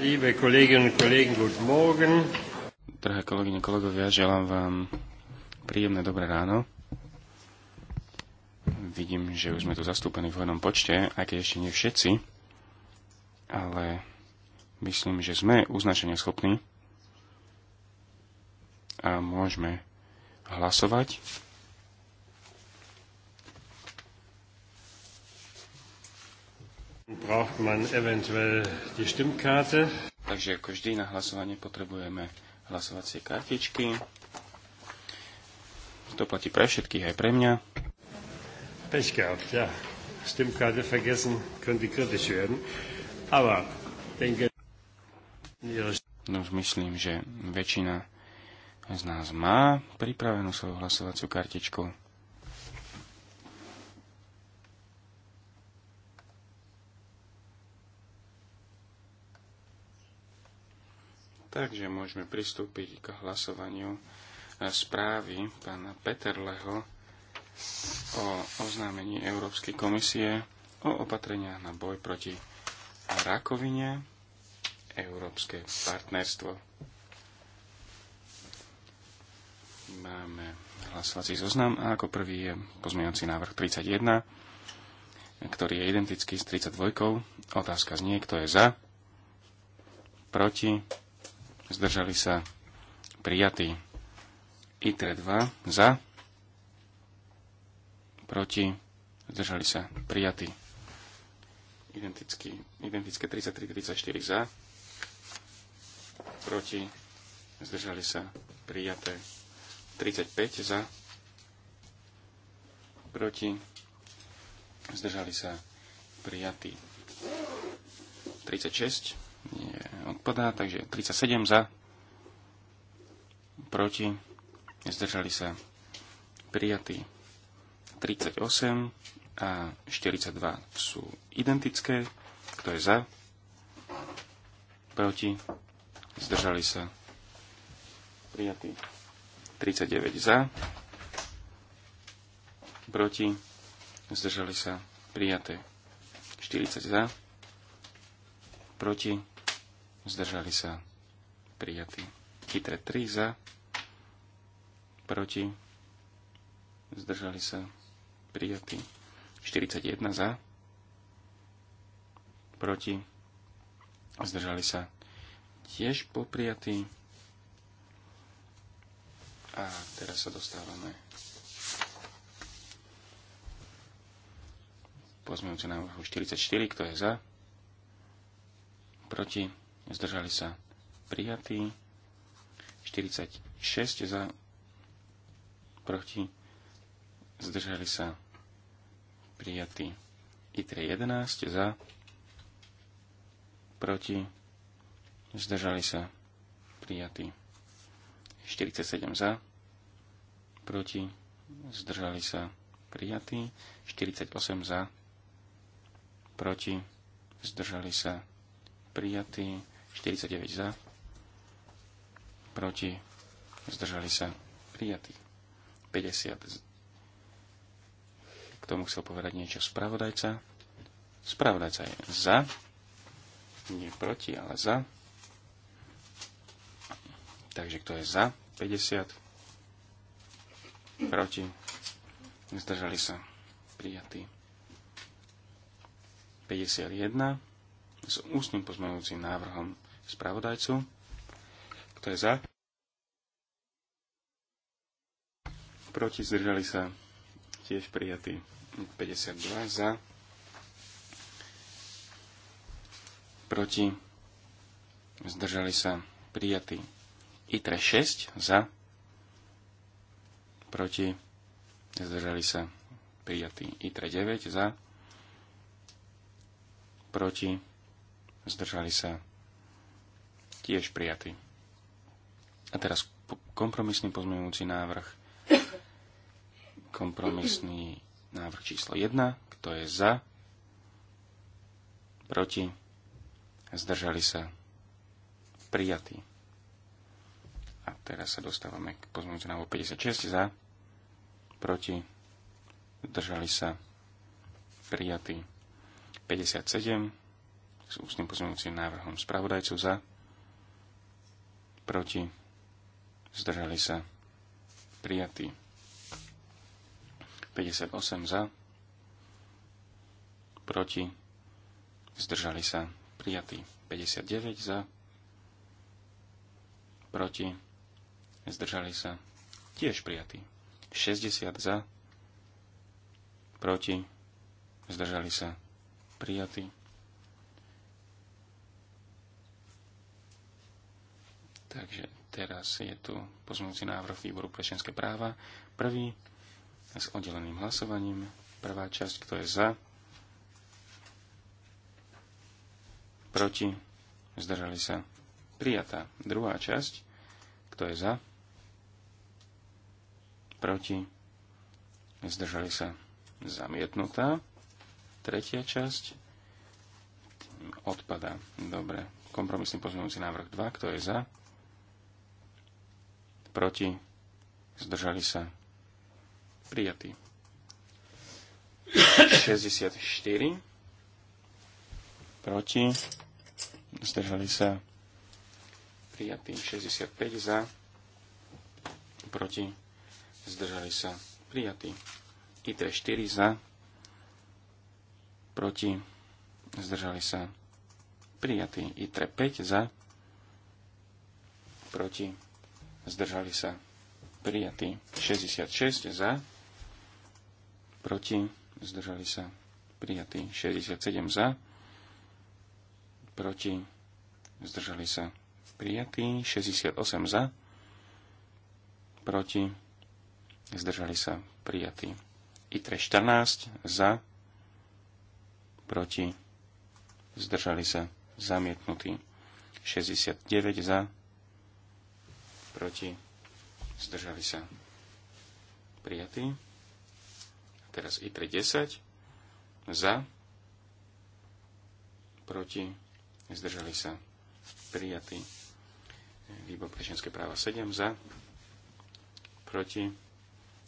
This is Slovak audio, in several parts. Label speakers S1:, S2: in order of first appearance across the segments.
S1: Drahé kolegyne, kolegovia, želám vám príjemné dobré ráno. Vidím, že už sme tu zastúpení v hojnom počte, aj keď ešte nie všetci, ale myslím, že sme uznačenia schopní a môžeme hlasovať. Braucht man eventuell die Stimmkarte. Takže ako vždy na hlasovanie potrebujeme hlasovacie kartičky. To platí pre všetkých, aj pre mňa. Pech gehabt, ja. Stimmkarte vergessen, könnte kritisch werden. Aber, denke... No už myslím, že väčšina z nás má pripravenú svoju hlasovaciu kartičku. Takže môžeme pristúpiť k hlasovaniu správy pána Peterleho o oznámení Európskej komisie o opatreniach na boj proti rakovine Európske partnerstvo. Máme hlasovací zoznam a ako prvý je pozmeňovací návrh 31, ktorý je identický s 32. Otázka znie, kto je za, proti, zdržali sa prijatí. ITRE 2 za, proti, zdržali sa prijatí. identické 33-34 za, proti, zdržali sa prijaté. 35 za, proti, zdržali sa prijatí. 36 je odpadá, takže 37 za, proti, zdržali sa prijatí 38 a 42 sú identické, kto je za, proti, zdržali sa prijatí 39 za, proti, zdržali sa prijaté 40 za, proti, zdržali sa prijatí. Chytre 3 za, proti, zdržali sa prijatí. 41 za, proti, zdržali sa tiež poprijatí. A teraz sa dostávame pozmeňujúce návrhu 44, kto je za, proti, zdržali sa prijatí, 46 za, proti, zdržali sa prijatí, ITRE 11 za, proti, zdržali sa prijatí, 47 za, proti, zdržali sa prijatí, 48 za, proti, zdržali sa prijatí, 49 za, proti, zdržali sa, prijatí. 50. K tomu chcel povedať niečo spravodajca. Spravodajca je za, nie proti, ale za. Takže kto je za? 50. Proti. Zdržali sa. prijatí 51 s ústnym pozmeňujúcim návrhom spravodajcu. Kto je za? Proti zdržali sa tiež prijatí 52 za. Proti zdržali sa prijatí ITRE 6 za. Proti zdržali sa prijatí ITRE 9 za. Proti zdržali sa, tiež prijatý. A teraz kompromisný pozmeňujúci návrh, kompromisný návrh číslo 1, kto je za, proti, zdržali sa, prijatý. A teraz sa dostávame k pozmeňujúci návrhu 56 za, proti, zdržali sa, prijatý. 57 s ústnym pozmeňujúcim návrhom spravodajcu za, proti, zdržali sa, prijatí 58 za, proti, zdržali sa, prijatý. 59 za, proti, zdržali sa, tiež prijatí, 60 za, proti, zdržali sa, prijatí. Takže teraz je tu pozmúci návrh výboru pre ženské práva. Prvý s oddeleným hlasovaním. Prvá časť, kto je za, proti, zdržali sa, prijatá. Druhá časť, kto je za, proti, zdržali sa, zamietnutá. Tretia časť odpada. Dobre. Kompromisný pozmeňujúci návrh 2. Kto je za? proti, zdržali sa, prijatí. 64, proti, zdržali sa, prijatí. 65 za, proti, zdržali sa, prijatí. ITRE 4 za, proti, zdržali sa, prijatí. ITRE 5 za, proti, zdržali sa prijatí 66 za, proti, zdržali sa prijatí 67 za, proti, zdržali sa prijatí 68 za, proti, zdržali sa prijatí. ITRE 14 za, proti, zdržali sa zamietnutí 69 za, proti, zdržali sa prijatí. A teraz I3 10, za, proti, zdržali sa prijatí. Výbor pre ženské práva 7, za, proti,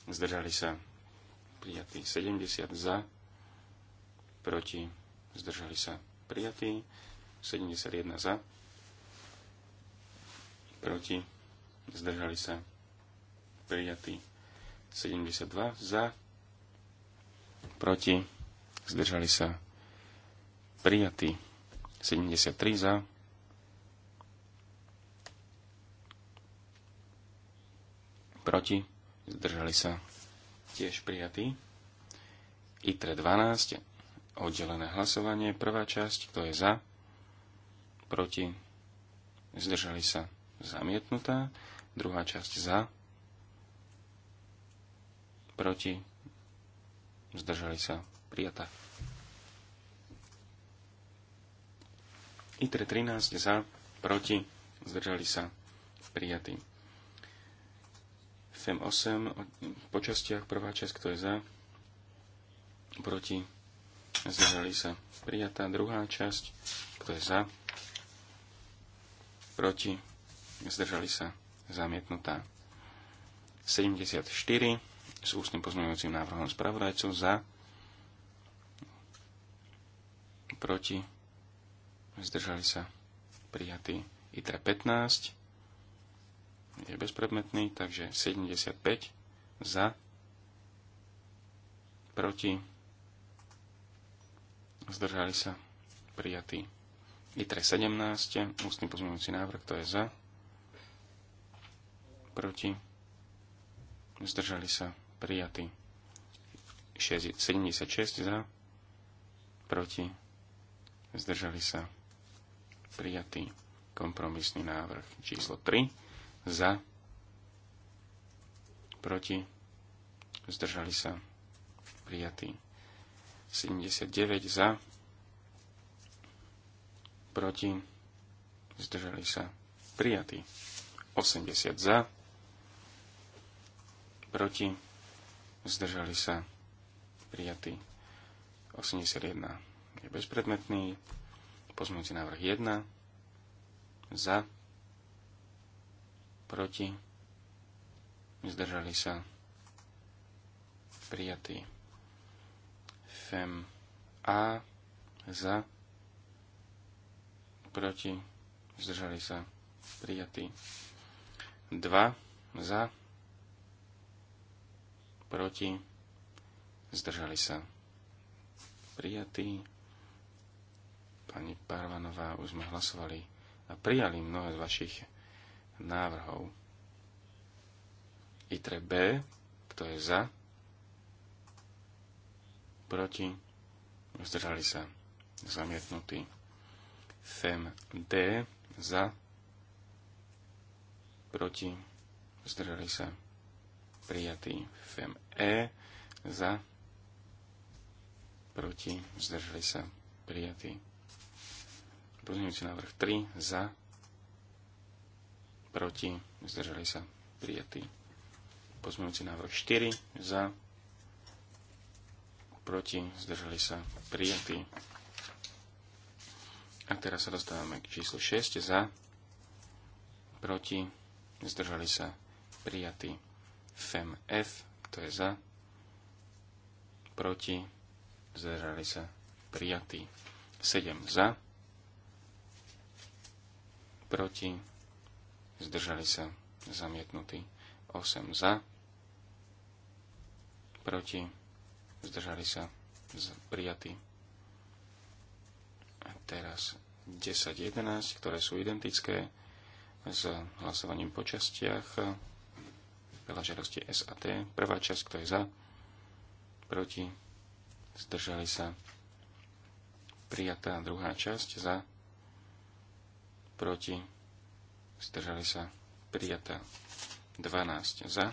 S1: zdržali sa prijatí. 70 za, proti, zdržali sa prijatí. 71 za, proti, zdržali sa prijatí 72 za, proti, zdržali sa prijatí 73 za, proti, zdržali sa tiež prijatí. ITRE 12, oddelené hlasovanie, prvá časť, to je za, proti, zdržali sa zamietnutá, Druhá časť za. Proti. Zdržali sa. prijata. ITRE 13 za. Proti. Zdržali sa. Prijatý. FEM e 8 po častiach. Prvá časť, kto je za. Proti. Zdržali sa. Prijatá druhá časť. Kto je za? Proti? Zdržali sa zamietnutá. 74 s ústnym pozmeňujúcim návrhom spravodajcov za, proti, zdržali sa prijatý ITRE 15, je bezpredmetný, takže 75 za, proti, zdržali sa prijatý ITRE 17, ústny pozmeňujúci návrh, to je za, proti, zdržali sa prijatí 76 za, proti, zdržali sa prijatý kompromisný návrh číslo 3 za, proti, zdržali sa prijatý 79 za, proti, zdržali sa prijatý 80 za, proti, zdržali sa, prijatý. 81 je bezpredmetný, pozmeňujúci návrh 1, za, proti, zdržali sa, prijatý. FEM A, za, proti, zdržali sa, prijatý. 2, za, proti, zdržali sa prijatí. Pani Parvanová, už sme hlasovali a prijali mnoho z vašich návrhov. ITRE B, kto je za, proti, zdržali sa zamietnutí. FEM D, za, proti, zdržali sa prijatý FEM E za, proti, zdržali sa, prijatý. Pozmeňujúci návrh 3 za, proti, zdržali sa, prijatý. Pozmeňujúci návrh 4 za, proti, zdržali sa, prijatý. A teraz sa dostávame k číslu 6 za, proti, zdržali sa, prijatý. FEMF F kto je za? Proti? Zdržali sa prijatí. 7 za. Proti? Zdržali sa zamietnutí. 8 za. Proti? Zdržali sa prijatí. A teraz 10, 11, ktoré sú identické s hlasovaním po častiach veľa žiadosti SAT. Prvá časť, kto je za, proti, zdržali sa. Prijatá druhá časť za, proti, zdržali sa. Prijatá 12 za,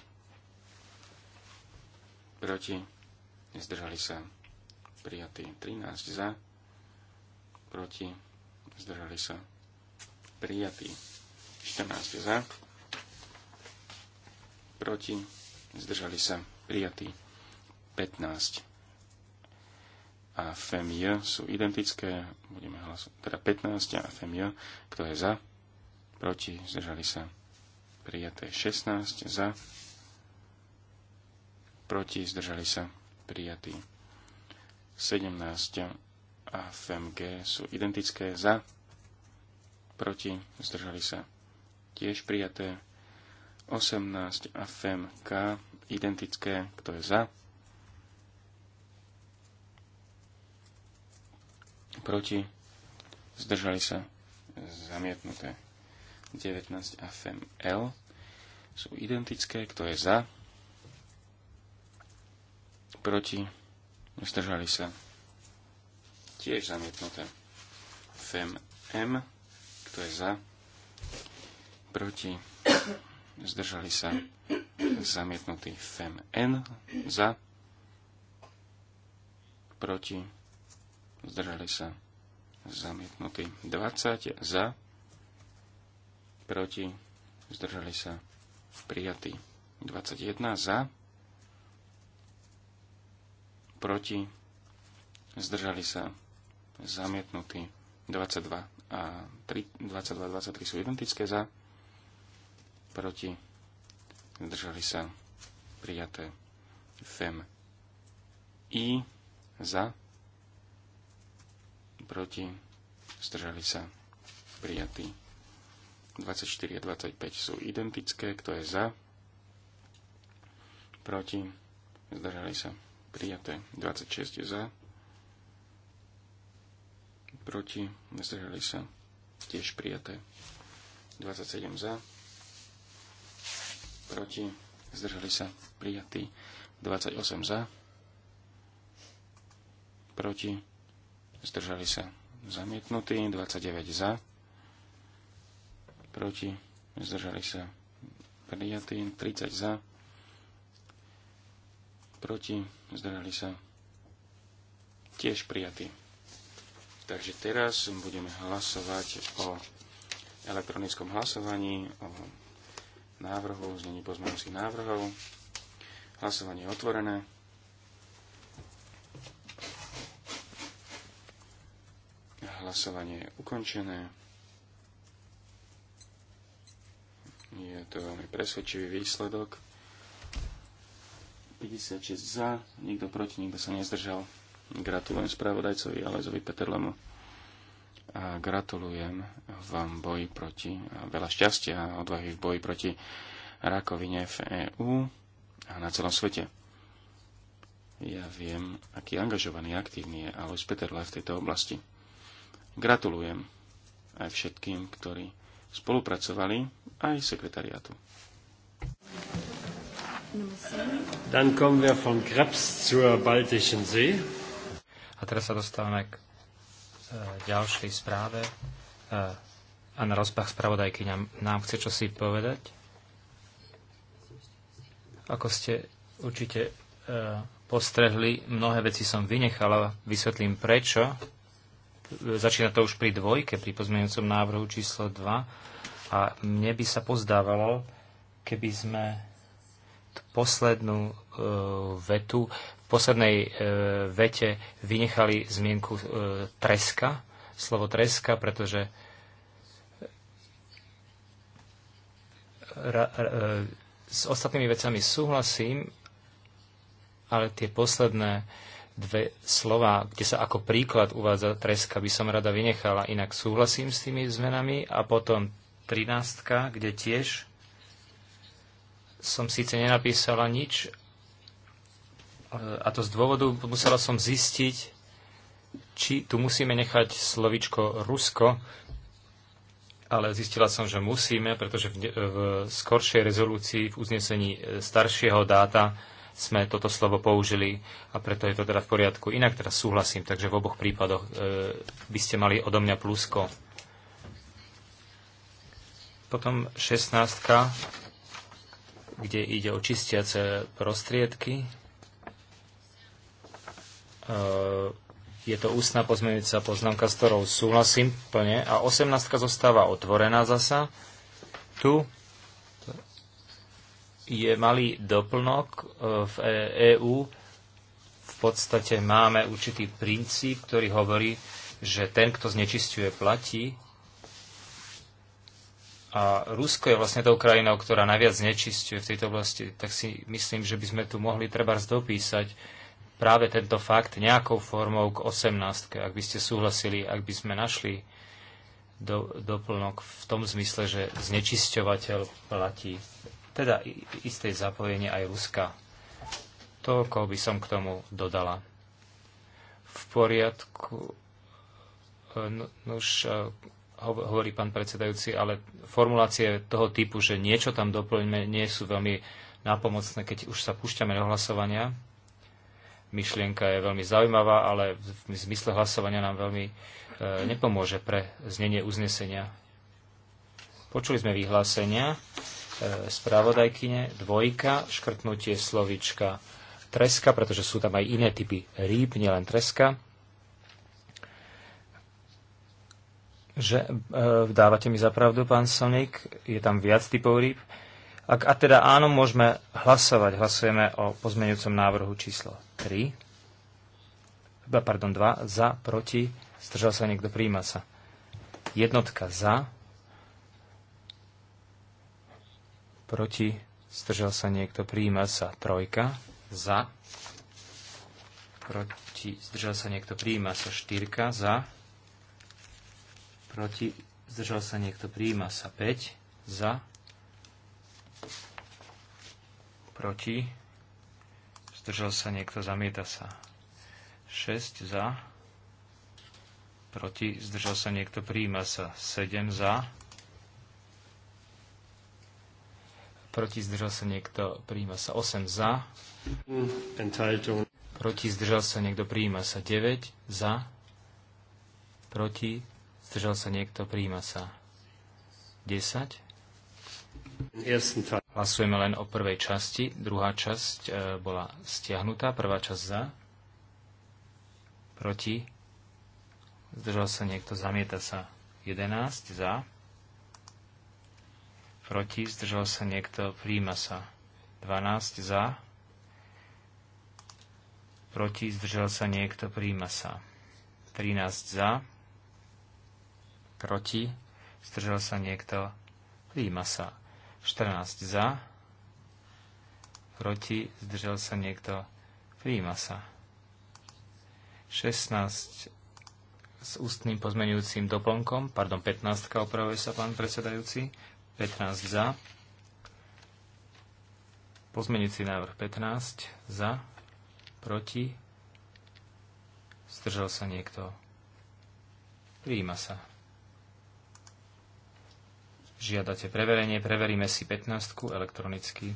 S1: proti, zdržali sa. Prijatý 13 za, proti, zdržali sa. Prijatý 14 za proti, zdržali sa prijatí 15 a FEMJ sú identické, budeme hlasovať, teda 15 a FEMJ, kto je za, proti, zdržali sa prijaté 16, za, proti, zdržali sa prijatí 17 a FMG sú identické, za, proti, zdržali sa tiež prijaté 18 a FEM K identické, kto je za, proti, zdržali sa zamietnuté 19 a FEM L sú identické, kto je za, proti, zdržali sa tiež zamietnuté FEM M, kto je za, proti, zdržali sa zamietnutý FEM N za, proti, zdržali sa zamietnutý 20 za, proti, zdržali sa prijatý 21 za, proti, zdržali sa zamietnutí 22 a 3, 22 23 sú identické za, proti, zdržali sa prijaté FEM I za, proti, zdržali sa prijatí. 24 a 25 sú identické, kto je za, proti, zdržali sa prijaté. 26 je za, proti, zdržali sa tiež prijaté. 27 za, proti, zdržali sa prijatí 28 za, proti, zdržali sa zamietnutí 29 za, proti, zdržali sa prijatí 30 za, proti, zdržali sa tiež prijatí. Takže teraz budeme hlasovať o elektronickom hlasovaní, o návrhov, znení pozmeňujúcich návrhov. Hlasovanie je otvorené. Hlasovanie je ukončené. Je to veľmi presvedčivý výsledok. 56 za, nikto proti, nikto sa nezdržal. Gratulujem spravodajcovi Alezovi Peterlemu a gratulujem vám boji proti, a veľa šťastia a odvahy v boji proti rakovine v EÚ a na celom svete. Ja viem, aký angažovaný, aktívny je Alois Peterle v tejto oblasti. Gratulujem aj všetkým, ktorí spolupracovali, aj sekretariátu.
S2: Dann kommen wir von Krebs zur Baltischen See. A teraz sa dostávame k E, ďalšej správe. E, Anna Rozbach, spravodajky, nám, nám chce čosi povedať. Ako ste určite e, postrehli, mnohé veci som vynechala, vysvetlím prečo. Začína to už pri dvojke, pri pozmeňujúcom návrhu číslo 2. A mne by sa pozdávalo, keby sme poslednú e, vetu poslednej e, vete vynechali zmienku e, treska, slovo treska, pretože e, s ostatnými vecami súhlasím, ale tie posledné dve slova, kde sa ako príklad uvádza treska, by som rada vynechala. Inak súhlasím s tými zmenami a potom trináctka, kde tiež som síce nenapísala nič, a to z dôvodu musela som zistiť, či tu musíme nechať slovičko Rusko, ale zistila som, že musíme, pretože v, v skoršej rezolúcii, v uznesení e, staršieho dáta sme toto slovo použili a preto je to teda v poriadku. Inak teraz súhlasím, takže v oboch prípadoch e, by ste mali odo mňa plusko. Potom 16, kde ide o čistiace prostriedky. Eh, je to ústna pozmeňujúca poznámka, s ktorou súhlasím plne. A 18 zostáva otvorená zasa. Tu je malý doplnok eh, v EÚ. E v podstate máme určitý princíp, ktorý hovorí, že ten, kto znečisťuje, platí. A Rusko je vlastne tou krajinou, ktorá najviac znečistuje v tejto oblasti, tak si myslím, že by sme tu mohli treba dopísať, práve tento fakt nejakou formou k 18. Ak by ste súhlasili, ak by sme našli do, doplnok v tom zmysle, že znečisťovateľ platí. Teda isté zapojenie aj Ruska. Toľko by som k tomu dodala. V poriadku. E, no, no, už e, hovorí pán predsedajúci, ale formulácie toho typu, že niečo tam doplňme, nie sú veľmi napomocné, keď už sa púšťame do hlasovania myšlienka je veľmi zaujímavá, ale v zmysle hlasovania nám veľmi e, nepomôže pre znenie uznesenia. Počuli sme vyhlásenia e, správodajkyne, dvojka, škrtnutie slovička treska, pretože sú tam aj iné typy rýb, nielen treska. Že e, dávate mi zapravdu, pán Sonik, je tam viac typov rýb. E, ak a teda áno, môžeme hlasovať. Hlasujeme o pozmeňujúcom návrhu číslo 3. Pardon, 2. Za, proti. Zdržal sa niekto, príjma sa. Jednotka za. Proti. Zdržal sa niekto, príjma sa. Trojka. Za. Proti. Zdržal sa niekto, príjma sa. Štyrka. Za. Proti. Zdržal sa niekto, príjma sa. 5. Za proti, zdržal sa niekto, zamieta sa. 6 za, proti, zdržal sa niekto, príjma sa. 7 za, proti, zdržal sa niekto, príjma sa. 8 za, proti, zdržal sa niekto, prijíma sa. 9 za, proti, zdržal sa niekto, príjma sa. 10 Hlasujeme len o prvej časti. Druhá časť e, bola stiahnutá. Prvá časť za. Proti. Zdržal sa niekto. Zamieta sa. 11 za. Proti. Zdržal sa niekto. Príjma sa. 12 za. Proti. Zdržal sa niekto. Príjma sa. 13 za. Proti. Zdržal sa niekto. Príjma sa. 14 za, proti, zdržal sa niekto, príjma sa. 16 s ústnym pozmenujúcim doplnkom, pardon, 15, opravuje sa pán predsedajúci, 15 za, pozmenujúci návrh 15 za, proti, zdržal sa niekto, príjma sa. Žiadate preverenie, preveríme si 15 elektronicky.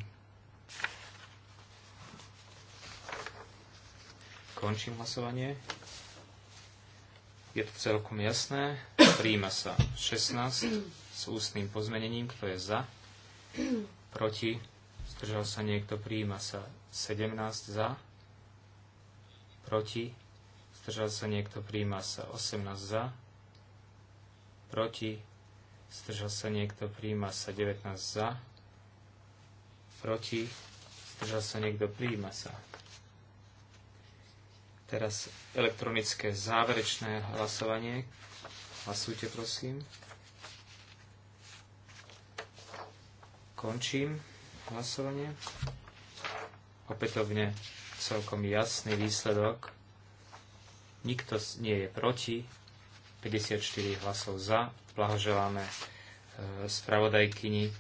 S2: Končím hlasovanie. Je to celkom jasné. príjma sa 16 s ústnym pozmenením, kto je za. Proti. Zdržal sa niekto, príjma sa 17 za. Proti. Zdržal sa niekto, príjma sa 18 za. Proti Zdržal sa niekto, príjma sa 19 za. Proti. Zdržal sa niekto, príjma sa. Teraz elektronické záverečné hlasovanie. Hlasujte, prosím. Končím hlasovanie. Opätovne celkom jasný výsledok. Nikto nie je proti, 54 hlasov za. Blahoželáme e, spravodajkyni e,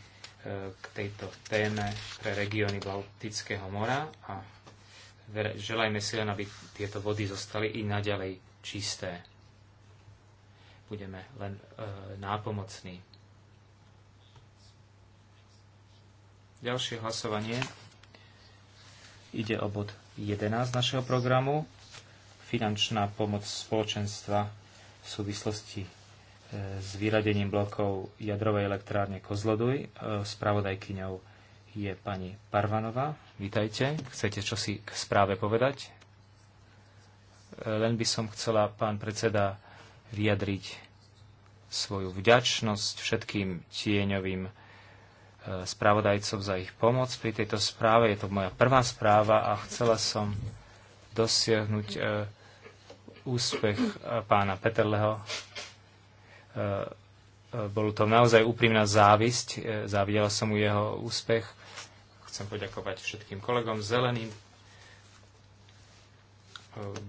S2: k tejto téme pre regióny Baltického mora a želajme si len, aby tieto vody zostali i naďalej čisté. Budeme len e, nápomocní. Ďalšie hlasovanie ide o bod 11 našeho programu. Finančná pomoc spoločenstva v súvislosti e, s vyradením blokov jadrovej elektrárne Kozloduj. E, spravodajkyňou je pani Parvanová. Vítajte. Chcete čosi k správe povedať? E, len by som chcela, pán predseda, vyjadriť svoju vďačnosť všetkým tieňovým spravodajcov za ich pomoc pri tejto správe. Je to moja prvá správa a chcela som dosiahnuť úspech e, pána Peterleho. E, e, bol to naozaj úprimná závisť. Závidela som mu jeho úspech. Chcem poďakovať všetkým kolegom zeleným.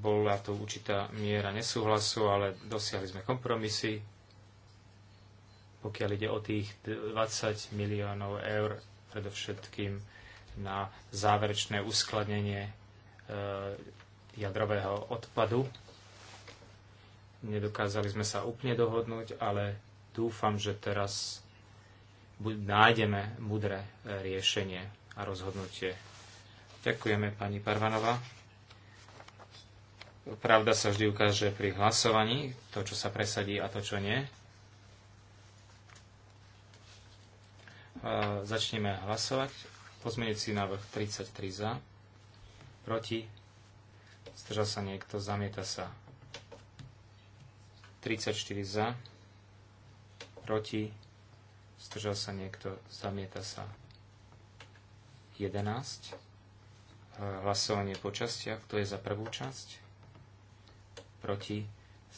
S2: Bola to určitá miera nesúhlasu, ale dosiahli sme kompromisy. Pokiaľ ide o tých 20 miliónov eur, predovšetkým na záverečné uskladnenie jadrového odpadu. Nedokázali sme sa úplne dohodnúť, ale dúfam, že teraz nájdeme mudré e, riešenie a rozhodnutie. Ďakujeme pani Parvanova. Pravda sa vždy ukáže pri hlasovaní, to, čo sa presadí a to, čo nie. E, začneme hlasovať. Pozmeňujúci návrh 33 za, proti, zdržal sa niekto, zamieta sa 34 za, proti, zdržal sa niekto, zamieta sa 11. Eh, hlasovanie po častiach, kto je za prvú časť, proti,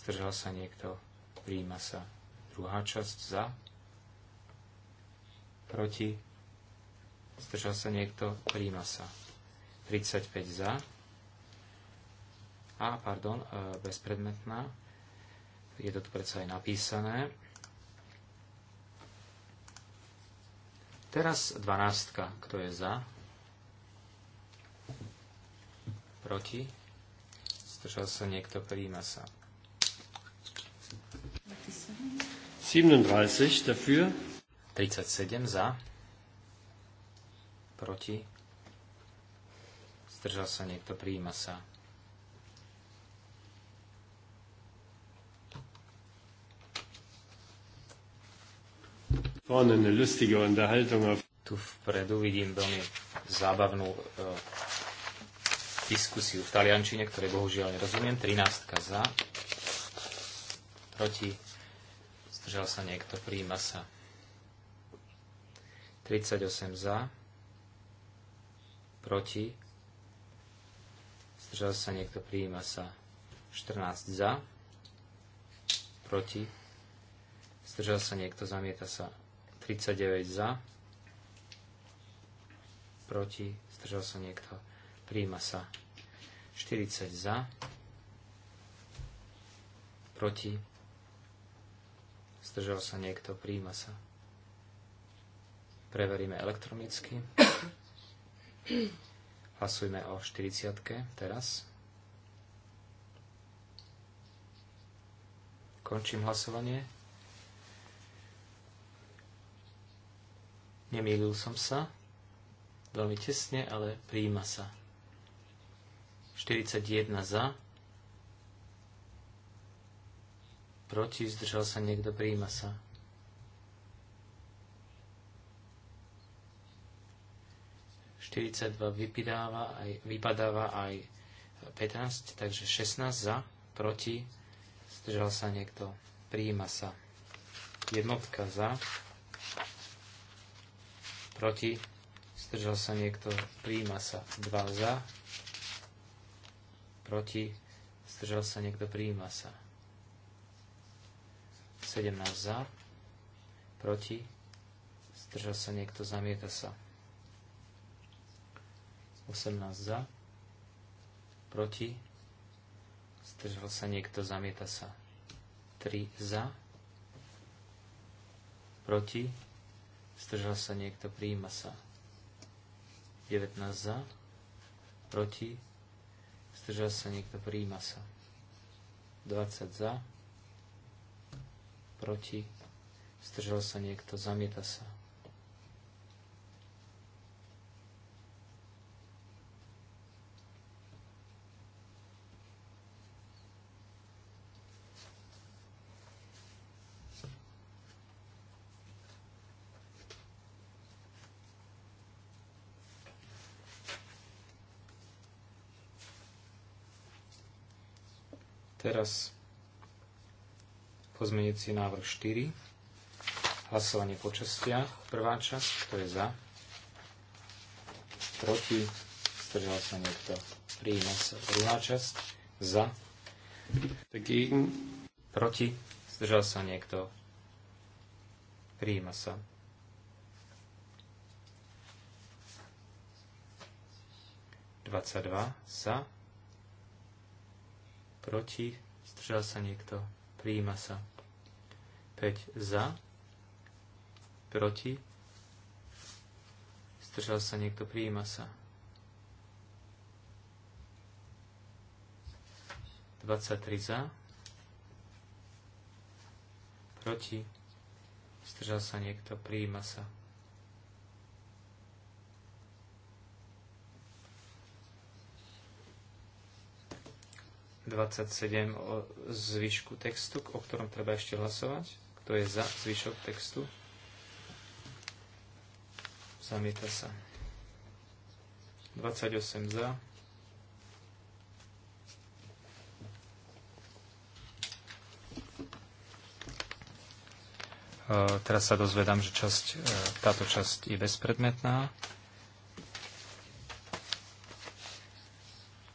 S2: zdržal sa niekto, príjima sa druhá časť za, proti, zdržal sa niekto, príjima sa 35 za, a, pardon, eh, bezpredmetná, je to tu predsa aj napísané. Teraz dvanástka. Kto je za? Proti? Zdržal sa niekto, príjma sa.
S3: 37
S2: dafür. 37 za. Proti. Zdržal sa niekto, príjma sa. Tu vpredu vidím veľmi zábavnú e, diskusiu v taliančine, ktoré bohužiaľ nerozumiem. 13 za, proti, zdržal sa niekto, príjima sa. 38 za, proti, zdržal sa niekto, príjma sa 14 za, proti, zdržal sa niekto, zamieta sa 39 za, proti, zdržal sa niekto, príjma sa 40 za, proti, zdržal sa niekto, príjma sa. Preveríme elektronicky. Hlasujme o 40 teraz. Končím hlasovanie. Nemýlil som sa. Veľmi tesne, ale prijíma sa. 41 za. Proti, zdržal sa niekto, prijíma sa. 42 vypadáva aj, vypadáva aj 15, takže 16 za, proti, zdržal sa niekto, prijíma sa. Jednotka za, proti, zdržal sa niekto, príjma sa 2 za, proti, zdržal sa niekto, príjma sa 17 za, proti, zdržal sa niekto, zamieta sa 18 za, proti, zdržal sa niekto, zamieta sa 3 za, proti, Zdržal sa niekto, prijíma sa. 19 za, proti, zdržal sa niekto, prijíma sa. 20 za, proti, zdržal sa niekto, zamieta sa. Teraz pozmeniaci návrh 4. Hlasovanie po častiach. Prvá časť, kto je za? Proti? Zdržal sa niekto? Príjme sa. Druhá časť, za? Dagegen? Proti? Zdržal sa niekto? Príjima sa. Dvadsaťdva sa. Proti? Zdržal sa niekto? Prijíma sa. 5 za. Proti. Zdržal sa niekto? Prijíma sa. 23 za. Proti. Zdržal sa niekto? Prijíma sa. 27 o zvyšku textu, o ktorom treba ešte hlasovať. Kto je za zvyšok textu? Zamieta sa. 28 za. Teraz sa dozvedám, že časť, e, táto časť je bezpredmetná.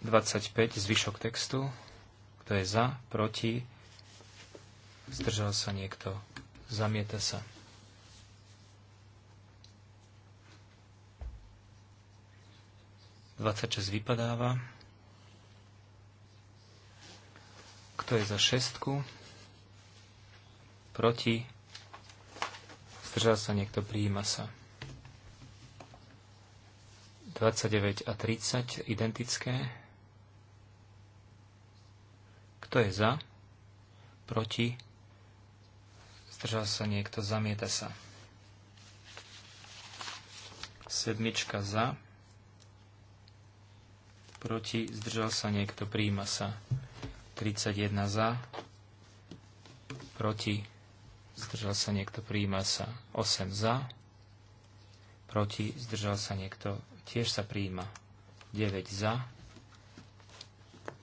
S2: 25, zvyšok textu. Kto je za, proti, zdržal sa niekto, zamieta sa. Dvadsaťšesť vypadáva. Kto je za šestku? Proti? Zdržal sa niekto, prijíma sa. 29 a 30 identické. Kto je za? Proti? Zdržal sa niekto? Zamieta sa. Sedmička za. Proti? Zdržal sa niekto? Príjima sa. 31 za. Proti? Zdržal sa niekto? Príjima sa. 8 za. Proti? Zdržal sa niekto? Tiež sa príjima. 9 za.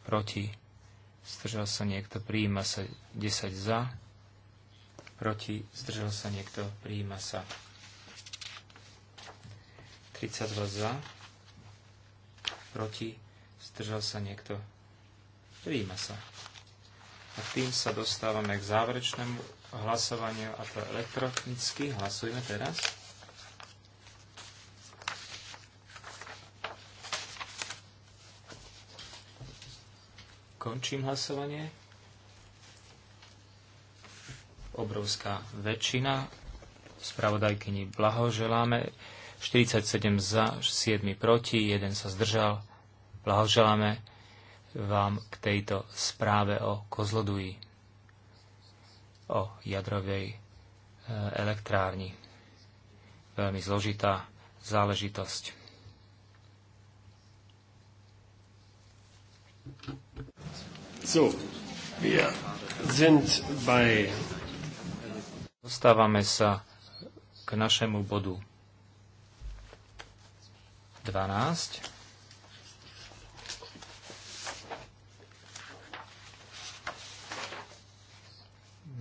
S2: Proti? zdržal sa niekto, prijíma sa 10 za, proti, zdržal sa niekto, prijíma sa 32 za, proti, zdržal sa niekto, prijíma sa. A tým sa dostávame k záverečnému hlasovaniu a to elektronicky. Hlasujeme teraz. Končím hlasovanie. Obrovská väčšina. Spravodajkyni blahoželáme. 47 za, 7 proti, 1 sa zdržal. Blahoželáme vám k tejto správe o Kozloduji, o jadrovej e, elektrárni. Veľmi zložitá záležitosť. So, wir sind bei... Dostávame sa k našemu bodu 12.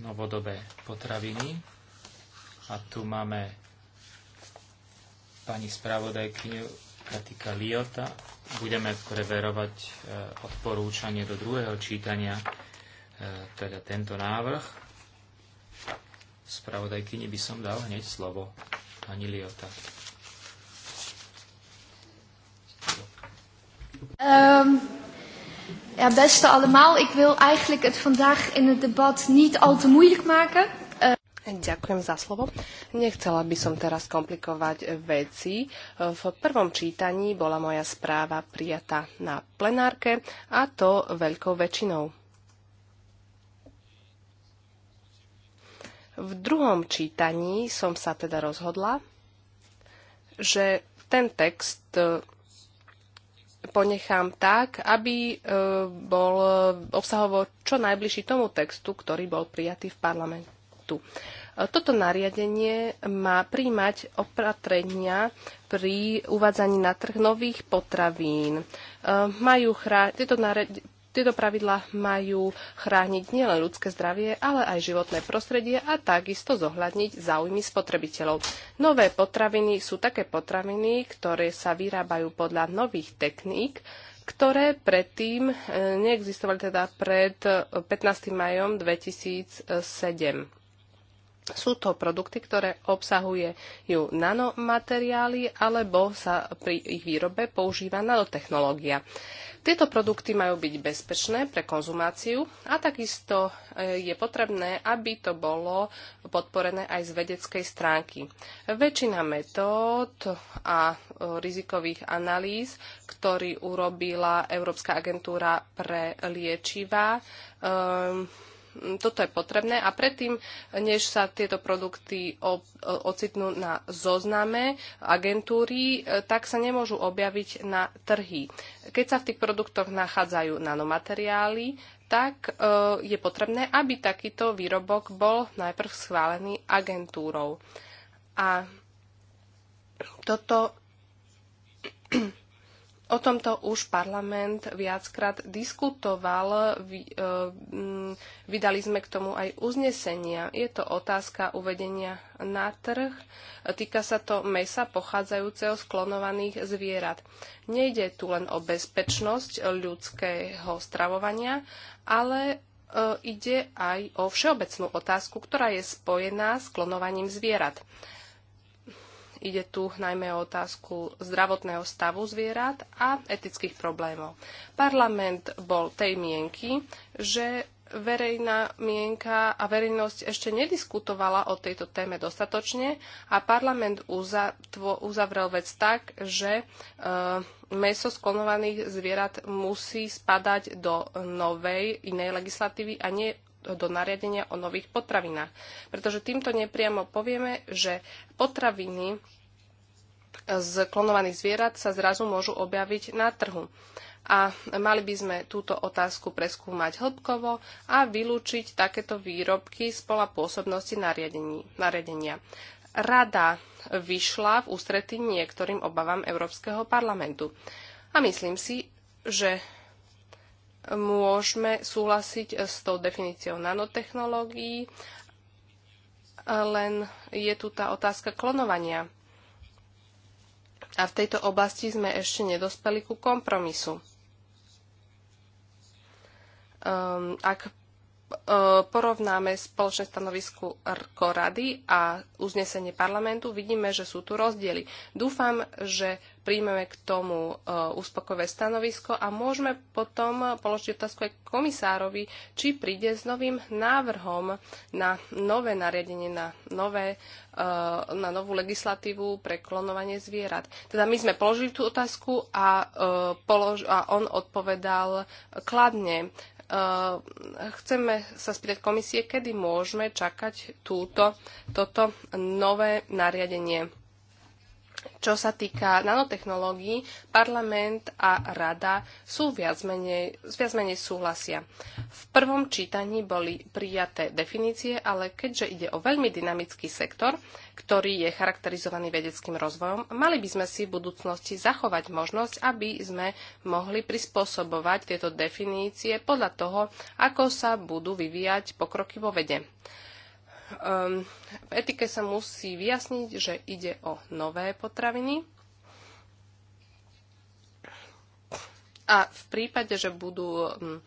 S2: Novodobé potraviny. A tu máme pani spravodajkyňu Katika Liota. Budeme preverovať e, odporúčanie do druhého čítania, e, teda tento návrh. Spravodajkyni by som dal hneď slovo pani Liota.
S4: Um, ja, beste allemaal, ik wil eigenlijk het vandaag in het debat niet al te moeilijk maken. Ďakujem za slovo. Nechcela by som teraz komplikovať veci. V prvom čítaní bola moja správa prijatá na plenárke a to veľkou väčšinou. V druhom čítaní som sa teda rozhodla, že ten text e, ponechám tak, aby e, bol obsahovo čo najbližší tomu textu, ktorý bol prijatý v parlamentu. Toto nariadenie má príjmať opatrenia pri uvádzaní na trh nových potravín. E, majú chra- Tieto nariadenie tieto pravidlá majú chrániť nielen ľudské zdravie, ale aj životné prostredie a takisto zohľadniť záujmy spotrebiteľov. Nové potraviny sú také potraviny, ktoré sa vyrábajú podľa nových techník, ktoré predtým e, neexistovali teda pred 15. majom 2007. Sú to produkty, ktoré obsahujú nanomateriály alebo sa pri ich výrobe používa nanotechnológia. Tieto produkty majú byť bezpečné pre konzumáciu a takisto e, je potrebné, aby to bolo podporené aj z vedeckej stránky. Väčšina metód a e, rizikových analýz, ktorý urobila Európska agentúra pre liečivá, um, e, toto je potrebné a predtým, než sa tieto produkty ocitnú na zozname agentúry, e, tak sa nemôžu objaviť na trhy. Keď sa v tých produktoch nachádzajú nanomateriály, tak e, je potrebné, aby takýto výrobok bol najprv schválený agentúrou. A toto O tomto už parlament viackrát diskutoval, e, vydali sme k tomu aj uznesenia. Je to otázka uvedenia na trh, týka sa to mesa pochádzajúceho z klonovaných zvierat. Nejde tu len o bezpečnosť ľudského stravovania, ale e, ide aj o všeobecnú otázku, ktorá je spojená s klonovaním zvierat. Ide tu najmä o otázku zdravotného stavu zvierat a etických problémov. Parlament bol tej mienky, že verejná mienka a verejnosť ešte nediskutovala o tejto téme dostatočne a parlament uzavrel vec tak, že e, meso sklonovaných zvierat musí spadať do novej inej legislatívy a nie do nariadenia o nových potravinách. Pretože týmto nepriamo povieme, že potraviny z klonovaných zvierat sa zrazu môžu objaviť na trhu. A mali by sme túto otázku preskúmať hĺbkovo a vylúčiť takéto výrobky z pola pôsobnosti nariadenia. Rada vyšla v ústretí niektorým obavám Európskeho parlamentu. A myslím si, že môžeme súhlasiť s tou definíciou nanotechnológií, len je tu tá otázka klonovania. A v tejto oblasti sme ešte nedospeli ku kompromisu. Ehm, ak e, porovnáme spoločné stanovisko Rady a uznesenie parlamentu, vidíme, že sú tu rozdiely. Dúfam, že príjmeme k tomu úspokové e, stanovisko a môžeme potom položiť otázku aj komisárovi, či príde s novým návrhom na nové nariadenie, na, nové, e, na novú legislatívu pre klonovanie zvierat. Teda my sme položili tú otázku a, e, polož, a on odpovedal kladne. Uh, chceme sa spýtať komisie, kedy môžeme čakať túto, toto nové nariadenie. Čo sa týka nanotechnológií, parlament a rada sú viac menej, viac menej súhlasia. V prvom čítaní boli prijaté definície, ale keďže ide o veľmi dynamický sektor, ktorý je charakterizovaný vedeckým rozvojom, mali by sme si v budúcnosti zachovať možnosť, aby sme mohli prispôsobovať tieto definície podľa toho, ako sa budú vyvíjať pokroky vo vede. Um, v etike sa musí vyjasniť, že ide o nové potraviny. A v prípade, že budú um,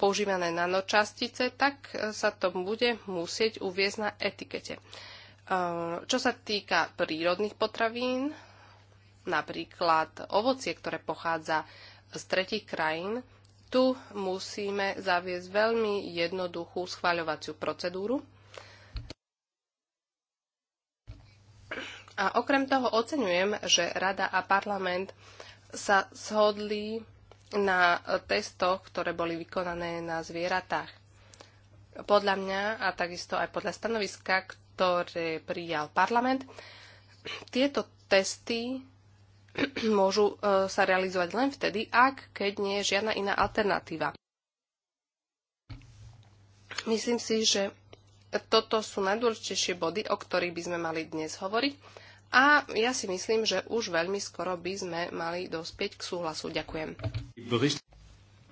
S4: používané nanočastice, tak e, sa to bude musieť uviezť na etikete. Um, čo sa týka prírodných potravín, napríklad ovocie, ktoré pochádza z tretich krajín, tu musíme zaviesť veľmi jednoduchú schváľovaciu procedúru, A okrem toho oceňujem, že Rada a parlament sa shodli na testoch, ktoré boli vykonané na zvieratách. Podľa mňa a takisto aj podľa stanoviska, ktoré prijal parlament, tieto testy môžu e, sa realizovať len vtedy, ak keď nie je žiadna iná alternatíva. Myslím si, že toto sú najdôležitejšie body, o ktorých by sme mali dnes hovoriť a ja si myslím, že už veľmi skoro by sme mali dospieť k súhlasu. Ďakujem.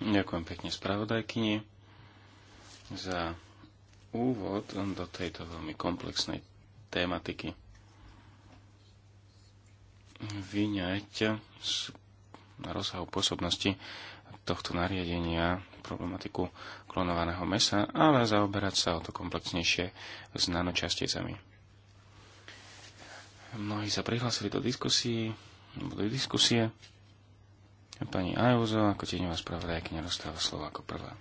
S1: Ďakujem pekne spravodajkyni za úvod do tejto veľmi komplexnej tématiky. Vyňať na rozsahu pôsobnosti tohto nariadenia problematiku klonovaného mesa, ale zaoberať sa o to komplexnejšie s nanočastiecami. Mnohí sa prihlásili do diskusie, do diskusie. Pani Ajúzo, ako tieňová spravodajkyňa, dostáva slovo ako prvá.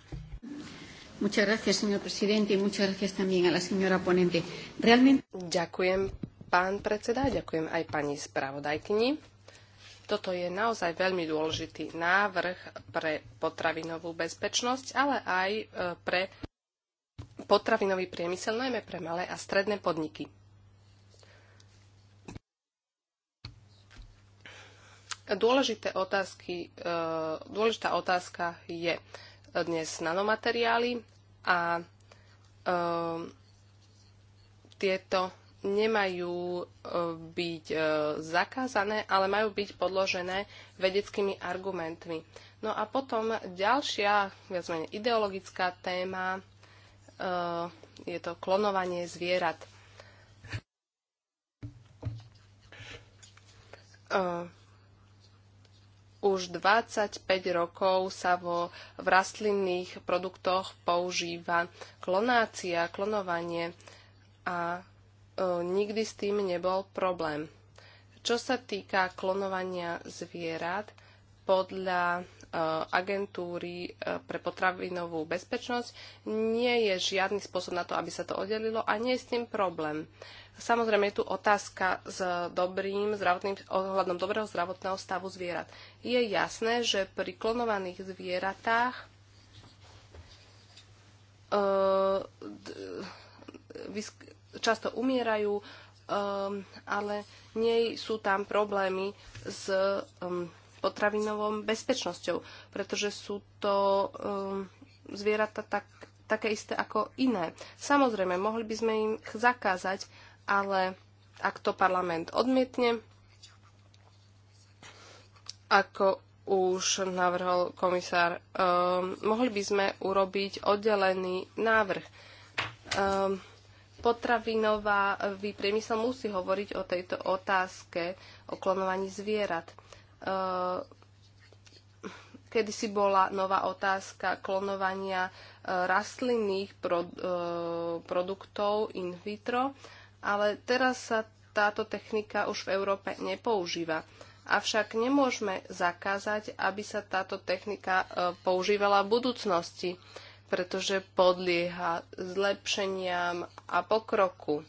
S4: Muchas gracias, señor presidente, y muchas gracias también a la señora ponente. Realmente... Ďakujem, pán predseda, ďakujem aj pani spravodajkyni. Toto je naozaj veľmi dôležitý návrh pre potravinovú bezpečnosť, ale aj e, pre potravinový priemysel, najmä pre malé a stredné podniky. Dôležité otázky, e, dôležitá otázka je dnes nanomateriály a e, tieto nemajú e, byť zakázané, ale majú byť podložené vedeckými argumentmi. No a potom ďalšia, viac menej ideologická téma, je to klonovanie zvierat. Už 25 rokov sa vo, v rastlinných produktoch používa klonácia, klonovanie a e, nikdy s tým nebol problém. Čo sa týka klonovania zvierat, podľa e, agentúry e, pre potravinovú bezpečnosť nie je žiadny spôsob na to, aby sa to oddelilo a nie je s tým problém. Samozrejme je tu otázka s dobrým zdravotným, ohľadom dobrého zdravotného stavu zvierat. Je jasné, že pri klonovaných zvieratách e, často umierajú, e, ale nie sú tam problémy s e, potravinovou bezpečnosťou, pretože sú to zvieratá tak, také isté ako iné. Samozrejme, mohli by sme im zakázať ale ak to parlament odmietne, ako už navrhol komisár, um, mohli by sme urobiť oddelený návrh. Um, potravinová výpriemysel musí hovoriť o tejto otázke, o klonovaní zvierat. Kedy ehm, kedysi bola nová otázka klonovania rastlinných produktov in vitro ale teraz sa táto technika už v Európe nepoužíva. Avšak nemôžeme zakázať, aby sa táto technika e, používala v budúcnosti, pretože podlieha zlepšeniam a pokroku.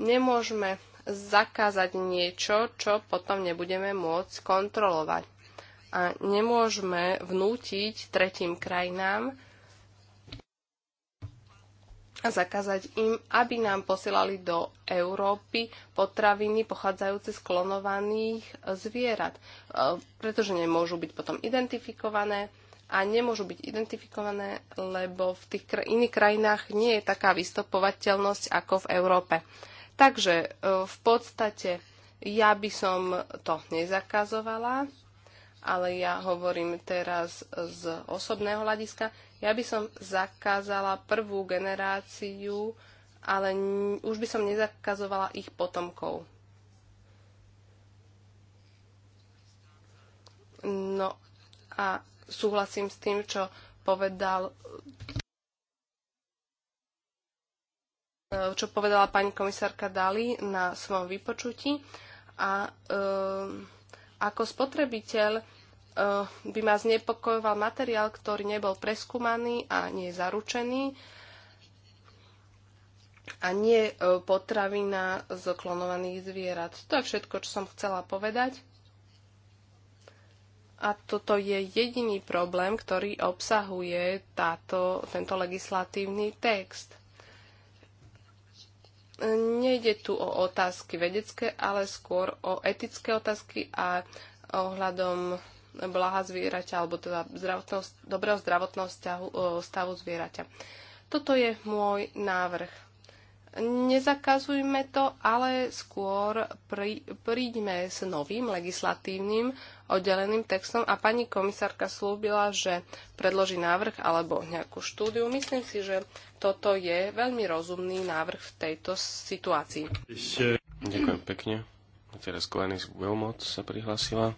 S4: Nemôžeme zakázať niečo, čo potom nebudeme môcť kontrolovať. A nemôžeme vnútiť tretím krajinám, a zakázať im, aby nám posielali do Európy potraviny pochádzajúce z klonovaných e, zvierat, e, pretože nemôžu byť potom identifikované a nemôžu byť identifikované, lebo v tých iných krajinách nie je taká vystopovateľnosť ako v Európe. Takže e, v podstate ja by som to nezakazovala, ale ja hovorím teraz z osobného hľadiska. Ja by som zakázala prvú generáciu, ale už by som nezakazovala ich potomkov. No a súhlasím s tým, čo povedal e, čo povedala pani komisárka Dali na svojom vypočutí. A e, ako spotrebiteľ Eh, by ma znepokojoval materiál, ktorý nebol preskúmaný a nie je zaručený a nie eh, potravina z klonovaných zvierat. To je všetko, čo som chcela povedať. A toto je jediný problém, ktorý obsahuje táto, tento legislatívny text. Nejde tu o otázky vedecké, ale skôr o etické otázky a ohľadom blaha zvieraťa alebo teda dobrého zdravotného stavu, e, stavu zvieraťa. Toto je môj návrh. Nezakazujme to, ale skôr pri, príďme s novým legislatívnym oddeleným textom a pani komisárka slúbila, že predloží návrh alebo nejakú štúdiu. Myslím si, že toto je veľmi rozumný návrh v tejto situácii. Ďakujem
S1: pekne. teraz Glenis Wilmot sa prihlásila.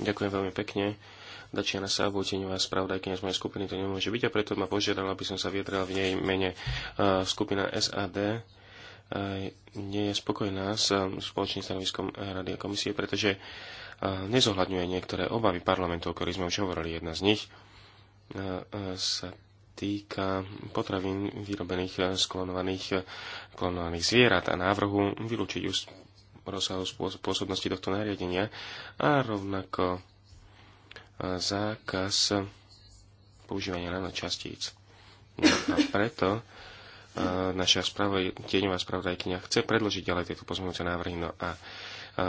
S1: Ďakujem veľmi pekne. Dačiana Sábutieňová, spravodajkynia z mojej skupiny, to nemôže byť a preto ma požiadala, aby som sa vyjadral v nej mene. Skupina SAD nie je spokojná s spoločným stanoviskom Rady a komisie, pretože nezohľadňuje niektoré obavy parlamentov, o ktorých sme už hovorili. Jedna z nich sa týka potravín vyrobených z klonovaných, klonovaných zvierat a návrhu vylúčiť rozsahu pôsobnosti tohto nariadenia a rovnako e, zákaz používania nanočastíc. No a preto e, naša správa, tieňová spravodajkynia chce predložiť ďalej tieto pozmeňujúce návrhy, no a e,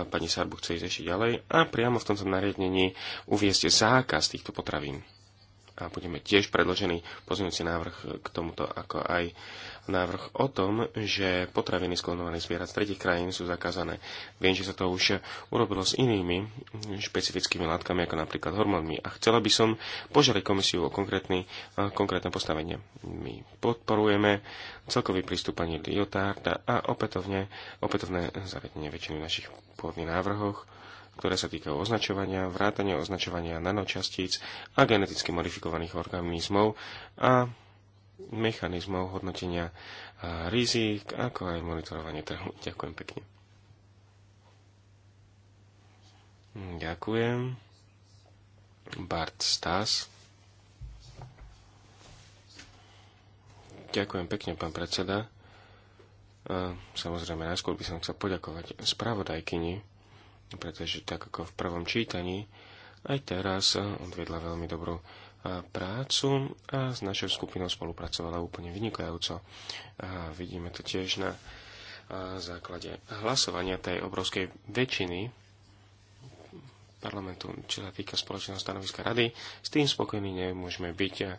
S1: pani Sarbu chce ísť ešte ďalej a priamo v tomto nariadení uviezte zákaz týchto potravín a budeme tiež predložený pozmeňujúci návrh k tomuto, ako aj návrh o tom, že potraviny sklonované zvierat z tretich krajín sú zakázané. Viem, že sa to už urobilo s inými špecifickými látkami, ako napríklad hormónmi. A chcela by som požiadať komisiu o konkrétny, konkrétne postavenie. My podporujeme celkový prístup pani a opätovne, opätovné zavedenie väčšiny našich pôvodných návrhoch ktoré sa týkajú označovania, vrátania označovania nanočastíc a geneticky modifikovaných organizmov a mechanizmov hodnotenia rizik, ako aj monitorovanie trhu. Ďakujem pekne. Ďakujem. Bart Stas. Ďakujem pekne, pán predseda. Samozrejme, najskôr by som chcel poďakovať spravodajkyni pretože tak ako v prvom čítaní, aj teraz odvedla veľmi dobrú prácu a s našou skupinou spolupracovala úplne vynikajúco. A vidíme to tiež na základe hlasovania tej obrovskej väčšiny parlamentu, čo sa týka spoločného stanoviska rady. S tým spokojní nemôžeme byť. A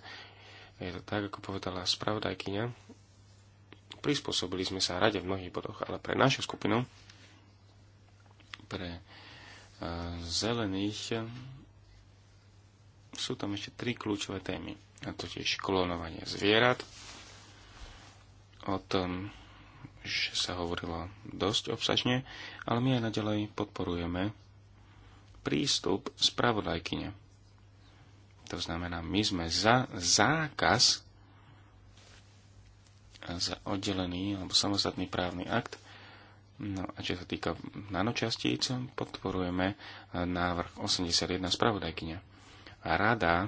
S1: je to tak, ako povedala spravodajkyňa. Prispôsobili sme sa rade v mnohých bodoch, ale pre našu skupinu pre e, zelených sú tam ešte tri kľúčové témy. A to tiež klonovanie zvierat. O tom už sa hovorilo dosť obsažne, ale my aj naďalej podporujeme prístup spravodajkyne. To znamená, my sme za zákaz za oddelený alebo samostatný právny akt, No a čo sa týka nanočastíc, podporujeme návrh 81 spravodajkyne. Rada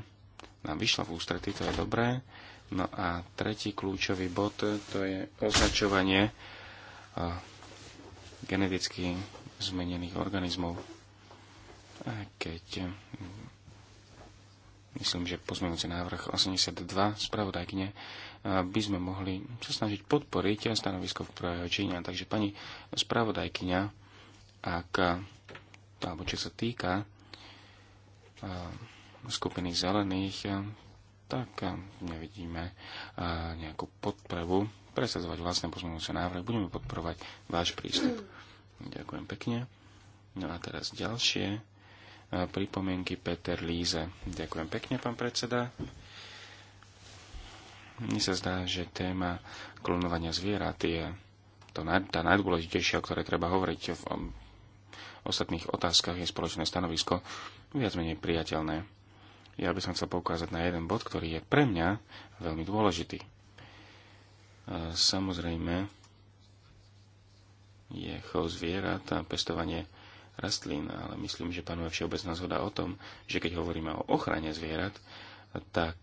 S1: nám vyšla v ústrety, to je dobré. No a tretí kľúčový bod, to je označovanie e, geneticky zmenených organizmov. A keď mm, myslím, že pozmeňujúci návrh 82 spravodajkyne by sme mohli sa snažiť podporiť stanovisko prvého Číňa. Takže pani spravodajkyňa, ak, alebo čo sa týka eh, skupiny zelených, tak eh, nevidíme eh, nejakú podpravu presadzovať vlastné pozmeňujúce návrhy. Budeme podporovať váš prístup. Ďakujem pekne. No a teraz ďalšie pripomienky Peter Líze. Ďakujem pekne, pán predseda. Mne sa zdá, že téma klonovania zvierat je to naj, tá najdôležitejšia, o ktorej treba hovoriť um, v ostatných otázkach, je spoločné stanovisko viac menej priateľné. Ja by som chcel poukázať na jeden bod, ktorý je pre mňa veľmi dôležitý. E, samozrejme, je chov zvierat a pestovanie rastlín, ale myslím, že panuje všeobecná zhoda o tom, že keď hovoríme o ochrane zvierat, tak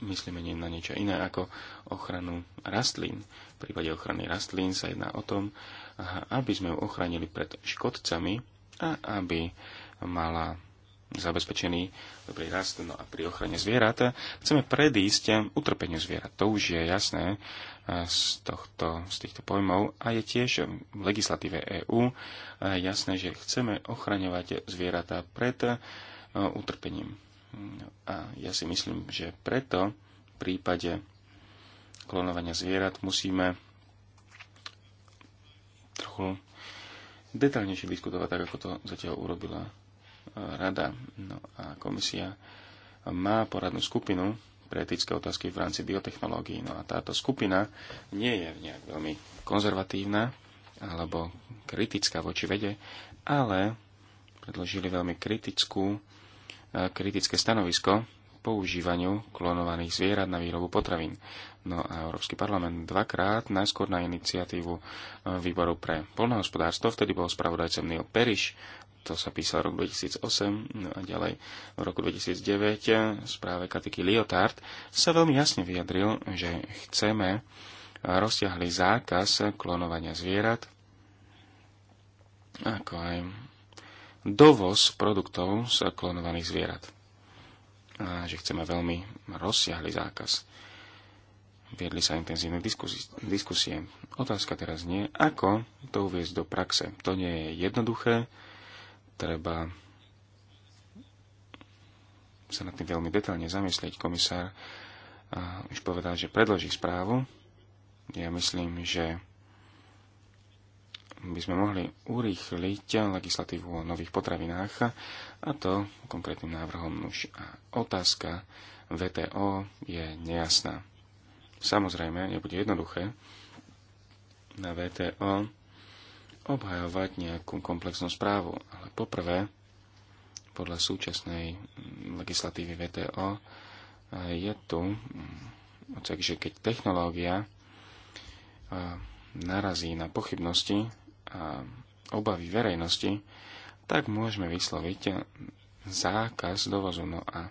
S1: myslíme nie na niečo iné ako ochranu rastlín. V prípade ochrany rastlín sa jedná o tom, aby sme ju ochránili pred škodcami a aby mala zabezpečený dobrý rast no a pri ochrane zvierat. Chceme predísť utrpeniu zvierat. To už je jasné z, tohto, z týchto pojmov a je tiež v legislatíve EÚ jasné, že chceme ochraňovať zvieratá pred utrpením. A ja si myslím, že preto v prípade klonovania zvierat musíme trochu detaľnejšie diskutovať, tak ako to zatiaľ urobila e, rada no a komisia má poradnú skupinu pre etické otázky v rámci biotechnológií. No a táto skupina nie je nejak veľmi konzervatívna alebo kritická voči vede, ale predložili veľmi kritickú kritické stanovisko používaniu klonovaných zvierat na výrobu potravín. No a Európsky parlament dvakrát, najskôr na iniciatívu e, výboru pre polnohospodárstvo, vtedy bol spravodajcem Neil Periš, to sa písal rok 2008, no a ďalej v roku 2009 e, správe Katiky Lyotard sa veľmi jasne vyjadril, že chceme rozťahli zákaz klonovania zvierat, ako aj dovoz produktov z klonovaných zvierat. A že chceme veľmi rozsiahly zákaz. Viedli sa intenzívne diskusie. Otázka teraz nie, ako to uviezť do praxe. To nie je jednoduché. Treba sa nad tým veľmi detailne zamyslieť. Komisár už povedal, že predloží správu. Ja myslím, že by sme mohli urýchliť legislatívu o nových potravinách a to konkrétnym návrhom už a otázka VTO je nejasná. Samozrejme, nebude jednoduché na VTO obhajovať nejakú komplexnú správu, ale poprvé, podľa súčasnej legislatívy VTO, je tu takže mm, že keď technológia narazí na pochybnosti obavy verejnosti, tak môžeme vysloviť zákaz dovozu. No a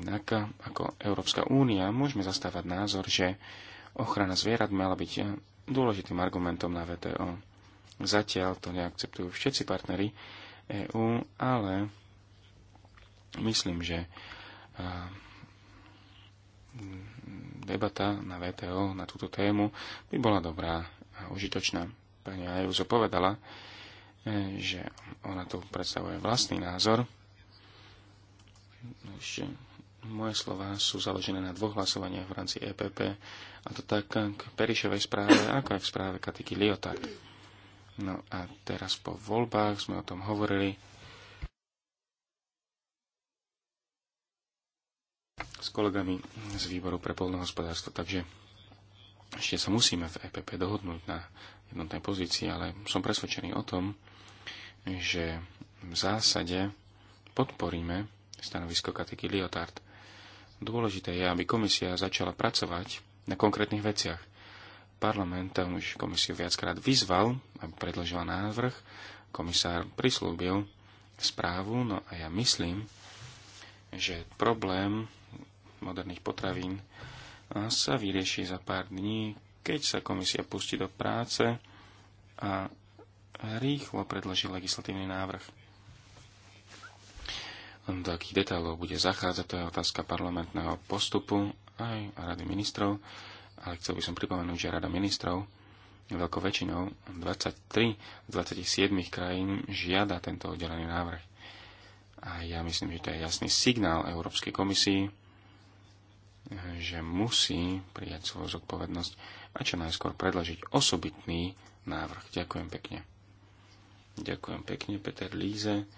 S1: inak ako Európska únia môžeme zastávať názor, že ochrana zvierat mala byť dôležitým argumentom na VTO. Zatiaľ to neakceptujú všetci partnery EÚ, ale myslím, že mm, debata na VTO na túto tému by bola dobrá a užitočná pani Ajuso povedala, e, že ona tu predstavuje vlastný názor. No, ešte moje slova sú založené na dvoch hlasovaniach v rámci EPP, a to tak k Perišovej správe, ako aj v správe Katiky Liotard. No a teraz po voľbách sme o tom hovorili s kolegami z výboru pre polnohospodárstvo, takže ešte sa musíme v EPP dohodnúť na jednotnej pozícii, ale som presvedčený o tom, že v zásade podporíme stanovisko Katiky Liotard. Dôležité je, aby komisia začala pracovať na konkrétnych veciach. Parlament už komisiu viackrát vyzval, aby predložila návrh, komisár prislúbil správu, no a ja myslím, že problém moderných potravín sa vyrieši za pár dní, keď sa komisia pustí do práce a rýchlo predloží legislatívny návrh. Do akých detailov bude zachádzať, to je otázka parlamentného postupu aj Rady ministrov, ale chcel by som pripomenúť, že Rada ministrov veľkou väčšinou 23 z 27 krajín žiada tento oddelený návrh. A ja myslím, že to je jasný signál Európskej komisii, že musí prijať svoju zodpovednosť a čo najskôr predložiť osobitný návrh. Ďakujem pekne. Ďakujem pekne, Peter Líze.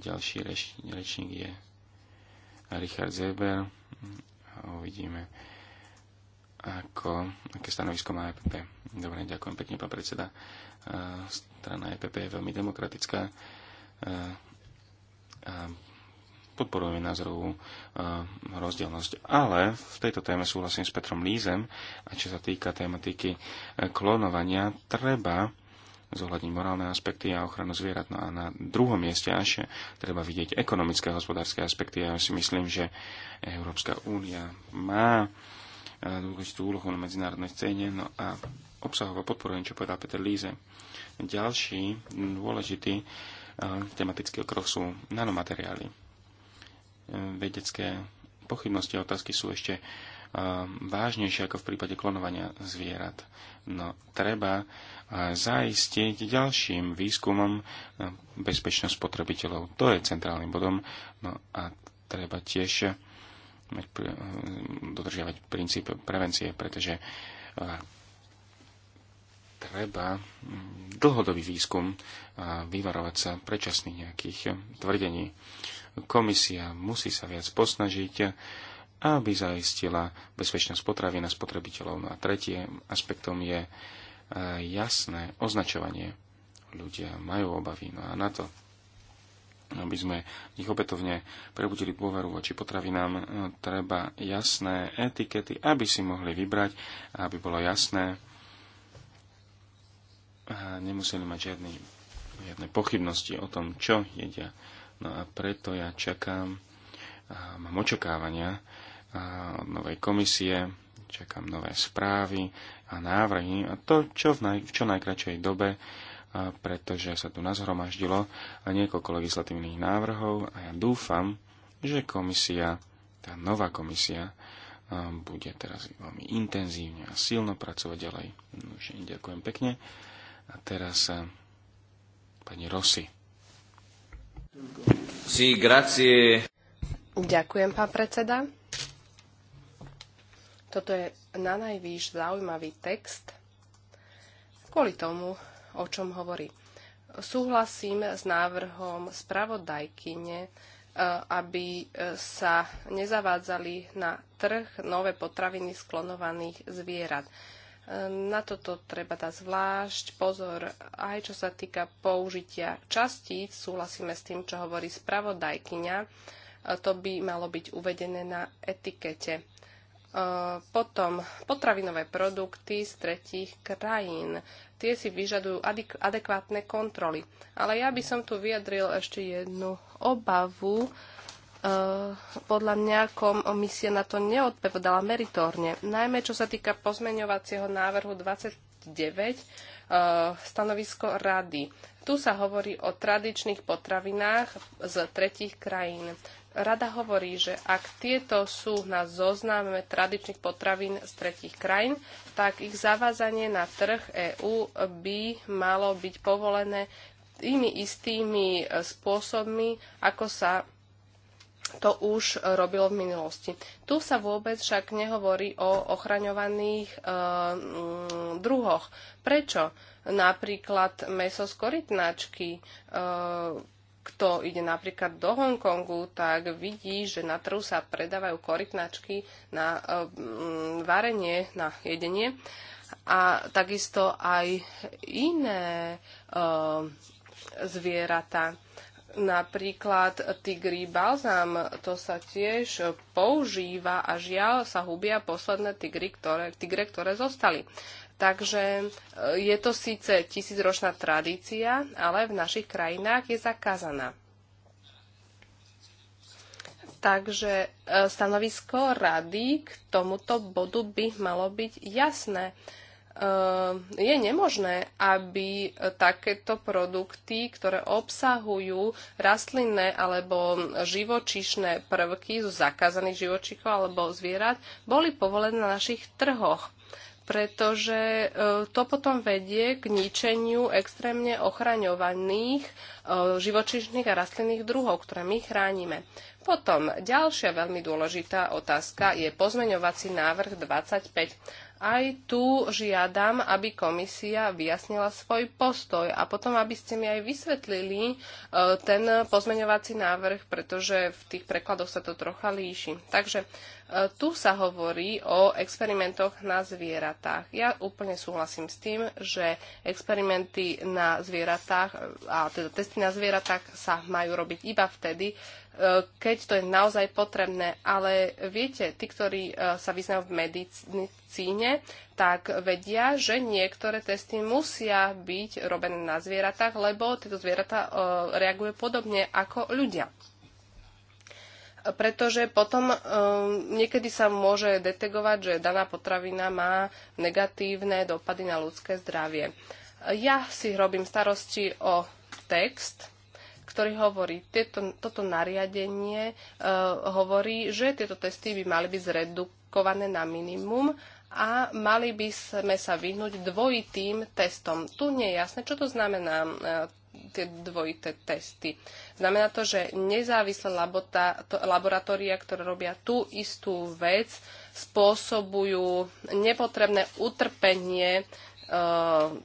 S1: Ďalší reč, rečník je Richard Zeber. Uvidíme, ako, aké stanovisko má EPP. Dobre, ďakujem pekne, pán predseda. Strana EPP je veľmi demokratická podporujeme názorovú eh, rozdielnosť. Ale v tejto téme súhlasím s Petrom Lízem a čo sa týka tematiky eh, klonovania, treba zohľadniť morálne aspekty a ochranu zvierat. No a na druhom mieste až treba vidieť ekonomické a hospodárske aspekty. Ja si myslím, že Európska únia má eh, dôležitú úlohu na medzinárodnej scéne. No a obsahovo podporujem, čo povedal Peter Líze. Ďalší dôležitý tematický okruh sú nanomateriály vedecké pochybnosti a otázky sú ešte eh, vážnejšie ako v prípade klonovania zvierat. No, treba eh, zaistiť ďalším výskumom eh, bezpečnosť spotrebiteľov. To je centrálnym bodom. No a treba tiež dodržiavať princíp prevencie, pretože treba hm, dlhodobý výskum vyvarovať sa predčasných nejakých tvrdení. Komisia musí sa viac posnažiť, aby zaistila bezpečnosť potravy na spotrebiteľov. No a tretie aspektom je eh, jasné označovanie. Ľudia majú obavy, no a na to aby sme ich opätovne prebudili dôveru voči potravinám, eh, treba jasné etikety, aby si mohli vybrať, aby bolo jasné. A nemuseli mať žiadny, žiadne pochybnosti o tom, čo jedia. No a preto ja čakám, mám očakávania od novej komisie, čakám nové správy a návrhy a to, čo v, naj, v čo najkračej dobe, a pretože sa tu nazhromaždilo niekoľko legislatívnych návrhov a ja dúfam, že komisia, tá nová komisia, bude teraz veľmi intenzívne a silno pracovať ďalej. Už no, ďakujem pekne. A teraz pani Rosy.
S4: Ďakujem, pán predseda. Toto je na najvýš zaujímavý text kvôli tomu, o čom hovorí. Súhlasím s návrhom spravodajkyne, eh, aby eh, sa nezavádzali na trh nové potraviny sklonovaných zvierat. Na toto treba dať zvlášť pozor, aj čo sa týka použitia častíc, súhlasíme s tým, čo hovorí spravodajkyňa, e, to by malo byť uvedené na etikete. E, potom potravinové produkty z tretích krajín. Tie si vyžadujú adekvátne kontroly. Ale ja by som tu vyjadril ešte jednu obavu, Eh, podľa mňa komisia na to neodpovedala meritorne. Najmä čo sa týka pozmeňovacieho návrhu 29, eh, stanovisko rady. Tu sa hovorí o tradičných potravinách z tretich krajín. Rada hovorí, že ak tieto sú na zozname tradičných potravín z tretich krajín, tak ich zavázanie na trh EÚ by malo byť povolené tými istými eh, spôsobmi, ako sa to už robilo v minulosti. Tu sa vôbec však nehovorí o ochraňovaných e, druhoch. Prečo? Napríklad meso z korytnačky. E, kto ide napríklad do Hongkongu, tak vidí, že na trhu sa predávajú korytnačky na e, varenie, na jedenie. A takisto aj iné e, zvieratá Napríklad tigrý balzám, to sa tiež používa a žiaľ sa hubia posledné tigry, ktoré, tigre, ktoré zostali. Takže e, je to síce tisícročná tradícia, ale v našich krajinách je zakázaná. Takže e, stanovisko rady k tomuto bodu by malo byť jasné. Ehm, je nemožné, aby e, takéto produkty, ktoré obsahujú rastlinné alebo živočíšne prvky zo zakázaných živočíkov alebo zvierat, boli povolené na našich trhoch pretože e, to potom vedie k ničeniu extrémne ochraňovaných e, živočíšnych a rastlinných druhov, ktoré my chránime. Potom ďalšia veľmi dôležitá otázka je pozmeňovací návrh 25. Aj tu žiadam, aby komisia vyjasnila svoj postoj a potom, aby ste mi aj vysvetlili e, ten pozmeňovací návrh, pretože v tých prekladoch sa to trocha líši. Takže E, tu sa hovorí o experimentoch na zvieratách. Ja úplne súhlasím s tým, že experimenty na zvieratách, e, a teda testy na zvieratách sa majú robiť iba vtedy, e, keď to je naozaj potrebné. Ale viete, tí, ktorí sa vyznajú v medicíne, tak vedia, že niektoré testy musia byť robené na zvieratách, lebo tieto zvieratá reagujú podobne ako ľudia pretože potom um, niekedy sa môže detegovať, že daná potravina má negatívne dopady na ľudské zdravie. Ja si robím starosti o text, ktorý hovorí, tieto, toto nariadenie uh, hovorí, že tieto testy by mali byť zredukované na minimum a mali by sme sa vyhnúť dvojitým testom. Tu nie je jasné, čo to znamená. Uh, tie dvojité testy. Znamená to, že nezávislé laboratória, ktoré robia tú istú vec, spôsobujú nepotrebné utrpenie e,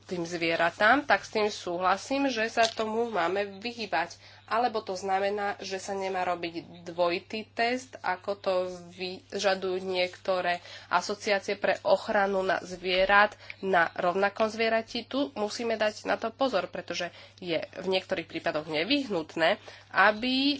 S4: tým zvieratám, tak s tým súhlasím, že sa tomu máme vyhybať alebo to znamená, že sa nemá robiť dvojitý test, ako to vyžadujú niektoré asociácie pre ochranu na zvierat na rovnakom zvierati. Tu musíme dať na to pozor, pretože je v niektorých prípadoch nevyhnutné, aby e,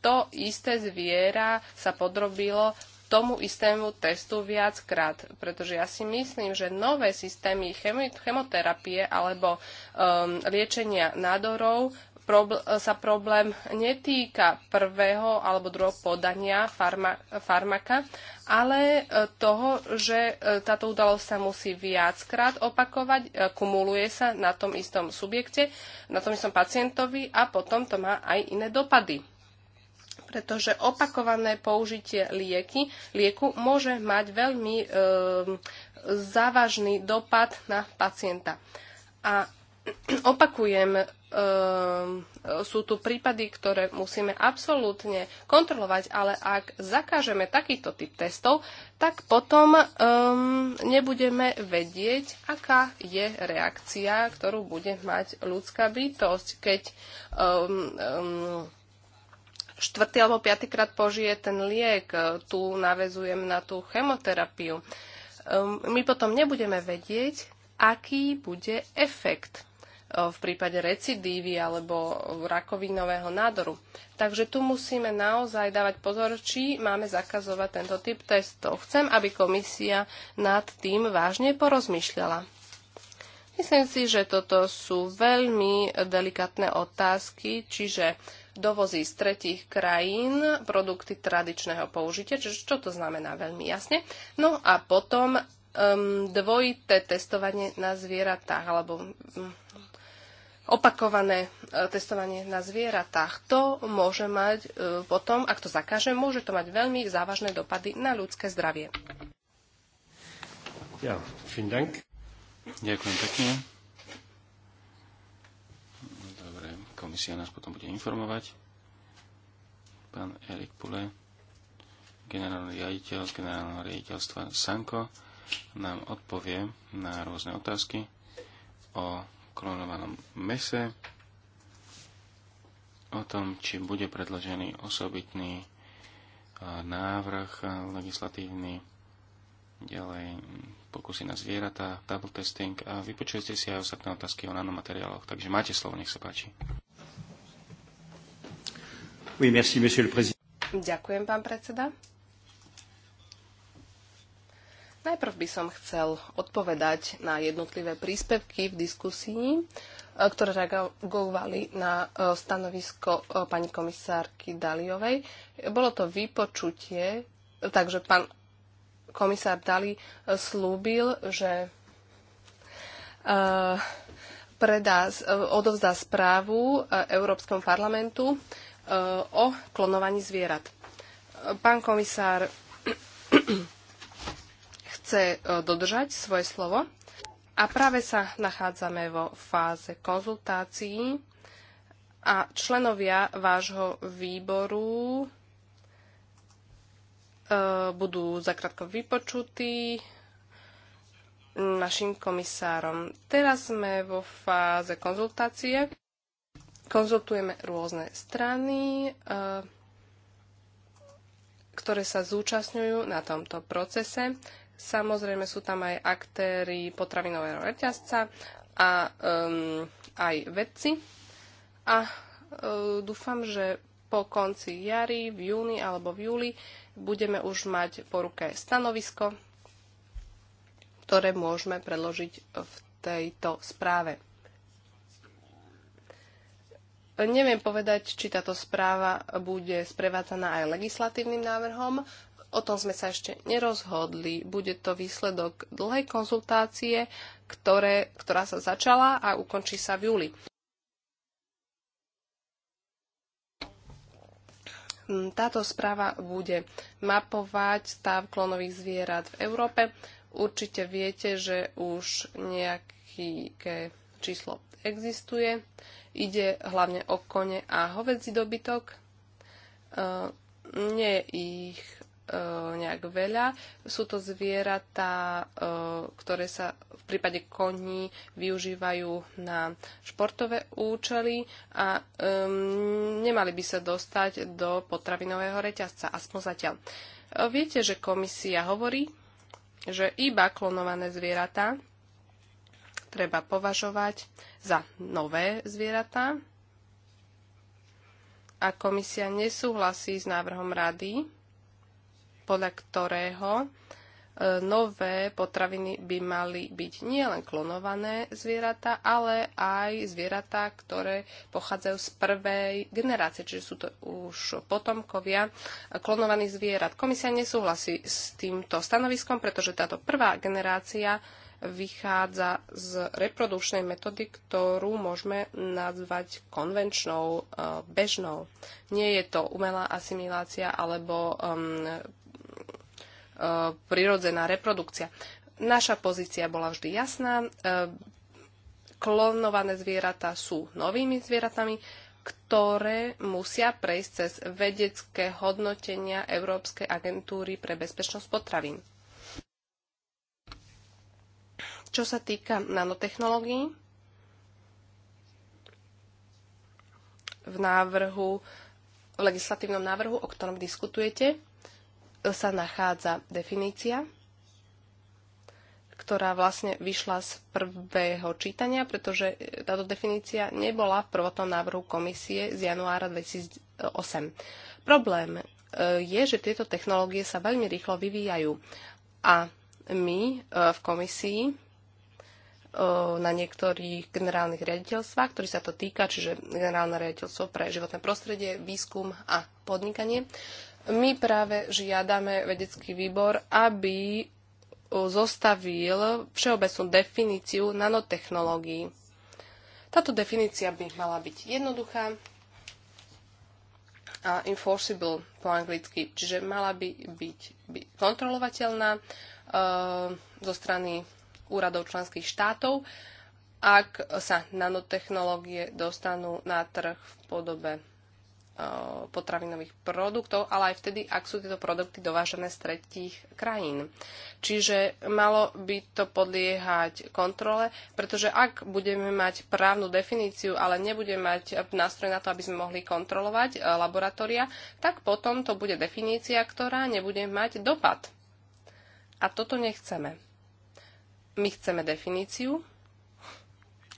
S4: to isté zviera sa podrobilo tomu istému testu viackrát, pretože ja si myslím, že nové systémy chemoterapie alebo um, liečenia nádorov probl- sa problém netýka prvého alebo druhého podania farma- farmaka, ale e, toho, že e, táto udalosť sa musí viackrát opakovať, e, kumuluje sa na tom istom subjekte, na tom istom pacientovi a potom to má aj iné dopady pretože opakované použitie lieky, lieku môže mať veľmi e, závažný dopad na pacienta. A opakujem, Ehm, sú tu prípady, ktoré musíme absolútne kontrolovať, ale ak zakážeme takýto typ testov, tak potom um, nebudeme vedieť, aká je reakcia, ktorú bude mať ľudská bytosť, keď um, um, štvrtý alebo piatýkrát požije ten liek. E, tu navezujem na tú chemoterapiu. Um, my potom nebudeme vedieť, aký bude efekt v prípade recidívy alebo rakovinového nádoru. Takže tu musíme naozaj dávať pozor, či máme zakazovať tento typ testov. Chcem, aby komisia nad tým vážne porozmýšľala. Myslím si, že toto sú veľmi delikatné otázky, čiže dovozí z tretích krajín produkty tradičného použitia, čiže čo to znamená veľmi jasne. No a potom um, dvojité testovanie na zvieratách, alebo um, opakované e, testovanie na zvieratách. To môže mať e, potom, ak to zakážem, môže to mať veľmi závažné dopady na ľudské zdravie.
S1: Ja, vielen Dank. Ďakujem pekne. Dobre, komisia nás potom bude informovať. Pán Erik Pule, generálny riaditeľ z generálneho riaditeľstva Sanko, nám odpovie na rôzne otázky o klonovanom mese, o tom, či bude predložený osobitný e, návrh e, legislatívny, ďalej pokusy na zvieratá, double testing a vypočujete si aj ostatné otázky o nanomateriáloch. Takže máte slovo, nech sa páči. Oui, merci,
S4: Ďakujem, pán predseda. Najprv by som chcel odpovedať na jednotlivé príspevky v diskusii, e, ktoré reagovali na e, stanovisko e, pani komisárky Daliovej. Bolo to vypočutie, takže pán komisár Dali slúbil, že predá, odovzdá správu Európskemu parlamentu o klonovaní zvierat. Pán komisár chce e, dodržať svoje slovo a práve sa nachádzame vo fáze konzultácií a členovia vášho výboru e, budú zakrátko vypočutí našim komisárom. Teraz sme vo fáze konzultácie. Konzultujeme rôzne strany, e, ktoré sa zúčastňujú na tomto procese Samozrejme sú tam aj aktéry potravinového reťazca a um, aj vedci. A um, dúfam, že po konci jary, v júni alebo v júli budeme už mať po ruke stanovisko, ktoré môžeme predložiť v tejto správe. Neviem povedať, či táto správa bude sprevádzaná aj legislatívnym návrhom, O tom sme sa ešte nerozhodli. Bude to výsledok dlhej konzultácie, ktoré, ktorá sa začala a ukončí sa v júli. Mm, táto správa bude mapovať stav klonových zvierat v Európe. Určite viete, že už nejaké číslo existuje. Ide hlavne o kone a hovedzi dobytok. E, nie ich E, nejak veľa. Sú to zvieratá, e, ktoré sa v prípade koní využívajú na športové účely a nemali by sa dostať do potravinového reťazca, aspoň zatiaľ. E, viete, že komisia hovorí, že iba klonované zvieratá treba považovať za nové zvieratá a komisia nesúhlasí s návrhom rady, podľa ktorého e, nové potraviny by mali byť nielen klonované zvieratá, ale aj zvieratá, ktoré pochádzajú z prvej generácie, čiže sú to už potomkovia klonovaných zvierat. Komisia nesúhlasí s týmto stanoviskom, pretože táto prvá generácia vychádza z reprodukčnej metódy, ktorú môžeme nazvať konvenčnou, e, bežnou. Nie je to umelá asimilácia alebo um, prirodzená reprodukcia. Naša pozícia bola vždy jasná. E, klonované zvieratá sú novými zvieratami, ktoré musia prejsť cez vedecké hodnotenia Európskej agentúry pre bezpečnosť potravín. Čo sa týka nanotechnológií, v návrhu, v legislatívnom návrhu, o ktorom diskutujete, sa nachádza definícia, ktorá vlastne vyšla z prvého čítania, pretože e, táto definícia nebola v prvotnom návrhu komisie z januára 2008. Problém e, je, že tieto technológie sa veľmi rýchlo vyvíjajú a my e, v komisii na niektorých generálnych riaditeľstvách, ktorý sa to týka, čiže generálne riaditeľstvo pre životné prostredie, výskum a podnikanie, my práve žiadame vedecký výbor, aby zostavil všeobecnú definíciu nanotechnológií. Táto definícia by mala byť jednoduchá a enforceable po anglicky, čiže mala by byť, byť kontrolovateľná e, zo strany úradov členských štátov, ak sa nanotechnológie dostanú na trh v podobe Eh, potravinových produktov, ale aj vtedy, ak sú tieto produkty dovážené z tretích krajín. Čiže malo by to podliehať kontrole, pretože ak budeme mať právnu definíciu, ale nebudeme mať nástroj na to, aby sme mohli kontrolovať eh, laboratória, tak potom to bude definícia, ktorá nebude mať dopad. A toto nechceme. My chceme definíciu,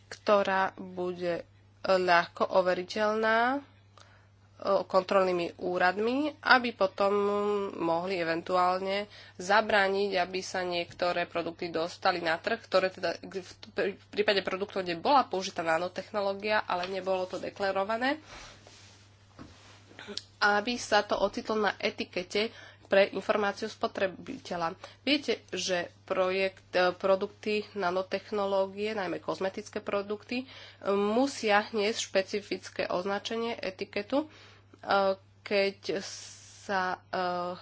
S4: ktorá bude ľahko overiteľná kontrolnými úradmi, aby potom mohli eventuálne zabrániť, aby sa niektoré produkty dostali na trh, ktoré teda v prípade produktov, kde bola použitá nanotechnológia, ale nebolo to deklarované, aby sa to ocitlo na etikete pre informáciu spotrebiteľa. Viete, že projekt, e, produkty nanotechnológie, najmä kozmetické produkty, e, musia hnieť špecifické označenie etiketu, Eh, keď sa eh,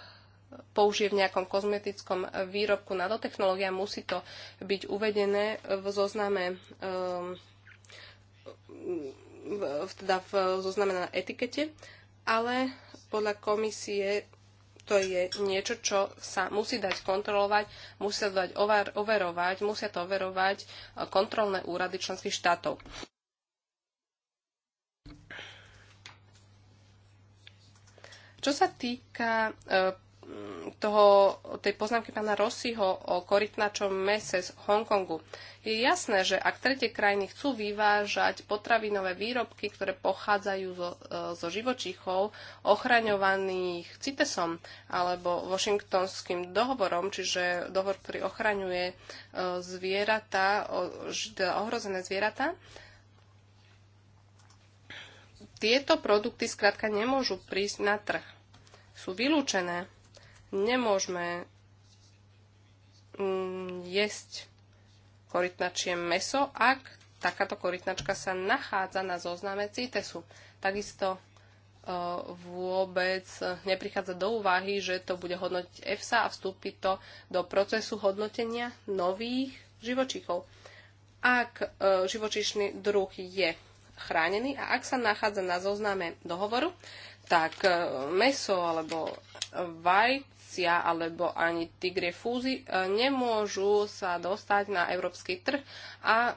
S4: použije v nejakom kozmetickom výrobku nanotechnológia, musí to byť uvedené v zozname eh, teda v zozname na etikete, ale podľa komisie to je niečo, čo sa musí dať kontrolovať, musí sa dať overovať, musia to overovať kontrolné úrady členských štátov. Čo sa týka e, toho, tej poznámky pána Rossiho o korytnačom mese z Hongkongu. Je jasné, že ak tretie krajiny chcú vyvážať potravinové výrobky, ktoré pochádzajú zo, e, zo živočíchov ochraňovaných CITESom alebo Washingtonským dohovorom, čiže dohovor, ktorý ochraňuje e, zvieratá, teda ohrozené zvieratá, tieto produkty skrátka nemôžu prísť na trh. Sú vylúčené. Nemôžeme mm, jesť korytnačie meso, ak takáto korytnačka sa nachádza na zozname CITESu. Takisto e, vôbec neprichádza do úvahy, že to bude hodnotiť EFSA a vstúpi to do procesu hodnotenia nových živočíkov. Ak e, živočíšny druh je chránený a ak sa nachádza na zozname dohovoru, tak e, meso alebo vajcia alebo ani tigrie fúzy e, nemôžu sa dostať na európsky trh a e,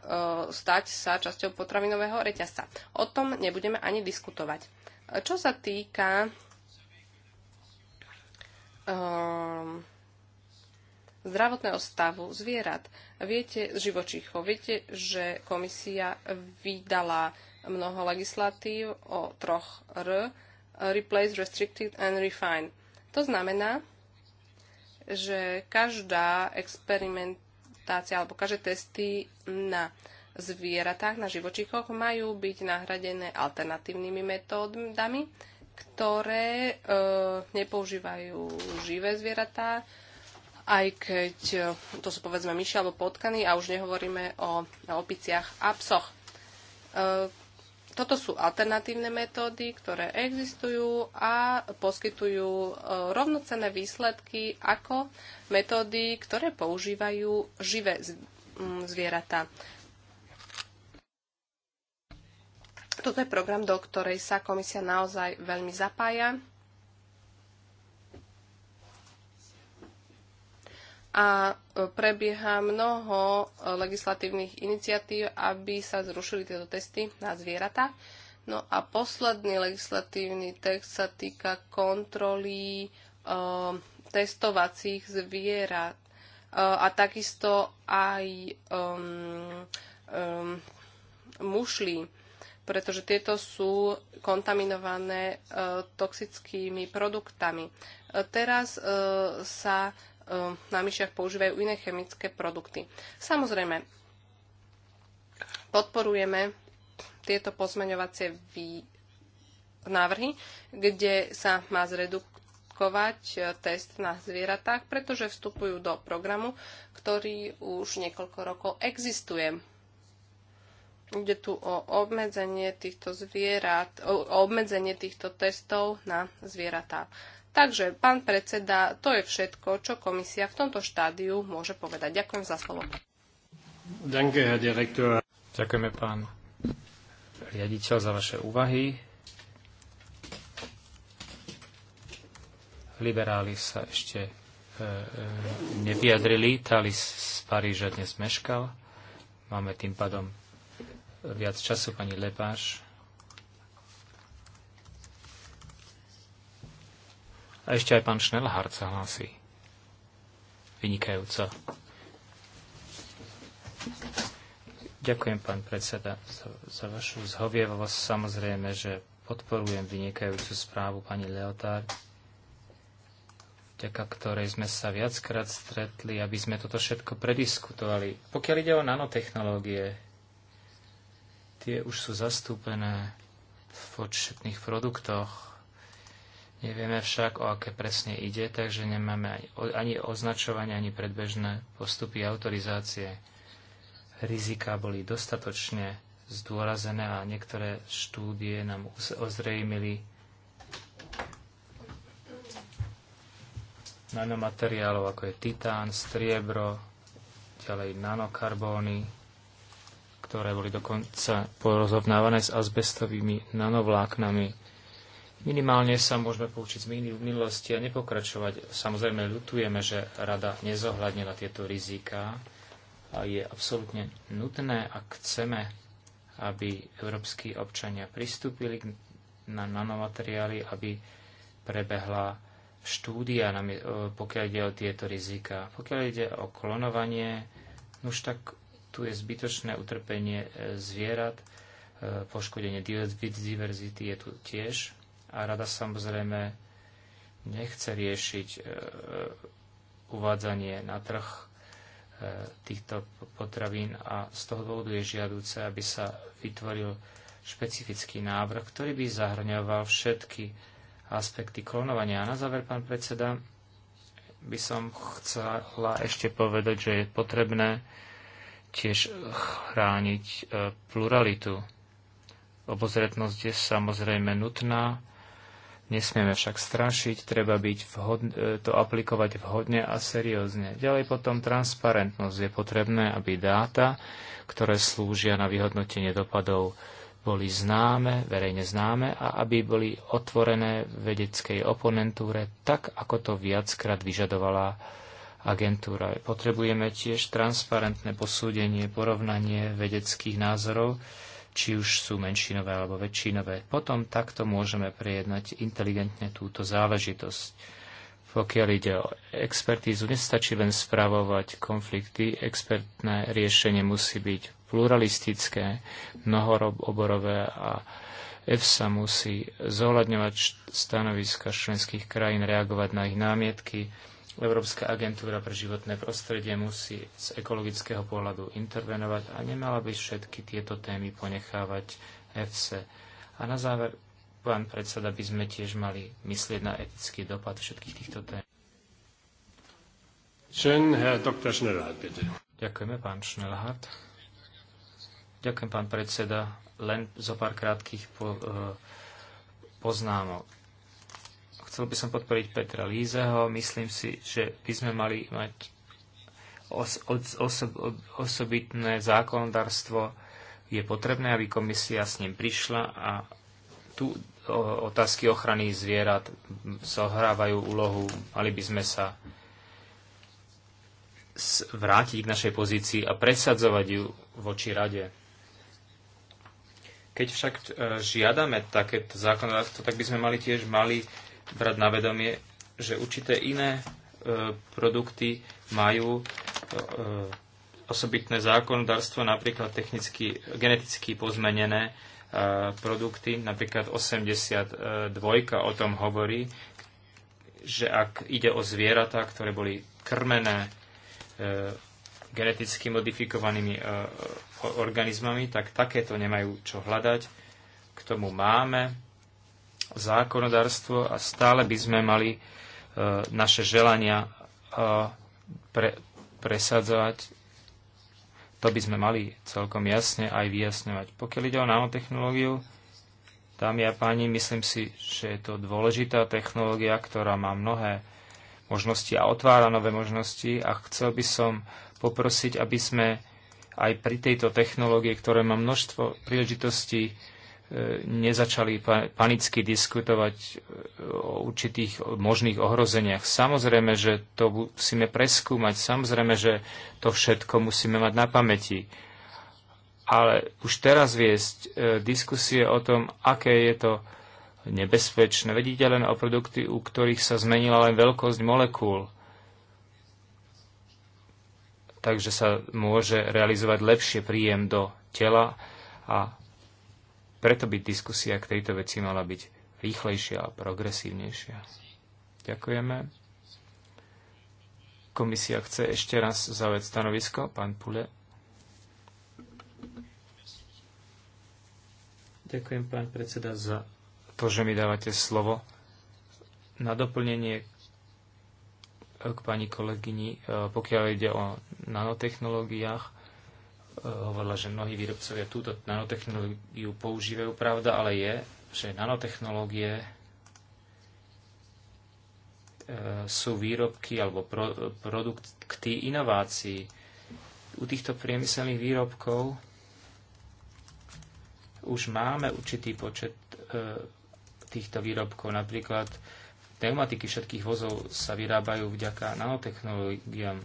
S4: stať sa časťou potravinového reťazca. O tom nebudeme ani diskutovať. Čo sa týka um, zdravotného stavu zvierat, viete z živočíchov, viete, že komisia vydala mnoho legislatív o troch R, replace, restricted and refine. To znamená, že každá experimentácia alebo každé testy na zvieratách, na živočíchoch majú byť nahradené alternatívnymi metódami, ktoré e, nepoužívajú živé zvieratá, aj keď e, to sú povedzme myši alebo potkany a už nehovoríme o opiciach a psoch. E, toto sú alternatívne metódy, ktoré existujú a poskytujú e, rovnocené výsledky ako metódy, ktoré používajú živé mm, zvieratá. Toto je program, do ktorej sa komisia naozaj veľmi zapája a e, prebieha mnoho e, legislatívnych iniciatív, aby sa zrušili tieto testy na zvieratá. No a posledný legislatívny text sa týka kontroly e, testovacích zvierat e, a takisto aj mušlí, pretože tieto sú kontaminované e, toxickými produktami. E, teraz sa E, na myšiach používajú iné chemické produkty. Samozrejme, podporujeme tieto pozmeňovacie vý... návrhy, kde sa má zredukovať e, test na zvieratách, pretože vstupujú do programu, ktorý už niekoľko rokov existuje. Ide tu o obmedzenie týchto zvierat, o obmedzenie týchto testov na zvieratá. Takže, pán predseda, to je všetko, čo komisia v tomto štádiu môže povedať. Ďakujem za slovo.
S2: Ďakujeme, pán riaditeľ, za vaše úvahy. Liberáli sa ešte e, e, nevyjadrili. Talis z Paríža dnes meškal. Máme tým pádom viac času, pani Lepáš. A ešte aj pán Schnellhardt sa hlási. Vynikajúco. Ďakujem, pán predseda, za, za vašu zhovievavosť. Samozrejme, že podporujem vynikajúcu správu pani Leotard, vďaka ktorej sme sa viackrát stretli, aby sme toto všetko prediskutovali. Pokiaľ ide o nanotechnológie, tie už sú zastúpené v početných produktoch, Nevieme však, o aké presne ide, takže nemáme ani označovanie, ani predbežné postupy autorizácie. Rizika boli dostatočne zdôrazené a niektoré štúdie nám ozrejmili nanomateriálov, ako je titán, striebro, ďalej nanokarbóny, ktoré boli dokonca porozovnávané s azbestovými nanovláknami. Minimálne sa môžeme poučiť z minulosti a nepokračovať. Samozrejme, ľutujeme, že rada nezohľadnila tieto riziká a je absolútne nutné, ak chceme, aby európsky občania pristúpili na nanomateriály, aby prebehla štúdia, pokiaľ ide o tieto rizika. Pokiaľ ide o klonovanie, už tak tu je zbytočné utrpenie e, zvierat, e, poškodenie diverzity je tu tiež a rada samozrejme nechce riešiť e, uvádzanie na trh e, týchto potravín a z toho dôvodu je žiadúce, aby sa vytvoril špecifický návrh, ktorý by zahrňoval všetky aspekty klonovania. A na záver, pán predseda, by som chcela ešte povedať, že je potrebné tiež chrániť e, pluralitu. Obozretnosť je samozrejme nutná, Nesmieme však strašiť, treba byť vhodne, to aplikovať vhodne a seriózne. Ďalej potom transparentnosť. Je potrebné, aby dáta, ktoré slúžia na vyhodnotenie dopadov, boli známe, verejne známe a aby boli otvorené vedeckej oponentúre tak, ako to viackrát vyžadovala agentúra. Potrebujeme tiež transparentné posúdenie, porovnanie vedeckých názorov či už sú menšinové alebo väčšinové. Potom takto môžeme prejednať inteligentne túto záležitosť. Pokiaľ ide o expertízu, nestačí len spravovať konflikty. Expertné riešenie musí byť pluralistické, mnohoroborové a EFSA musí zohľadňovať stanoviska členských krajín, reagovať na ich námietky, Európska agentúra pre životné prostredie musí z ekologického pohľadu intervenovať a nemala by všetky tieto témy ponechávať EFSE. A na záver, pán predseda, by sme tiež mali myslieť na etický dopad všetkých týchto tém. Schön, Herr Dr. Schnellhardt, bitte. Ďakujeme, pán Schnellhardt. Ďakujem, pán predseda. Len zo pár krátkých po, eh, poznámok Chcel by som podporiť Petra Lízeho. Myslím si, že by sme mali mať os, os, os, osobitné zákonodárstvo. Je potrebné, aby komisia s ním prišla a tu otázky ochrany zvierat zohrávajú úlohu. Mali by sme sa vrátiť k našej pozícii a presadzovať ju voči rade. Keď však e, žiadame takéto zákonodárstvo, tak by sme mali tiež mali brať na vedomie, že určité iné e, produkty majú e, e, osobitné zákonodárstvo, napríklad technicky, geneticky pozmenené produkty, napríklad 82 o tom hovorí, že ak ide o zvieratá, ktoré boli krmené geneticky modifikovanými organizmami, tak takéto nemajú čo hľadať. K tomu máme zákonodárstvo a stále by sme mali e, naše želania e, pre, presadzovať. To by sme mali celkom jasne aj vyjasňovať. Pokiaľ ide o nanotechnológiu, dámy a páni, myslím si, že je to dôležitá technológia, ktorá má mnohé možnosti a otvára nové možnosti a chcel by som poprosiť, aby sme aj pri tejto technológie, ktoré má množstvo príležitostí, nezačali panicky diskutovať e, o určitých možných ohrozeniach. Samozrejme, že to musíme preskúmať, samozrejme, že to všetko musíme mať na pamäti. Ale už teraz viesť e, diskusie o tom, aké je to nebezpečné. Vedíte len o produkty, u ktorých sa zmenila len veľkosť molekúl. Takže sa môže realizovať lepšie príjem do tela a preto by diskusia k tejto veci mala byť rýchlejšia a progresívnejšia. Ďakujeme. Komisia chce ešte raz zaujať stanovisko. Pán Pule. Ďakujem, pán predseda, za to, že mi dávate slovo. Na doplnenie k pani kolegyni, eh, pokiaľ ide o nanotechnológiách, Eh, hovorila, že mnohí výrobcovia túto nanotechnológiu používajú. Pravda ale je, že nanotechnológie eh, sú výrobky alebo pro, produkty inovácií. U týchto priemyselných výrobkov už máme určitý počet eh, týchto výrobkov. Napríklad pneumatiky všetkých vozov sa vyrábajú vďaka nanotechnológiám,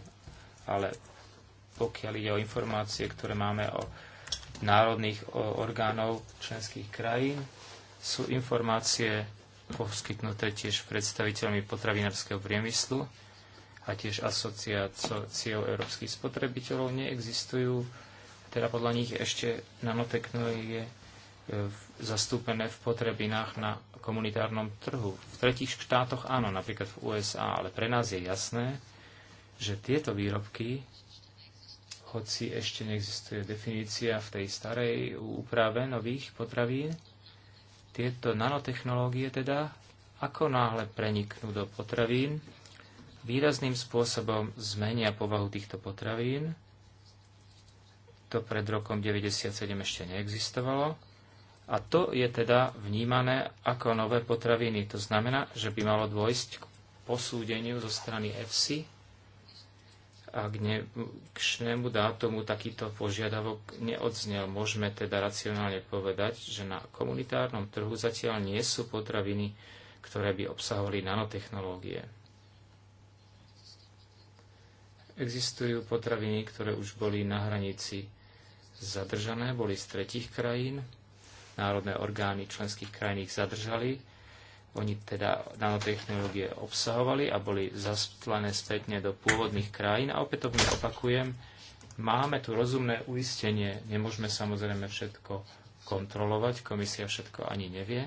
S2: ale pokiaľ ide o informácie, ktoré máme o národných orgánov členských krajín, sú informácie poskytnuté tiež predstaviteľmi potravinárskeho priemyslu a tiež asociáciou európskych spotrebiteľov. Neexistujú, teda podľa nich ešte nanotechnológie e, zastúpené v potrebinách na komunitárnom trhu. V tretích štátoch áno, napríklad v USA, ale pre nás je jasné, že tieto výrobky hoci ešte neexistuje definícia v tej starej úprave nových potravín, tieto nanotechnológie teda, ako náhle preniknú do potravín, výrazným spôsobom zmenia povahu týchto potravín. To pred rokom 1997 ešte neexistovalo. A to je teda vnímané ako nové potraviny. To znamená, že by malo dôjsť k posúdeniu zo strany EFSI a k dnešnému dátumu takýto požiadavok neodznel. Môžeme teda racionálne povedať, že na komunitárnom trhu zatiaľ nie sú potraviny, ktoré by obsahovali nanotechnológie. Existujú potraviny, ktoré už boli na hranici zadržané, boli z tretich krajín, národné orgány členských krajín ich zadržali oni teda nanotechnológie obsahovali a boli zaslané spätne do pôvodných krajín. A opätovne opakujem, máme tu rozumné uistenie, nemôžeme samozrejme všetko kontrolovať, komisia všetko ani nevie.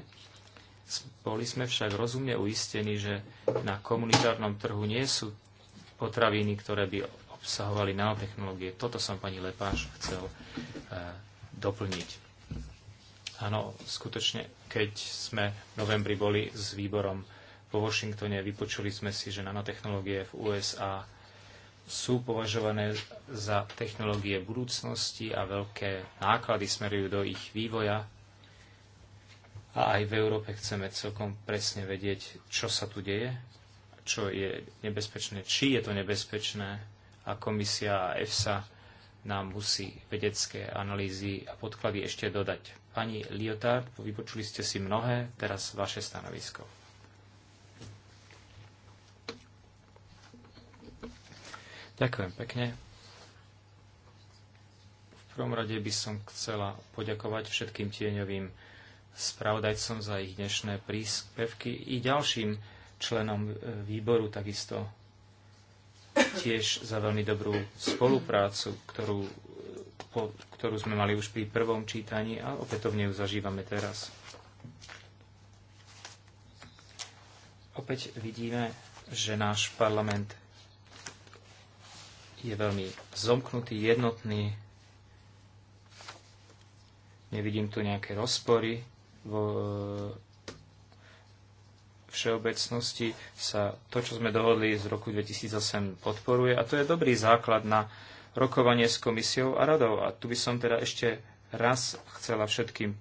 S2: Boli sme však rozumne uistení, že na komunitárnom trhu nie sú potraviny, ktoré by obsahovali nanotechnológie. Toto som pani Lepáš chcel e, doplniť. Áno, skutočne keď sme v novembri boli s výborom vo Washingtone, vypočuli sme si, že nanotechnológie v USA sú považované za technológie budúcnosti a veľké náklady smerujú do ich vývoja. A aj v Európe chceme celkom presne vedieť, čo sa tu deje, čo je nebezpečné, či je to nebezpečné. A komisia a EFSA nám musí vedecké analýzy a podklady ešte dodať. Pani Liotard, vypočuli ste si mnohé, teraz vaše stanovisko. Ďakujem pekne. V prvom rade by som chcela poďakovať všetkým tieňovým spravodajcom za ich dnešné príspevky i ďalším členom e, výboru takisto tiež za veľmi dobrú spoluprácu, ktorú ktorú sme mali už pri prvom čítaní a opätovne ju zažívame teraz. Opäť vidíme, že náš parlament je veľmi zomknutý, jednotný. Nevidím tu nejaké rozpory. Vo e, všeobecnosti sa to, čo sme dohodli z roku 2008, podporuje a to je dobrý základ na rokovanie s komisiou a radou. A tu by som teda ešte raz chcela všetkým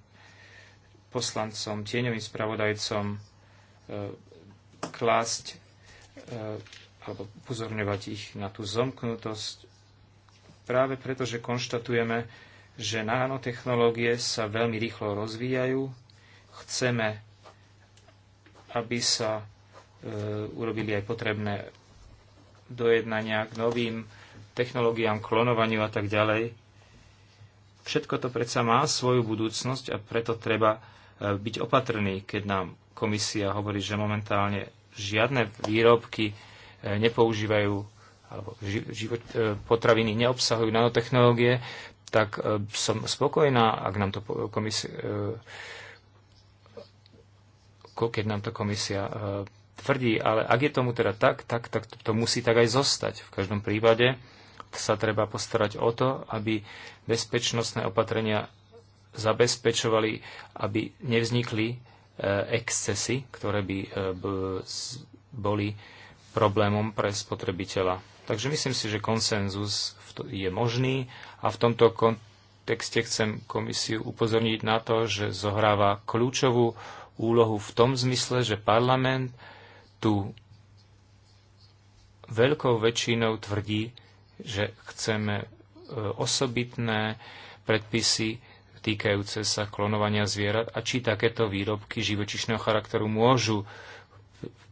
S2: poslancom, tieňovým spravodajcom e, klásť e, alebo upozorňovať ich na tú zomknutosť práve preto, že konštatujeme, že nanotechnológie sa veľmi rýchlo rozvíjajú. Chceme, aby sa e, urobili aj potrebné dojednania k novým technológiám, klonovaniu a tak ďalej. Všetko to predsa má svoju budúcnosť a preto treba e, byť opatrný, keď nám komisia hovorí, že momentálne žiadne výrobky e, nepoužívajú alebo život, e, potraviny neobsahujú nanotechnológie, tak som spokojná, ak nám to komisia, keď nám to komisia tvrdí, ale ak je tomu teda tak, tak, tak to musí tak aj zostať. V každom prípade sa treba postarať o to, aby bezpečnostné opatrenia zabezpečovali, aby nevznikli e, excesy, ktoré by e, boli problémom pre spotrebiteľa. Takže myslím si, že konsenzus je možný a v tomto kontexte chcem komisiu upozorniť na to, že zohráva kľúčovú úlohu v tom zmysle, že parlament tu veľkou väčšinou tvrdí, že chceme e, osobitné predpisy týkajúce sa klonovania zvierat a či takéto výrobky živočišného charakteru môžu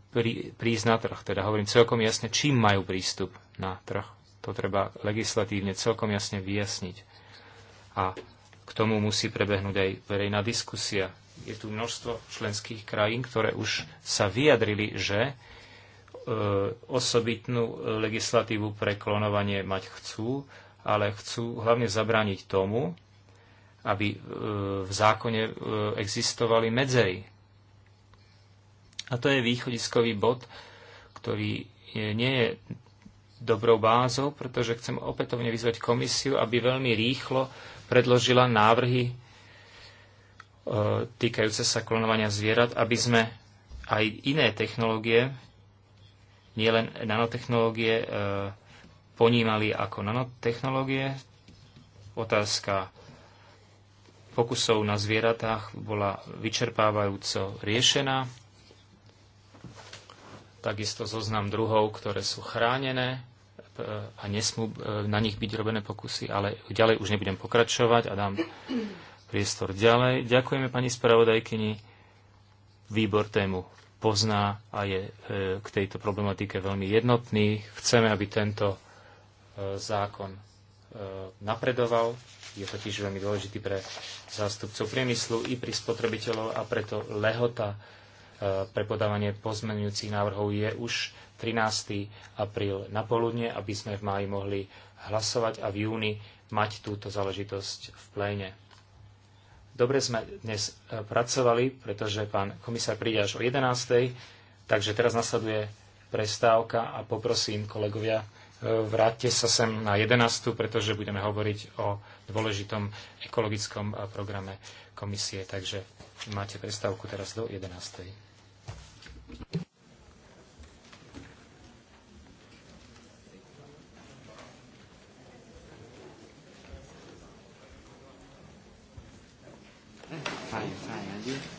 S2: prí, prísť na trh. Teda hovorím celkom jasne, čím majú prístup na trh. To treba legislatívne celkom jasne vyjasniť. A k tomu musí prebehnúť aj verejná diskusia. Je tu množstvo členských krajín, ktoré už sa vyjadrili, že E, osobitnú e, legislatívu pre klonovanie mať chcú, ale chcú hlavne zabrániť tomu, aby e, v zákone existovali medzery. A to je východiskový bod, ktorý nie je dobrou bázou, pretože chcem opätovne vyzvať komisiu, aby veľmi rýchlo predložila návrhy týkajúce sa klonovania zvierat, aby sme aj iné technológie nielen nanotechnológie e, ponímali ako nanotechnológie. Otázka pokusov na zvieratách bola vyčerpávajúco riešená. Takisto zoznam druhov, ktoré sú chránené e, a nesmú e, na nich byť robené pokusy, ale ďalej už nebudem pokračovať a dám priestor ďalej. Ďakujeme pani spravodajkyni. Výbor tému pozná a je e, k tejto problematike veľmi jednotný. Chceme, aby tento e, zákon e, napredoval. Je totiž veľmi dôležitý pre zástupcov priemyslu i pri spotrebiteľov a preto lehota pre podávanie pozmenujúcich návrhov je už 13. apríl na poludne, aby sme v máji mohli hlasovať a v júni mať túto záležitosť v pléne. Dobre sme dnes e, pracovali, pretože pán komisár príde až o 11. Takže teraz nasleduje prestávka a poprosím kolegovia, e, vráťte sa sem na 11. pretože budeme hovoriť o dôležitom ekologickom e, programe komisie. Takže máte prestávku teraz do 11. fire, fire,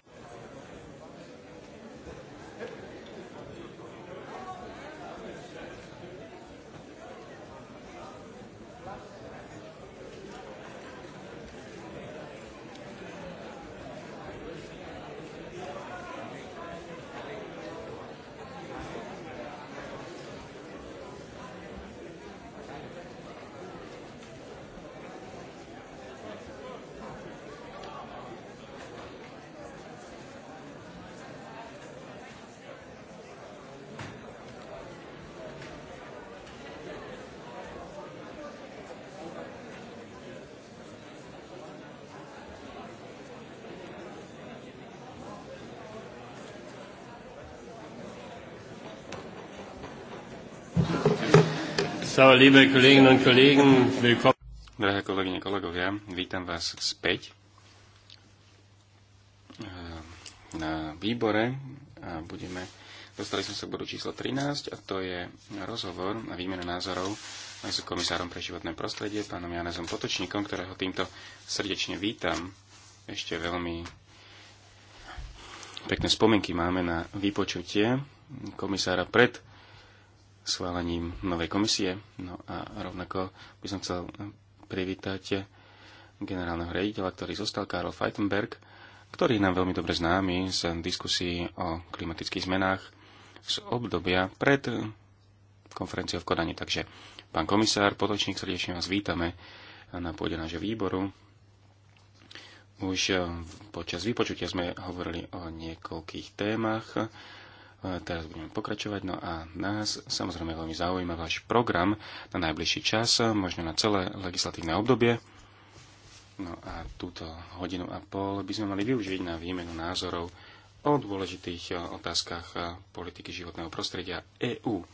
S1: Drahé kolegyne, kolegovia, vítam vás späť eh, na výbore a budeme, dostali sme sa k bodu číslo 13 a to je rozhovor a výmena názorov s komisárom pre životné prostredie, pánom Janezom Potočníkom, ktorého týmto srdečne vítam. Ešte veľmi pekné spomienky máme na vypočutie komisára pred schválením novej komisie. No a rovnako by som chcel privítať generálneho riaditeľa, ktorý zostal, Karol Feitenberg, ktorý je nám veľmi dobre známy z diskusí o klimatických zmenách z obdobia pred konferenciou v Kodani. Takže, pán komisár, potočník, srdečne vás vítame na pôde nášho výboru. Už počas vypočutia sme hovorili o niekoľkých témach Teraz budeme pokračovať. No a nás samozrejme veľmi zaujíma váš program na najbližší čas, možno na celé legislatívne obdobie. No a túto hodinu a pol by sme mali využiť na výmenu názorov o dôležitých eh, otázkach eh, politiky životného prostredia EÚ.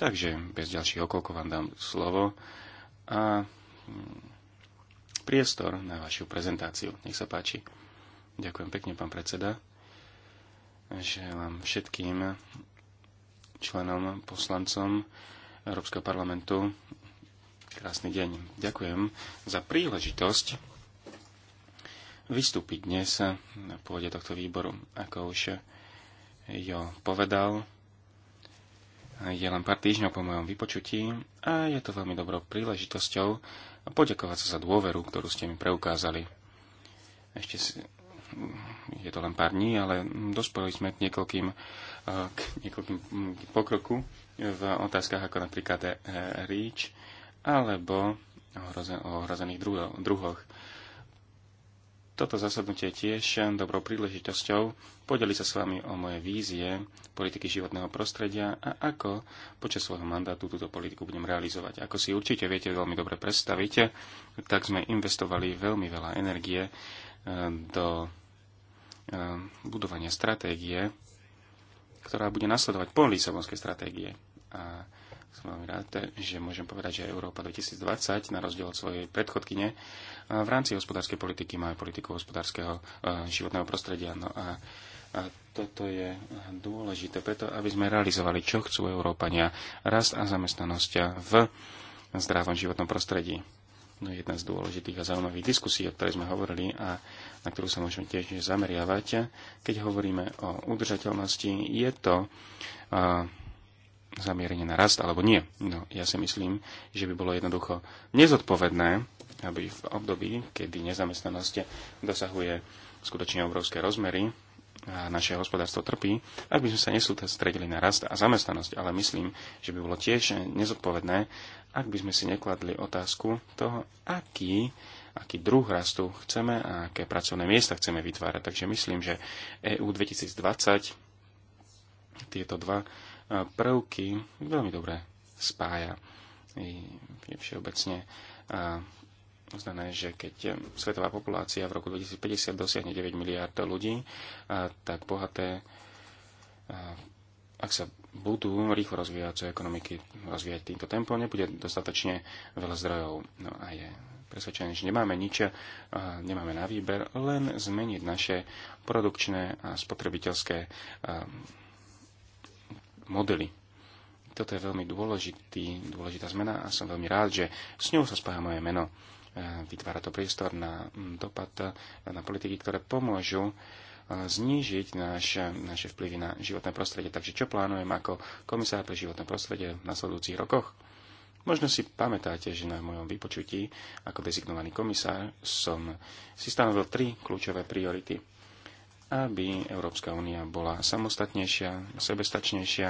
S1: Takže bez ďalších okolkov vám dám slovo a hm, priestor na vašu prezentáciu. Nech sa páči. Ďakujem pekne, pán predseda želám všetkým členom, poslancom Európskeho parlamentu krásny deň. Ďakujem za príležitosť vystúpiť dnes na pôde tohto výboru. Ako už Jo povedal, je len pár týždňov po mojom vypočutí a je to veľmi dobrou príležitosťou poďakovať sa za dôveru, ktorú ste mi preukázali. Ešte si je to len pár dní, ale dospeli sme k niekoľkým, eh, k niekoľkým hm, pokroku v otázkach ako napríklad eh, REACH alebo o hrozených druhoch. Toto zasadnutie je tiež dobrou príležitosťou podeliť sa s vami o moje vízie politiky životného prostredia a ako počas svojho mandátu túto politiku budem realizovať. Ako si určite viete veľmi dobre predstaviť, tak sme investovali veľmi veľa energie eh, do E, budovania stratégie, ktorá bude nasledovať po Lisabonskej stratégie. A som veľmi rád, že môžem povedať, že Európa 2020, na rozdiel od svojej predchodkyne, e, v rámci hospodárskej politiky má aj politiku hospodárskeho e, životného prostredia. No a, a toto je dôležité preto, aby sme realizovali, čo chcú Európania, rast a zamestnanosť v zdravom životnom prostredí. No, jedna z dôležitých a zaujímavých diskusí, o ktorej sme hovorili a na ktorú sa môžeme tiež zameriavať. Keď hovoríme o udržateľnosti, je to uh, zamierenie na rast alebo nie. No, ja si myslím, že by bolo jednoducho nezodpovedné, aby v období, kedy nezamestnanosť dosahuje skutočne obrovské rozmery, a naše hospodárstvo trpí, ak by sme sa stredili na rast a zamestnanosť, ale myslím, že by bolo tiež nezodpovedné ak by sme si nekladli otázku toho, aký, aký druh rastu chceme a aké pracovné miesta chceme vytvárať. Takže myslím, že EU 2020 tieto dva e, prvky veľmi dobre spája. Je všeobecne e, uznané, že keď e, svetová populácia v roku 2050 dosiahne 9 miliárd ľudí, tak bohaté ak sa budú rýchlo rozvíjajúce ekonomiky rozvíjať týmto tempom, nebude dostatočne veľa zdrojov. No a je presvedčený, že nemáme nič, nemáme na výber, len zmeniť naše produkčné a spotrebiteľské modely. Toto je veľmi dôležitý, dôležitá zmena a som veľmi rád, že s ňou sa spája moje meno. E, vytvára to priestor na dopad na politiky, ktoré pomôžu znížiť naš, naše vplyvy na životné prostredie. Takže čo plánujem ako komisár pre životné prostredie v nasledujúcich rokoch? Možno si pamätáte, že na mojom vypočutí ako dezignovaný komisár som si stanovil tri kľúčové priority. Aby Európska únia bola samostatnejšia, sebestačnejšia,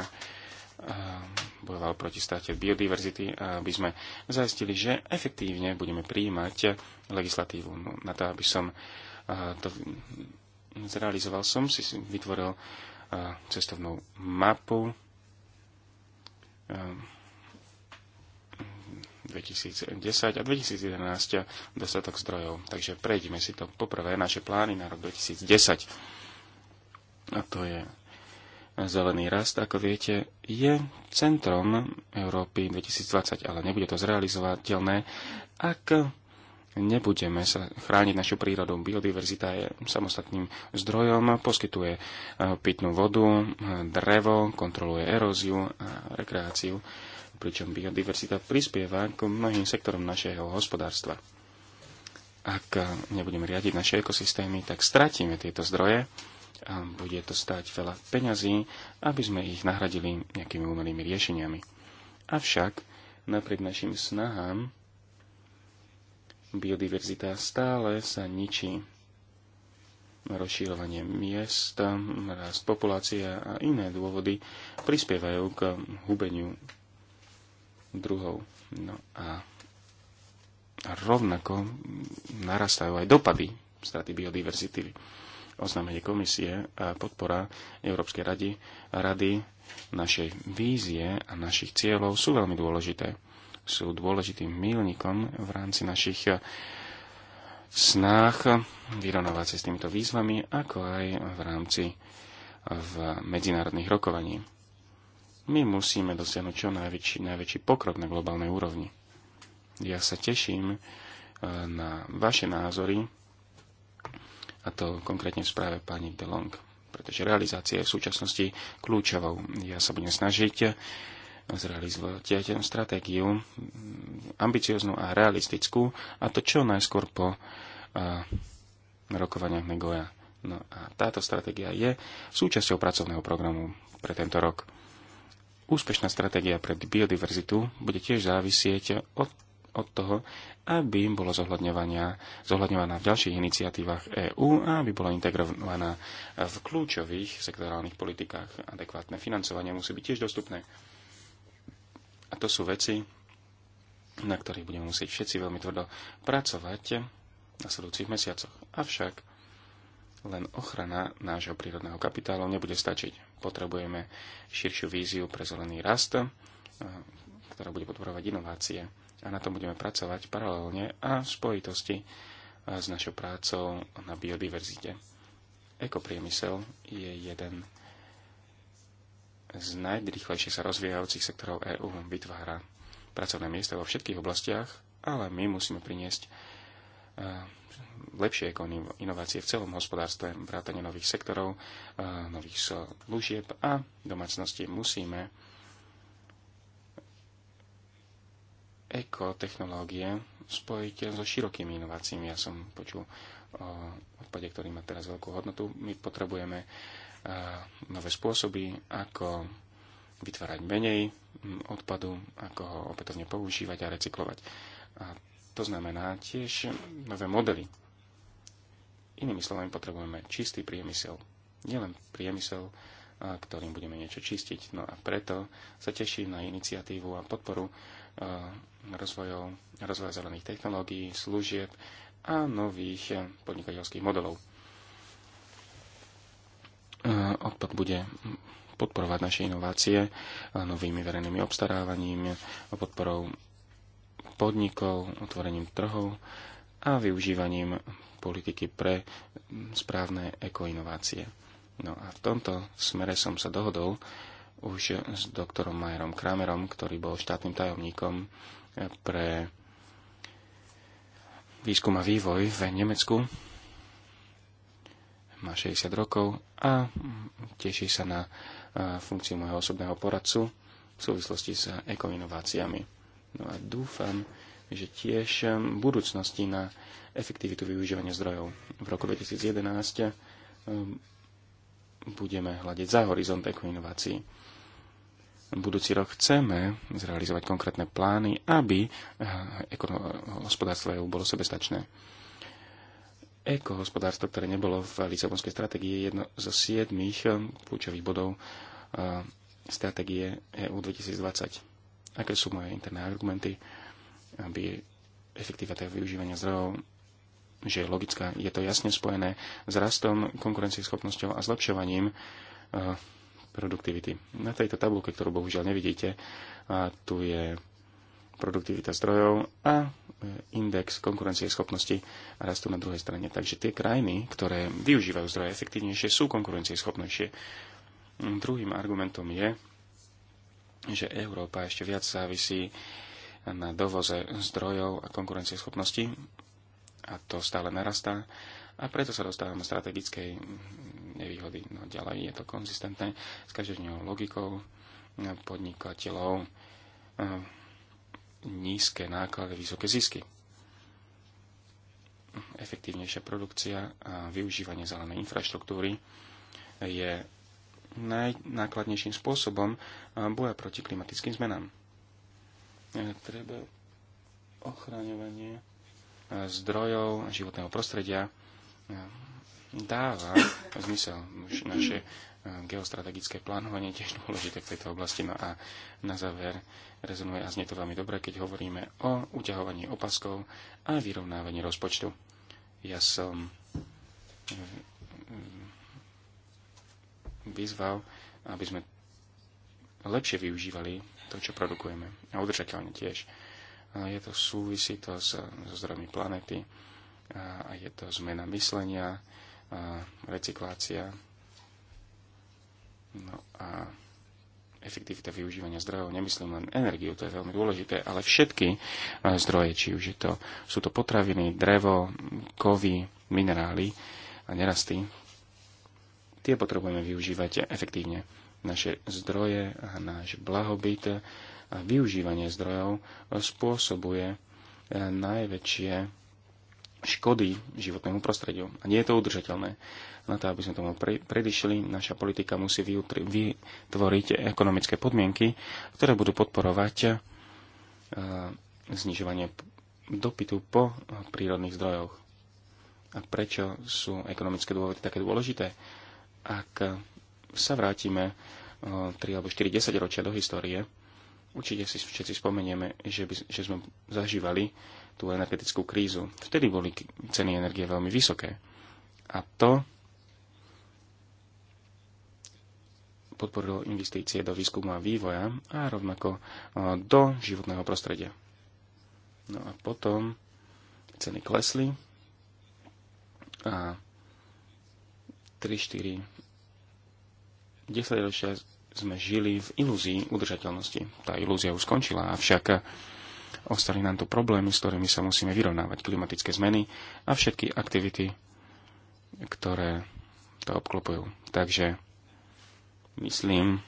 S1: bojoval proti strate biodiverzity, aby sme zaistili, že efektívne budeme prijímať legislatívu. No, na to, aby som to zrealizoval som, si vytvoril e, cestovnú mapu 2010 e, a 2011 dostatok zdrojov. Takže prejdeme si to poprvé naše plány na rok 2010. A to je zelený rast, ako viete, je centrom Európy 2020, ale nebude to zrealizovateľné, ak nebudeme sa chrániť našu prírodu. Biodiverzita je samostatným zdrojom, poskytuje e, pitnú vodu, e, drevo, kontroluje eróziu a rekreáciu, pričom biodiverzita prispieva k mnohým sektorom našeho hospodárstva. Ak nebudeme riadiť naše ekosystémy, tak stratíme tieto zdroje a bude to stať veľa peňazí, aby sme ich nahradili nejakými umelými riešeniami. Avšak, napriek našim snahám, biodiverzita stále sa ničí. Rozširovanie miest, rast populácia a iné dôvody prispievajú k hubeniu druhov. No a rovnako narastajú aj dopady straty biodiverzity. Oznámenie komisie a podpora Európskej rady, rady našej vízie a našich cieľov sú veľmi dôležité sú dôležitým mílnikom v rámci našich eh, snách vyrovnávať sa s týmito výzvami, ako aj v rámci eh, v medzinárodných rokovaní. My musíme dosiahnuť čo najväčší, najväčší pokrok na globálnej úrovni. Ja sa teším eh, na vaše názory, a to konkrétne v správe pani DeLong, pretože realizácia je v súčasnosti kľúčovou. Ja sa budem snažiť zrealizovať stratégiu ambicioznú a realistickú a to čo najskôr po rokovaniach Negoja. No a táto stratégia je súčasťou pracovného programu pre tento rok. Úspešná stratégia pre biodiverzitu bude tiež závisieť od, od toho, aby im bolo zohľadňovaná v ďalších iniciatívach EÚ a aby bola integrovaná v kľúčových sektorálnych politikách. Adekvátne financovanie musí byť tiež dostupné. A to sú veci, na ktorých budeme musieť všetci veľmi tvrdo pracovať v nasledujúcich mesiacoch. Avšak len ochrana nášho prírodného kapitálu nebude stačiť. Potrebujeme širšiu víziu pre zelený rast, ktorá bude podporovať inovácie. A na tom budeme pracovať paralelne a v spojitosti s našou prácou na biodiverzite. Ekopriemysel je jeden z najrychlejšie sa rozvíjajúcich sektorov EÚ vytvára pracovné miesta vo všetkých oblastiach, ale my musíme priniesť e, lepšie inovácie v celom hospodárstve, vrátanie nových sektorov, e, nových služieb a domácnosti musíme ekotechnológie spojiť so širokými inováciami. Ja som počul o odpade, ktorý má teraz veľkú hodnotu. My potrebujeme nové spôsoby, ako vytvárať menej mm, odpadu, ako ho opätovne používať a recyklovať. A to znamená tiež nové modely. Inými slovami potrebujeme čistý priemysel. Nielen priemysel, ktorým budeme niečo čistiť. No a preto sa teším na iniciatívu a podporu rozvojov, rozvoja zelených technológií, služieb a nových podnikateľských modelov. Eh, odpad bude podporovať naše inovácie eh, novými verejnými obstarávaním, podporou podnikov, otvorením trhov a využívaním politiky pre správne ekoinovácie. No a v tomto smere som sa dohodol už s doktorom Majerom Kramerom, ktorý bol štátnym tajomníkom eh, pre výskum a vývoj v Nemecku má 60 rokov a teší sa na e, funkciu môjho osobného poradcu v súvislosti s ekoinováciami. No a dúfam, že tiež e, v budúcnosti na efektivitu využívania zdrojov v roku 2011 e, budeme hľadiť za horizont ekoinovácií. Budúci rok chceme zrealizovať konkrétne plány, aby hospodárstvo EU bolo sebestačné Ekohospodárstvo, ktoré nebolo v Lisabonskej stratégii, je jedno zo siedmých um, kľúčových bodov uh, stratégie EU 2020. Aké sú moje interné argumenty, aby efektivita využívania zdrojov že je logická. Je to jasne spojené s rastom, konkurencieschopnosťou a zlepšovaním uh, produktivity. Na tejto tabulke, ktorú bohužiaľ nevidíte, tu je produktivita zdrojov a index konkurencieschopnosti rastú na druhej strane. Takže tie krajiny, ktoré využívajú zdroje efektívnejšie, sú konkurencieschopnejšie. Druhým argumentom je, že Európa ešte viac závisí na dovoze zdrojov a konkurencieschopnosti a to stále narastá a preto sa dostávame strategickej nevýhody. No ďalej je to konzistentné s každodennou logikou podnikateľov nízke náklady, vysoké zisky. Efektívnejšia produkcia a využívanie zelenej infraštruktúry je najnákladnejším spôsobom boja proti klimatickým zmenám. Treba ochraňovanie zdrojov životného prostredia dáva zmysel. naše geostrategické plánovanie tiež dôležité v tejto oblasti. No a na záver rezonuje a znie to veľmi dobre, keď hovoríme o uťahovaní opaskov a vyrovnávaní rozpočtu. Ja som eh, vyzval, aby sme lepšie využívali to, čo produkujeme. A udržateľne tiež. Je to súvisí to so, so zdrojmi planety a je to zmena myslenia, a recyklácia No a efektivita využívania zdrojov, nemyslím len energiu, to je veľmi dôležité, ale všetky e, zdroje, či už je to, sú to potraviny, drevo, kovy, minerály a nerasty, tie potrebujeme využívať efektívne. Naše zdroje a náš blahobyt a využívanie zdrojov e, spôsobuje e, najväčšie škody životnému prostrediu. A nie je to udržateľné. Na to, aby sme tomu predišli, naša politika musí vytvoriť ekonomické podmienky, ktoré budú podporovať e, znižovanie dopytu po prírodných zdrojoch. A prečo sú ekonomické dôvody také dôležité? Ak sa vrátime 3 e, alebo 4 10 ročia do histórie, určite si všetci spomenieme, že, by, že sme zažívali tú energetickú krízu. Vtedy boli ceny energie veľmi vysoké. A to podporilo investície do výskumu a vývoja a rovnako e, do životného prostredia. No a potom ceny klesli a 3, 4, 10 ročia sme žili v ilúzii udržateľnosti. Tá ilúzia už skončila, avšak Ostali nám tu problémy, s ktorými sa musíme vyrovnávať. Klimatické zmeny a všetky aktivity, ktoré to obklopujú. Takže myslím,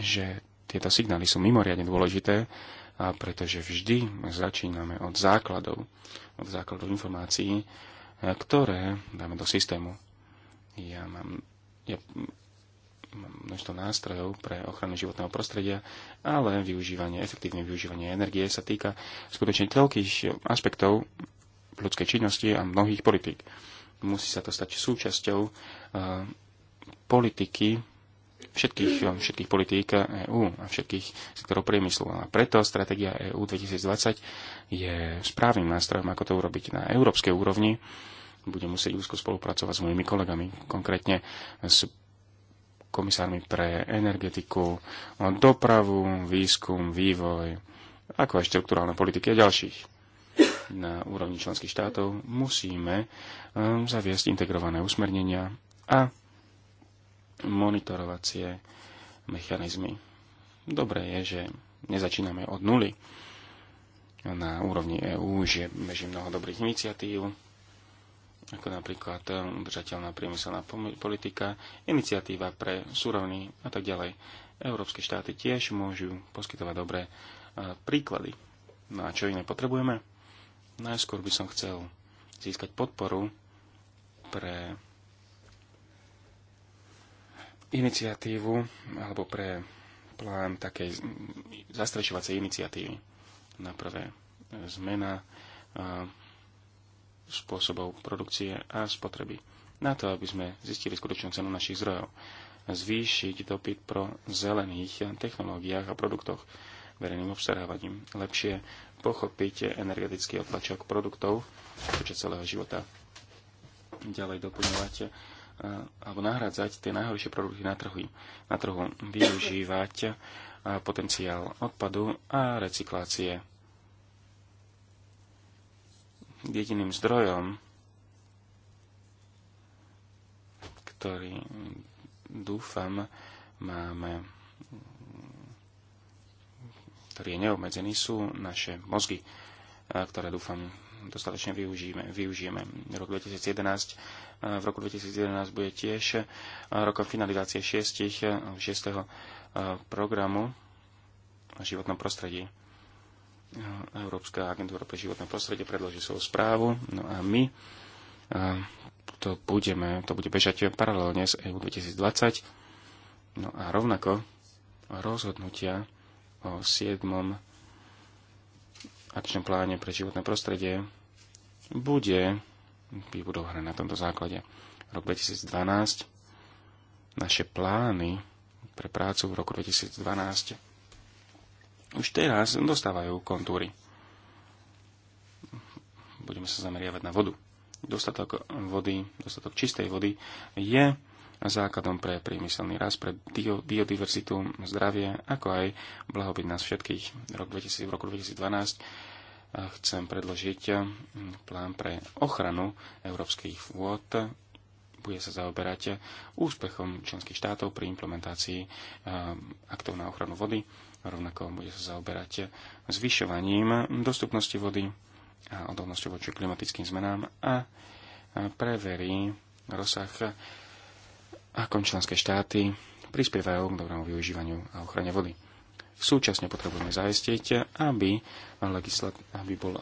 S1: že tieto signály sú mimoriadne dôležité, a pretože vždy začíname od základov, od základov informácií, ktoré dáme do systému. Ja mám ja množstvo nástrojov pre ochranu životného prostredia, ale využívanie, efektívne využívanie energie sa týka skutočne toľkých aspektov ľudskej činnosti a mnohých politík. Musí sa to stať súčasťou uh, politiky všetkých, všetkých politík EÚ a všetkých sektorov priemyslu. A preto stratégia EÚ 2020 je správnym nástrojom, ako to urobiť na európskej úrovni. Budem musieť úzko spolupracovať s mojimi kolegami, konkrétne s komisármi pre energetiku, dopravu, výskum, vývoj, ako aj štruktúrálne politiky a ďalších na úrovni členských štátov musíme um, zaviesť integrované usmernenia a monitorovacie mechanizmy. Dobré je, že nezačíname od nuly. Na úrovni EÚ že beží mnoho dobrých iniciatív, ako napríklad eh, udržateľná priemyselná politika, iniciatíva pre súrovny a tak ďalej. Európske štáty tiež môžu poskytovať dobré eh, príklady. No a čo iné potrebujeme? Najskôr by som chcel získať podporu pre iniciatívu alebo pre plán takej zastrešovacej iniciatívy. Na prvé eh, zmena spôsobov produkcie a spotreby. Na to, aby sme zistili skutočnú cenu našich zdrojov. Zvýšiť dopyt pro zelených technológiách a produktoch verejným obstarávaním. Lepšie pochopiť energetický otlačok produktov počas celého života. Ďalej doplňovať e, alebo nahradzať tie najhoršie produkty na trhu, na trhu využívať e, potenciál odpadu a recyklácie jediným zdrojom, ktorý dúfam máme, ktorý je neobmedzený, sú naše mozgy, ktoré dúfam dostatočne využijeme. využijeme. Rok 2011, v roku 2011 bude tiež rokom finalizácie 6. 6. programu o životnom prostredí. Európska agentúra pre životné prostredie predloží svoju správu, no a my to, budeme, to bude bežať paralelne s EU 2020. No a rovnako rozhodnutia o 7. akčnom pláne pre životné prostredie bude vybudované na tomto základe. Rok 2012 naše plány pre prácu v roku 2012 už teraz dostávajú kontúry. Budeme sa zameriavať na vodu. Dostatok vody, dostatok čistej vody je základom pre priemyselný rast, pre biodiverzitu, zdravie, ako aj blahobyt nás všetkých. Rok 2000, v roku 2012 eh, chcem predložiť eh, plán pre ochranu európskych vôd. Bude sa zaoberať eh, úspechom členských štátov pri implementácii aktov na ochranu vody rovnako bude sa zaoberať zvyšovaním dostupnosti vody a odolnosťou voči klimatickým zmenám a preverí rozsah, ako členské štáty prispievajú k dobrému využívaniu a ochrane vody. Súčasne potrebujeme zaistiť, aby, legislat- aby bola,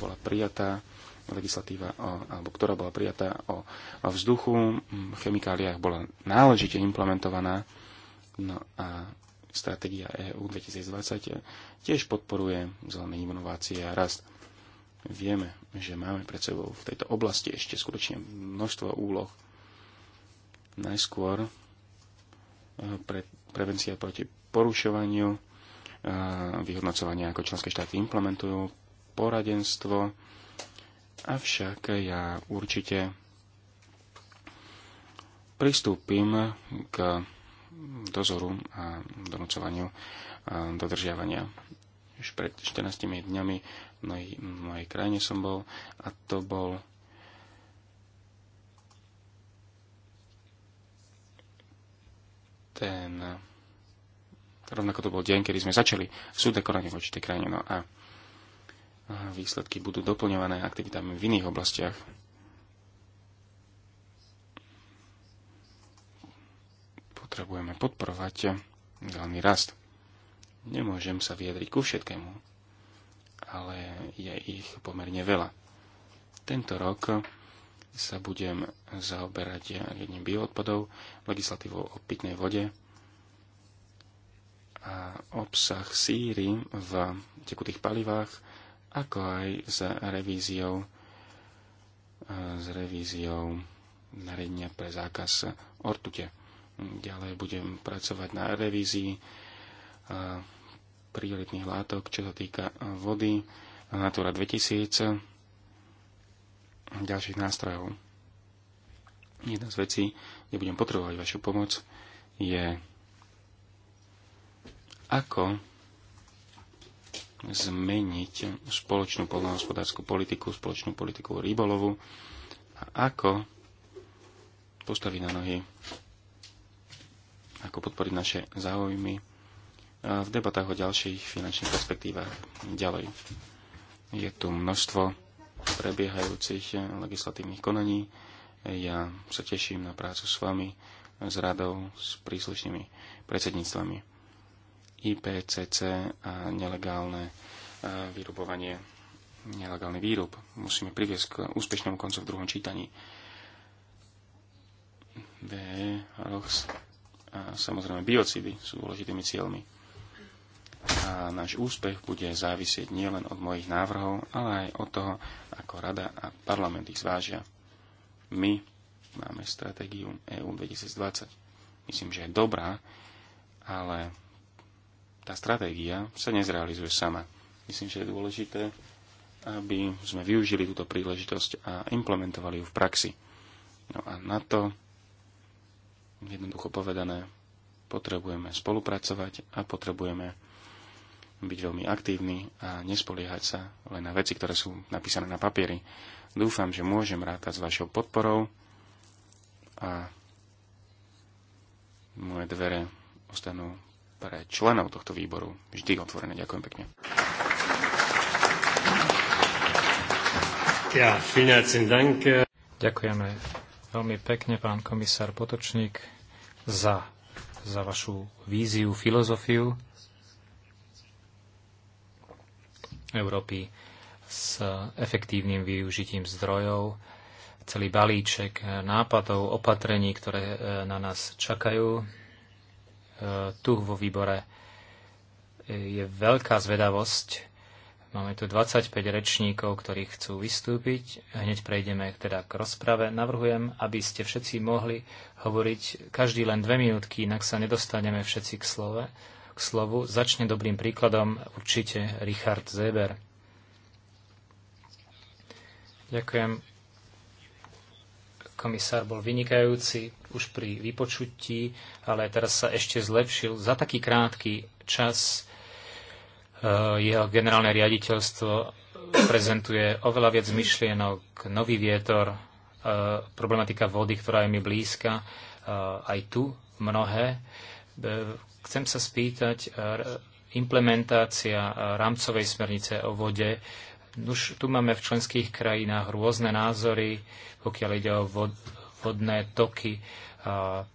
S1: bola prijatá legislatíva, o, alebo ktorá bola prijatá o, o vzduchu, chemikáliách bola náležite implementovaná. No a Stratégia EU 2020 tiež podporuje zelené inovácie a rast. Vieme, že máme pred sebou v tejto oblasti ešte skutočne množstvo úloh. Najskôr eh, pre prevencia proti porušovaniu, eh, vyhodnocovanie, ako členské štáty implementujú, poradenstvo. Avšak ja určite pristúpim k dozoru a donúcovaniu a dodržiavania. Už pred 14 dňami v mojej, mojej krajine som bol a to bol ten rovnako to bol deň, kedy sme začali súde konanie voči tej krajine. No a výsledky budú doplňované aktivitami v iných oblastiach. potrebujeme podporovať zelený rast. Nemôžem sa vyjadriť ku všetkému, ale je ich pomerne veľa. Tento rok sa budem zaoberať riadením bioodpadov, legislatívou o pitnej vode a obsah síry v tekutých palivách, ako aj s revíziou, s revíziou nariadenia pre zákaz ortute. Ďalej budem pracovať na revízii prírodných látok, čo sa týka vody, Natura 2000, ďalších nástrojov. Jedna z vecí, kde budem potrebovať vašu pomoc, je ako zmeniť spoločnú polnohospodárskú politiku, spoločnú politiku rybolovu a ako postaviť na nohy ako podporiť naše záujmy e, v debatách o ďalších finančných perspektívach ďalej. Je tu množstvo prebiehajúcich e, legislatívnych konaní. Ja sa teším na prácu s vami, s radou, s príslušnými predsedníctvami IPCC a nelegálne e, vyrubovanie, nelegálny výrub. Musíme priviesť k úspešnému koncu v druhom čítaní. V. Rochs a samozrejme biocidy sú dôležitými cieľmi. A náš úspech bude závisieť nielen od mojich návrhov, ale aj od toho, ako Rada a parlament ich zvážia. My máme stratégiu EU 2020. Myslím, že je dobrá, ale tá stratégia sa nezrealizuje sama. Myslím, že je dôležité, aby sme využili túto príležitosť a implementovali ju v praxi. No a na to jednoducho povedané, potrebujeme spolupracovať a potrebujeme byť veľmi aktívni a nespoliehať sa len na veci, ktoré sú napísané na papieri. Dúfam, že môžem rátať s vašou podporou a moje dvere ostanú pre členov tohto výboru vždy otvorené. Ďakujem pekne.
S2: Ja, Ďakujeme veľmi pekne, pán komisár Potočník za, za vašu víziu, filozofiu Európy s efektívnym využitím zdrojov, celý balíček nápadov, opatrení, ktoré e, na nás čakajú. E, tu vo výbore e, je veľká zvedavosť Máme tu 25 rečníkov, ktorí chcú vystúpiť. Hneď prejdeme teda k rozprave. Navrhujem, aby ste všetci mohli hovoriť každý len dve minútky, inak sa nedostaneme všetci k, slove, k slovu. Začne dobrým príkladom určite Richard Zeber. Ďakujem. Komisár bol vynikajúci už pri vypočutí, ale teraz sa ešte zlepšil. Za taký krátky čas Eh, jeho generálne riaditeľstvo prezentuje oveľa viac myšlienok, nový vietor, eh, problematika vody, ktorá je mi blízka, eh, aj tu mnohé. Chcem sa spýtať, implementácia rámcovej smernice o vode. Už tu máme v členských krajinách rôzne názory, pokiaľ ide o vodné toky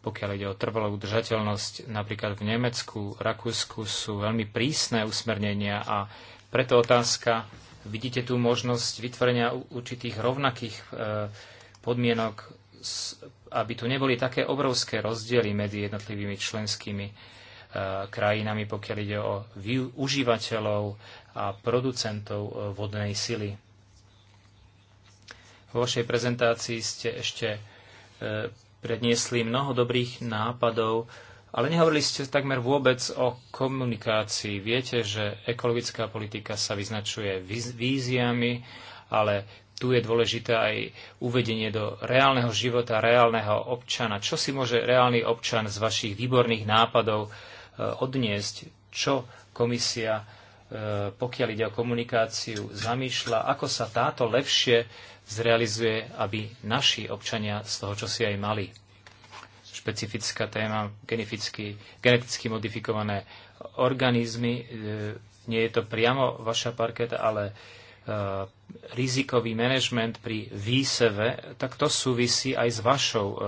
S2: pokiaľ ide o trvalú udržateľnosť, napríklad v Nemecku, Rakúsku sú veľmi prísne usmernenia a preto otázka, vidíte tu možnosť vytvorenia určitých rovnakých e, podmienok, aby tu neboli také obrovské rozdiely medzi jednotlivými členskými e, krajinami, pokiaľ ide o užívateľov a producentov e, vodnej sily. Vo vašej prezentácii ste ešte predniesli mnoho dobrých nápadov, ale nehovorili ste takmer vôbec o komunikácii. Viete, že ekologická politika sa vyznačuje víziami, ale tu je dôležité aj uvedenie do reálneho života, reálneho občana. Čo si môže reálny občan z vašich výborných nápadov e, odniesť? Čo komisia, e, pokiaľ ide o komunikáciu, zamýšľa? Ako sa táto lepšie zrealizuje, aby naši občania z toho, čo si aj mali. Špecifická téma, geneticky, modifikované organizmy, e, nie je to priamo vaša parketa, ale e, rizikový manažment pri výseve, tak to súvisí aj s, vašou, e,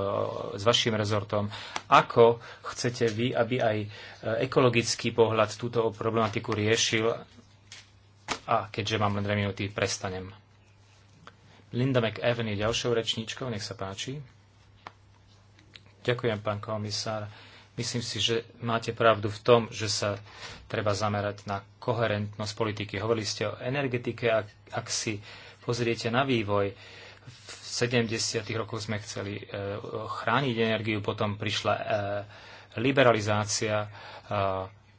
S2: s vašim rezortom. Ako chcete vy, aby aj ekologický pohľad túto problematiku riešil? A keďže mám len dve minúty, prestanem. Linda McEwen je ďalšou rečníčkou, nech sa páči. Ďakujem, pán komisár. Myslím si, že máte pravdu v tom, že sa treba zamerať na koherentnosť politiky. Hovorili ste o energetike a ak si pozriete na vývoj, v 70. rokoch sme chceli e, chrániť energiu, potom prišla e, liberalizácia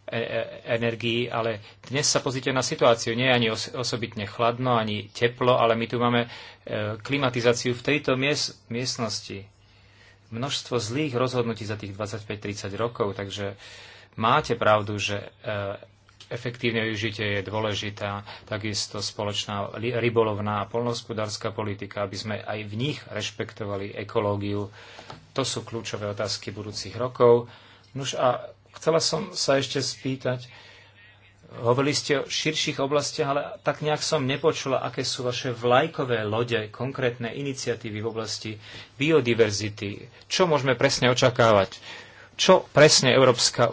S2: E, e, energii, ale dnes sa pozrite na situáciu. Nie je ani osobitne chladno, ani teplo, ale my tu máme e, klimatizáciu v tejto miest, miestnosti. Množstvo zlých rozhodnutí za tých 25-30 rokov, takže máte pravdu, že efektívne využitie je dôležitá, takisto spoločná rybolovná a polnohospodárska politika, aby sme aj v nich rešpektovali ekológiu. To sú kľúčové otázky budúcich rokov. Nuž a Chcela som sa ešte spýtať, hovorili ste o širších oblastiach, ale tak nejak som nepočula, aké sú vaše vlajkové lode, konkrétne iniciatívy v oblasti biodiverzity. Čo môžeme presne očakávať? Čo presne Európska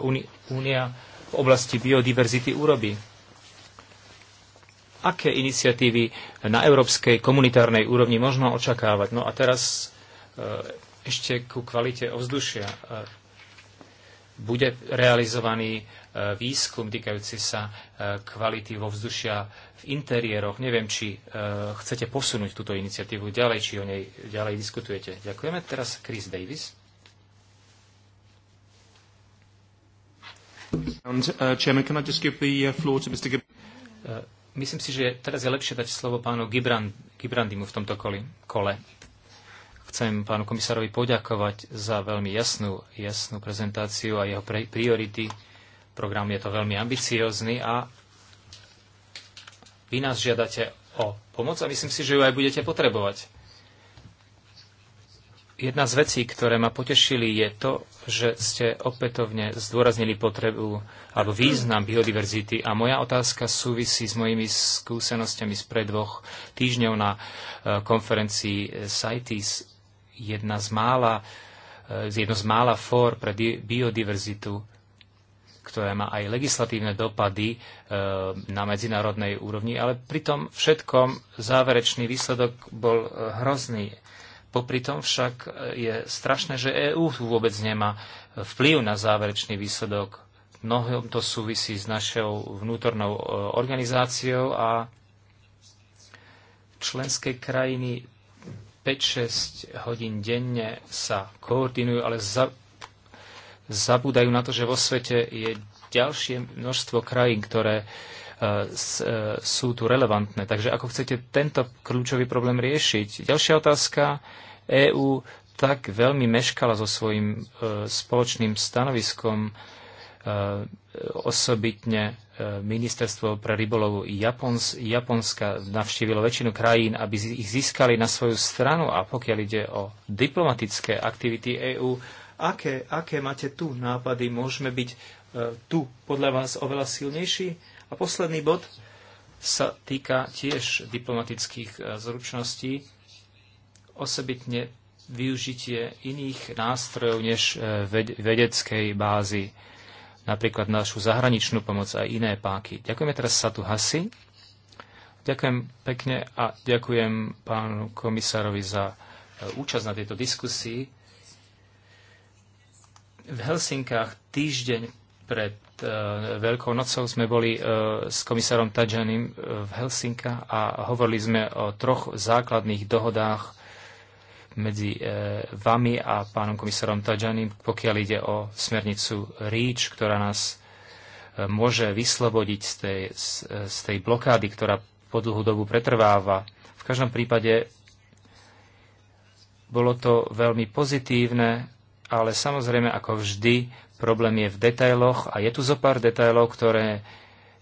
S2: únia v oblasti biodiverzity urobí? Aké iniciatívy na európskej komunitárnej úrovni možno očakávať? No a teraz e, ešte ku kvalite ovzdušia. E, bude realizovaný e, výskum týkajúci sa e, kvality vo vzdušia v interiéroch. Neviem, či e, chcete posunúť túto iniciatívu ďalej, či o nej ďalej diskutujete. Ďakujeme. Teraz Chris Davis. Myslím si, že teraz je lepšie dať slovo pánu Gibrandimu v tomto kole. Chcem pánu komisárovi poďakovať za veľmi jasnú, jasnú prezentáciu a jeho priority. Program je to veľmi ambiciózny a vy nás žiadate o pomoc a myslím si, že ju aj budete potrebovať. Jedna z vecí, ktoré ma potešili, je to, že ste opätovne zdôraznili potrebu alebo význam biodiverzity a moja otázka súvisí s mojimi skúsenostiami z pred dvoch týždňov na eh, konferencii CITES jedna z mála, e, jedno z mála fór pre biodiverzitu, ktoré má aj legislatívne dopady e, na medzinárodnej úrovni, ale pritom všetkom záverečný výsledok bol e, hrozný. Popri tom však je strašné, že EÚ vôbec nemá vplyv na záverečný výsledok. Mnohom to súvisí s našou vnútornou organizáciou a členské krajiny 5-6 hodín denne sa koordinujú, ale za, zabúdajú na to, že vo svete je ďalšie množstvo krajín, ktoré e, s, e, sú tu relevantné. Takže ako chcete tento kľúčový problém riešiť? Ďalšia otázka. EÚ tak veľmi meškala so svojím e, spoločným stanoviskom Eh, osobitne eh, ministerstvo pre rybolovu Japons, Japonska navštívilo väčšinu krajín, aby ich získali na svoju stranu a pokiaľ ide o diplomatické aktivity EÚ, aké, aké máte tu nápady? Môžeme byť eh, tu podľa vás oveľa silnejší? A posledný bod sa týka tiež diplomatických zručností, osobitne využitie iných nástrojov než vedeckej bázy napríklad našu zahraničnú pomoc a iné páky. Ďakujeme teraz Satu Hasi. Ďakujem pekne a ďakujem pánu komisárovi za e, účasť na tejto diskusii. V Helsinkách týždeň pred e, Veľkou nocou sme boli e, s komisárom Tadžanim v Helsinkách a hovorili sme o troch základných dohodách medzi e, vami a pánom komisárom Tajanim, pokiaľ ide o smernicu REACH, ktorá nás e, môže vyslobodiť z tej, e, z tej blokády, ktorá po dlhú dobu pretrváva. V každom prípade bolo to veľmi pozitívne, ale samozrejme, ako vždy, problém je v detailoch a je tu zo pár detailov, ktoré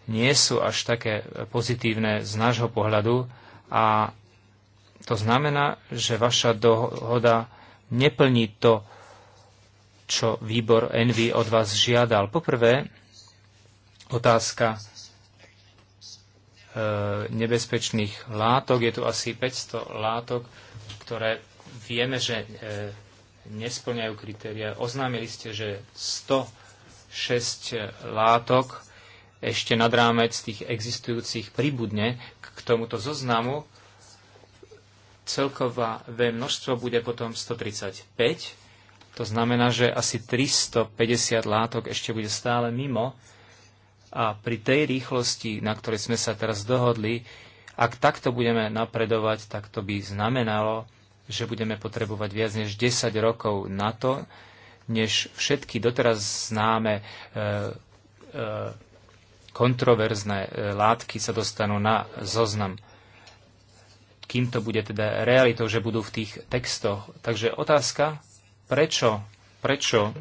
S2: nie sú až také pozitívne z nášho pohľadu a to znamená, že vaša dohoda neplní to, čo výbor Envy od vás žiadal. Poprvé, otázka e, nebezpečných látok. Je tu asi 500 látok, ktoré vieme, že e, nesplňajú kritéria. Oznámili ste, že 106 látok ešte nad rámec tých existujúcich pribudne k tomuto zoznamu celková V množstvo bude potom 135. To znamená, že asi 350 látok ešte bude stále mimo. A pri tej rýchlosti, na ktorej sme sa teraz dohodli, ak takto budeme napredovať, tak to by znamenalo, že budeme potrebovať viac než 10 rokov na to, než všetky doteraz známe e, e, kontroverzné e, látky sa dostanú na zoznam kým to bude teda realitou, že budú v tých textoch. Takže otázka, prečo, prečo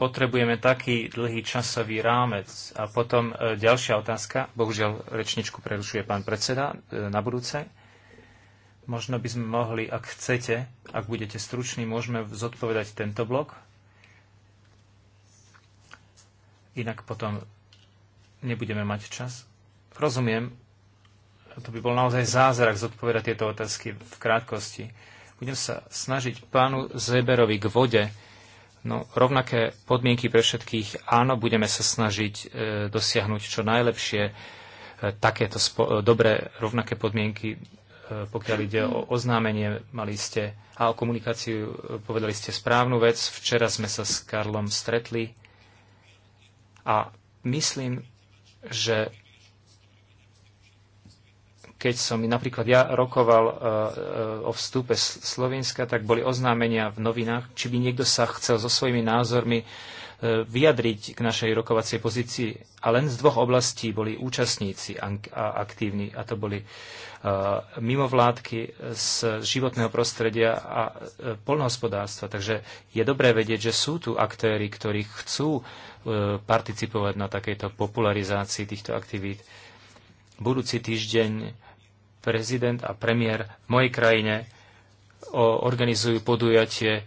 S2: potrebujeme taký dlhý časový rámec. A potom e, ďalšia otázka, bohužiaľ rečničku prerušuje pán predseda e, na budúce. Možno by sme mohli, ak chcete, ak budete struční, môžeme zodpovedať tento blok. Inak potom nebudeme mať čas. Rozumiem, to by bol naozaj zázrak zodpovedať tieto otázky v krátkosti. Budem sa snažiť pánu Zeberovi k vode. No, rovnaké podmienky pre všetkých. Áno, budeme sa snažiť e, dosiahnuť čo najlepšie e, takéto spo- e, dobré rovnaké podmienky, e, pokiaľ ide o oznámenie. Mali ste a o komunikáciu e, povedali ste správnu vec. Včera sme sa s Karlom stretli a myslím, že keď som napríklad ja rokoval e, e, o vstupe Slovenska, tak boli oznámenia v novinách, či by niekto sa chcel so svojimi názormi e, vyjadriť k našej rokovacej pozícii. A len z dvoch oblastí boli účastníci aktívni, a to boli mimovládky z životného prostredia a polnohospodárstva. Takže je dobré vedieť, že sú tu aktéry, ktorí chcú participovať na takejto popularizácii týchto aktivít. Budúci týždeň prezident a premiér v mojej krajine organizujú podujatie e,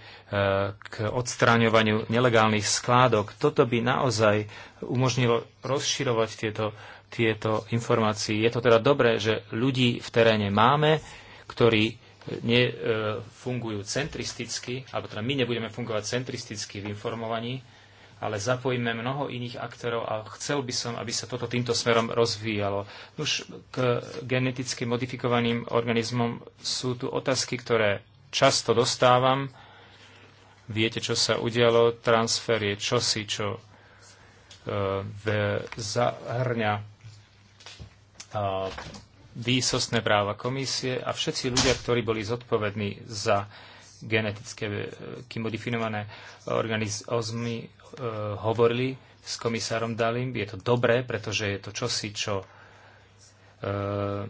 S2: k odstráňovaniu nelegálnych skládok. Toto by naozaj umožnilo rozširovať tieto, tieto informácie. Je to teda dobré, že ľudí v teréne máme, ktorí nefungujú e, centristicky, alebo teda my nebudeme fungovať centristicky v informovaní, ale zapojíme mnoho iných aktorov a chcel by som, aby sa toto týmto smerom rozvíjalo. Už k geneticky modifikovaným organizmom sú tu otázky, ktoré často dostávam. Viete, čo sa udialo? Transfer je čosi, čo e, zahrňa e, výsostné práva komisie a všetci ľudia, ktorí boli zodpovední za genetické e, modifikované organizmy, Eh, hovorili s komisárom Dalim. Je to dobré, pretože je to čosi, čo, eh,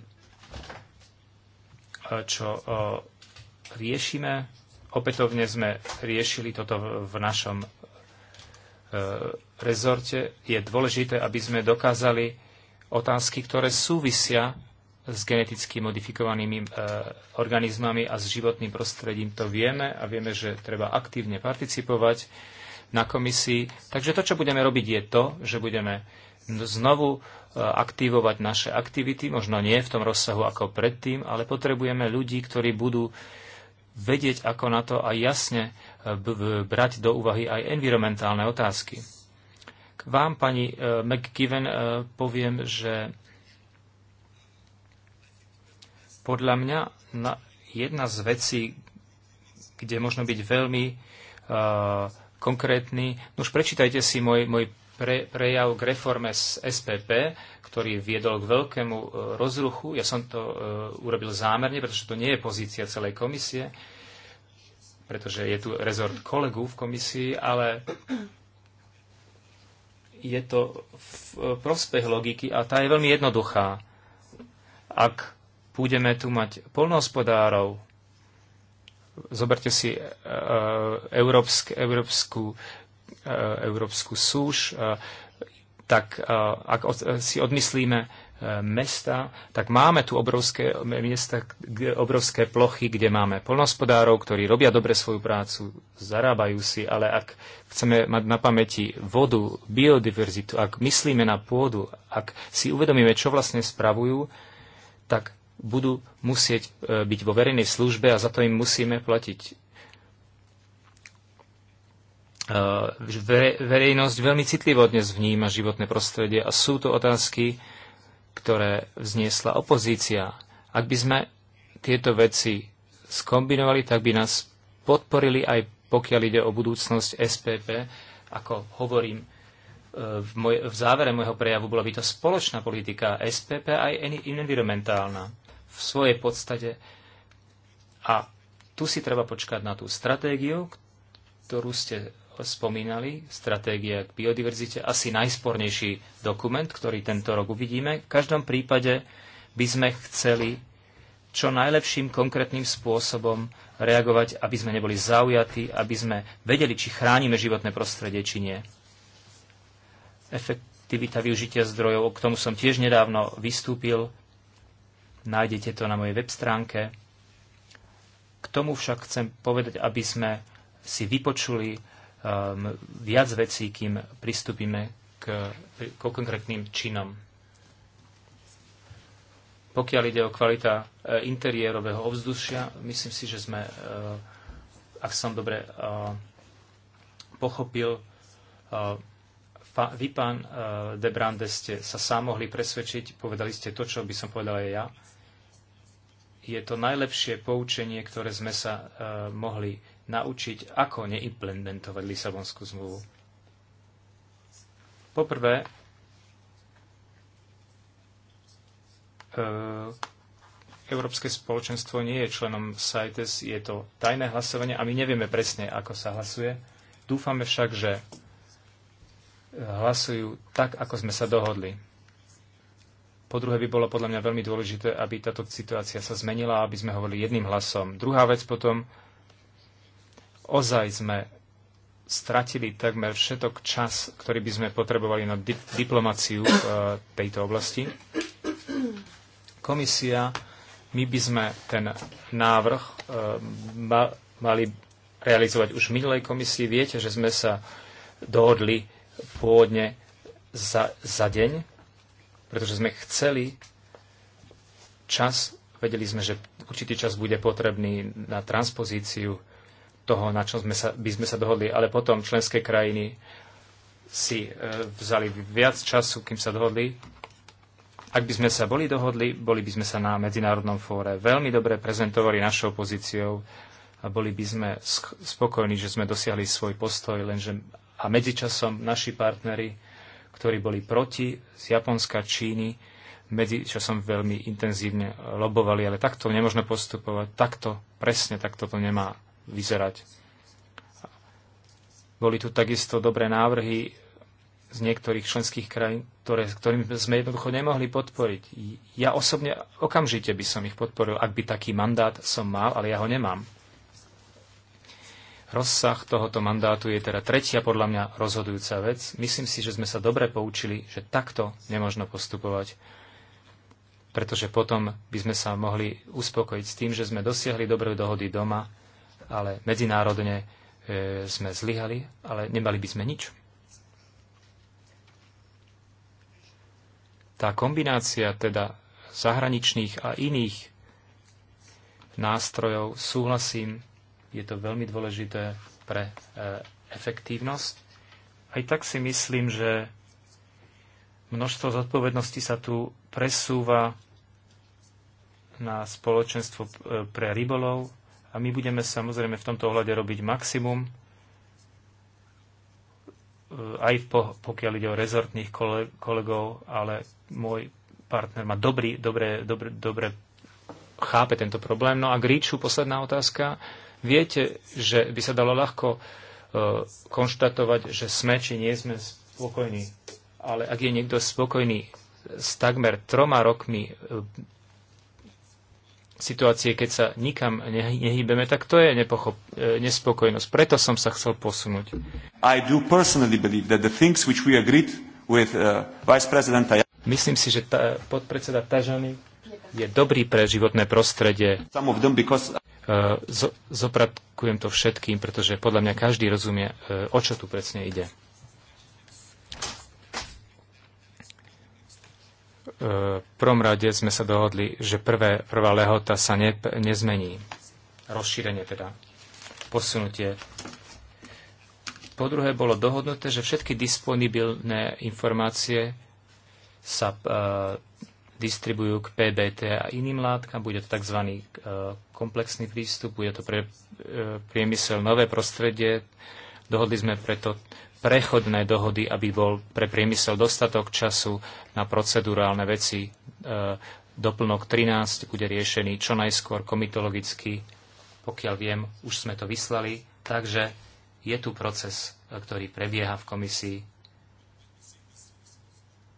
S2: čo eh, riešime. Opätovne sme riešili toto v našom rezorte. Je dôležité, aby sme dokázali otázky, ktoré súvisia s geneticky modifikovanými e, organizmami a s životným prostredím. To vieme a vieme, že treba aktívne participovať na komisii. Takže to, čo budeme robiť, je to, že budeme znovu e, aktivovať naše aktivity, možno nie v tom rozsahu ako predtým, ale potrebujeme ľudí, ktorí budú vedieť ako na to a jasne e, brať do úvahy aj environmentálne otázky. K vám, pani e, McGiven, poviem, že podľa mňa jedna z vecí, kde možno byť veľmi uh, konkrétny. No už prečítajte si môj, môj pre, prejav k reforme z SPP, ktorý viedol k veľkému e, rozruchu. Ja som to e, urobil zámerne, pretože to nie je pozícia celej komisie, pretože je tu rezort kolegu v komisii, ale je to v e, prospech logiky a tá je veľmi jednoduchá. Ak budeme tu mať polnohospodárov, Zoberte si e, e, európsk, európsku, e, európsku súž, tak ak si odmyslíme mesta, tak máme tu obrovské miesta, obrovské plochy, kde máme polnospodárov, ktorí robia dobre svoju prácu, zarábajú si, ale ak chceme mať na pamäti vodu, biodiverzitu, ak myslíme na pôdu, ak si uvedomíme, čo vlastne spravujú, tak budú musieť e, byť vo verejnej službe a za to im musíme platiť. E, verejnosť veľmi citlivo dnes vníma životné prostredie a sú to otázky, ktoré vzniesla opozícia. Ak by sme tieto veci skombinovali, tak by nás podporili aj pokiaľ ide o budúcnosť SPP. Ako hovorím, e, v, moj, v závere môjho prejavu bola by to spoločná politika SPP aj environmentálna v svojej podstate. A tu si treba počkať na tú stratégiu, ktorú ste spomínali, stratégia k biodiverzite, asi najspornejší dokument, ktorý tento rok uvidíme. V každom prípade by sme chceli čo najlepším konkrétnym spôsobom reagovať, aby sme neboli zaujatí, aby sme vedeli, či chránime životné prostredie, či nie. Efektivita využitia zdrojov, k tomu som tiež nedávno vystúpil, Nájdete to na mojej web stránke. K tomu však chcem povedať, aby sme si vypočuli um, viac vecí, kým pristúpime k, k konkrétnym činom. Pokiaľ ide o kvalita eh, interiérového ovzdušia, myslím si, že sme, eh, ak som dobre eh, pochopil, vy, pán De Brande, ste sa sám mohli presvedčiť, povedali ste to, čo by som povedal aj ja je to najlepšie poučenie, ktoré sme sa uh, mohli naučiť, ako neimplementovať Lisabonskú zmluvu. Poprvé, uh, Európske spoločenstvo nie je členom CITES, je to tajné hlasovanie a my nevieme presne, ako sa hlasuje. Dúfame však, že e, hlasujú tak, ako sme sa dohodli. Po druhé by bolo podľa mňa veľmi dôležité, aby táto situácia sa zmenila, aby sme hovorili jedným hlasom. Druhá vec potom, ozaj sme stratili takmer všetok čas, ktorý by sme potrebovali na diplomáciu v eh, tejto oblasti. Komisia, my by sme ten návrh eh, ma- mali realizovať už v minulej komisii. Viete, že sme sa dohodli pôvodne za, za deň pretože sme chceli čas, vedeli sme, že určitý čas bude potrebný na transpozíciu toho, na čom sme sa, by sme sa dohodli, ale potom členské krajiny si e, vzali viac času, kým sa dohodli. Ak by sme sa boli dohodli, boli by sme sa na medzinárodnom fóre veľmi dobre prezentovali našou pozíciou a boli by sme spokojní, že sme dosiahli svoj postoj, lenže a medzičasom naši partnery ktorí boli proti z Japonska, Číny, medzi čo som veľmi intenzívne lobovali, ale takto nemôžno postupovať, takto, presne takto to nemá vyzerať. Boli tu takisto dobré návrhy z niektorých členských krajín, ktoré, ktorým sme jednoducho nemohli podporiť. Ja osobne okamžite by som ich podporil, ak by taký mandát som mal, ale ja ho nemám. Rozsah tohoto mandátu je teda tretia podľa mňa rozhodujúca vec. Myslím si, že sme sa dobre poučili, že takto nemožno postupovať, pretože potom by sme sa mohli uspokojiť s tým, že sme dosiahli dobré dohody doma, ale medzinárodne e, sme zlyhali, ale nemali by sme nič. Tá kombinácia teda zahraničných a iných nástrojov, súhlasím, je to veľmi dôležité pre e, efektívnosť. Aj tak si myslím, že množstvo zodpovedností sa tu presúva na spoločenstvo e, pre rybolov a my budeme samozrejme v tomto ohľade robiť maximum, e, aj pokiaľ ide o rezortných kolegov, ale môj partner má dobrý, dobre, dobre, dobre chápe tento problém. No a Gríču posledná otázka. Viete, že by sa dalo ľahko e, konštatovať, že sme či nie sme spokojní. Ale ak je niekto spokojný s takmer troma rokmi e, situácie, keď sa nikam nehýbeme, tak to je nepochop, e, nespokojnosť. Preto som sa chcel posunúť. I do personally believe that the things which we agreed with uh, Vice President Myslím si, že tá, podpredseda Tajani je dobrý pre životné prostredie. Some of them because Eh, zopratkujem to všetkým, pretože podľa mňa každý rozumie, eh, o čo tu presne ide. Eh, v prvom rade sme sa dohodli, že prvé, prvá lehota sa ne, nezmení. Rozšírenie teda. Posunutie. Po druhé bolo dohodnuté, že všetky disponibilné informácie sa distribujú k PBT a iným látkam. Bude to tzv. E, komplexný prístup, bude to pre e, priemysel nové prostredie. Dohodli sme preto prechodné dohody, aby bol pre priemysel dostatok času na procedurálne veci. E, doplnok 13 bude riešený čo najskôr komitologicky. Pokiaľ viem, už sme to vyslali, takže je tu proces, ktorý prebieha v komisii.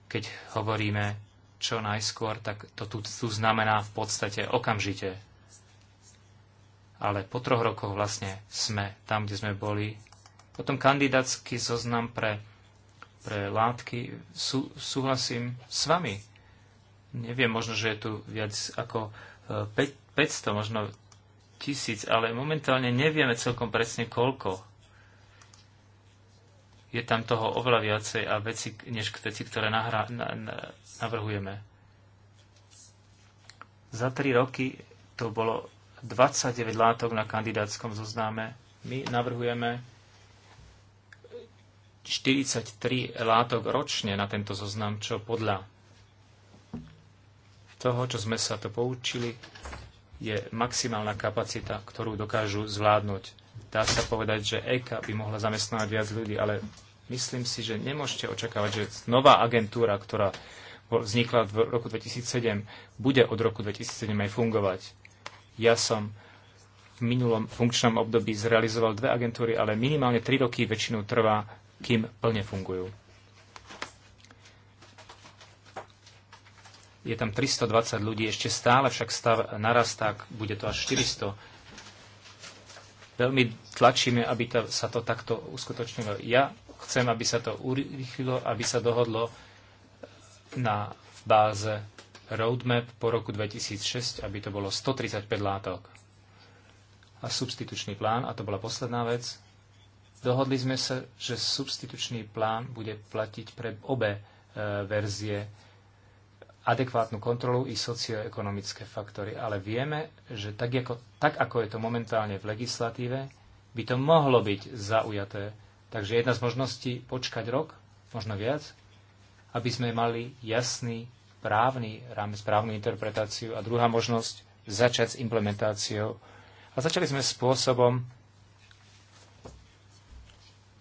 S2: Keď hovoríme čo najskôr, tak to tu, tu znamená v podstate okamžite. Ale po troch rokoch vlastne sme tam, kde sme boli. Potom kandidátsky zoznam pre, pre látky. Sú, súhlasím s vami. Neviem, možno, že je tu viac ako 500, e, možno tisíc, ale momentálne nevieme celkom presne koľko je tam toho oveľa viacej a veci, než veci, ktoré nahra, na, na, navrhujeme. Za tri roky to bolo 29 látok na kandidátskom zozname. My navrhujeme 43 látok ročne na tento zoznam, čo podľa toho, čo sme sa to poučili, je maximálna kapacita, ktorú dokážu zvládnuť. Dá sa povedať, že EKA by mohla zamestnávať viac ľudí, ale myslím si, že nemôžete očakávať, že nová agentúra, ktorá vznikla v roku 2007, bude od roku 2007 aj fungovať. Ja som v minulom funkčnom období zrealizoval dve agentúry, ale minimálne tri roky väčšinou trvá, kým plne fungujú. Je tam 320 ľudí, ešte stále však stav narastá, bude to až 400. Veľmi tlačíme, aby to, sa to takto uskutočnilo. Ja chcem, aby sa to urýchlilo, aby sa dohodlo na báze roadmap po roku 2006, aby to bolo 135 látok. A substitučný plán, a to bola posledná vec, dohodli sme sa, že substitučný plán bude platiť pre obe e, verzie adekvátnu kontrolu i socioekonomické faktory. Ale vieme, že tak ako, tak ako je to momentálne v legislatíve, by to mohlo byť zaujaté. Takže jedna z možností počkať rok, možno viac, aby sme mali jasný právny rámec, právnu interpretáciu a druhá možnosť začať s implementáciou. A začali sme spôsobom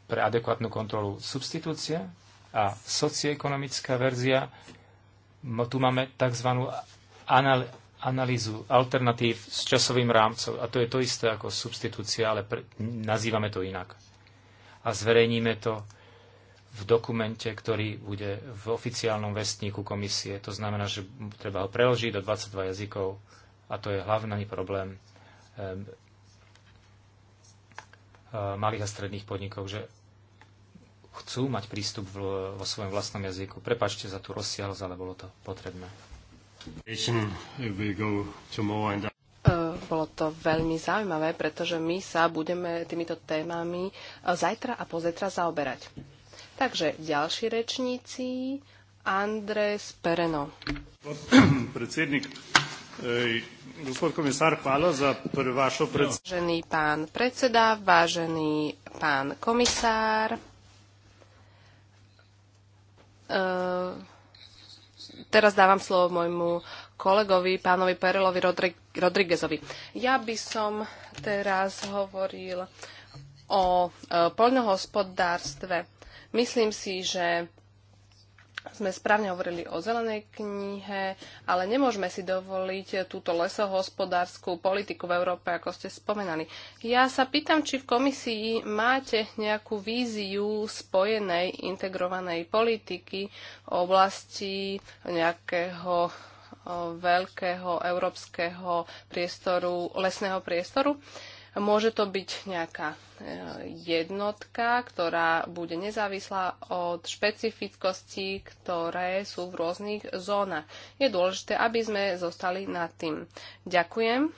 S2: pre adekvátnu kontrolu substitúcia a socioekonomická verzia. Tu máme tzv. Anal- analýzu alternatív s časovým rámcom. A to je to isté ako substitúcia, ale pre- nazývame to inak. A zverejníme to v dokumente, ktorý bude v oficiálnom vestníku komisie. To znamená, že treba ho preložiť do 22 jazykov a to je hlavný problém e, malých a stredných podnikov, že chcú mať prístup vo svojom vlastnom jazyku. Prepačte za tú rozsiahlosť, ale bolo to potrebné. E,
S4: bolo to veľmi zaujímavé, pretože my sa budeme týmito témami e, zajtra a pozajtra zaoberať. Takže ďalší rečníci. Andres Pereno. Predsednik, Gospod komisár, hvala za vašo predstavu. Vážený pán predseda, vážený pán komisár, e, teraz dávam slovo môjmu kolegovi, pánovi Perelovi Rodri- Rodriguezovi. Ja by som teraz hovoril o e, poľnohospodárstve Myslím si, že sme správne hovorili o zelenej knihe, ale nemôžeme si dovoliť túto lesohospodárskú politiku v Európe, ako ste spomenali. Ja sa pýtam, či v komisii máte nejakú víziu spojenej integrovanej politiky v oblasti nejakého veľkého európskeho priestoru, lesného priestoru. Uh, Môže to byť nejaká e, jednotka, ktorá bude nezávislá od špecifickostí, ktoré sú v rôznych zónach. Je dôležité, aby sme zostali nad tým. Ďakujem.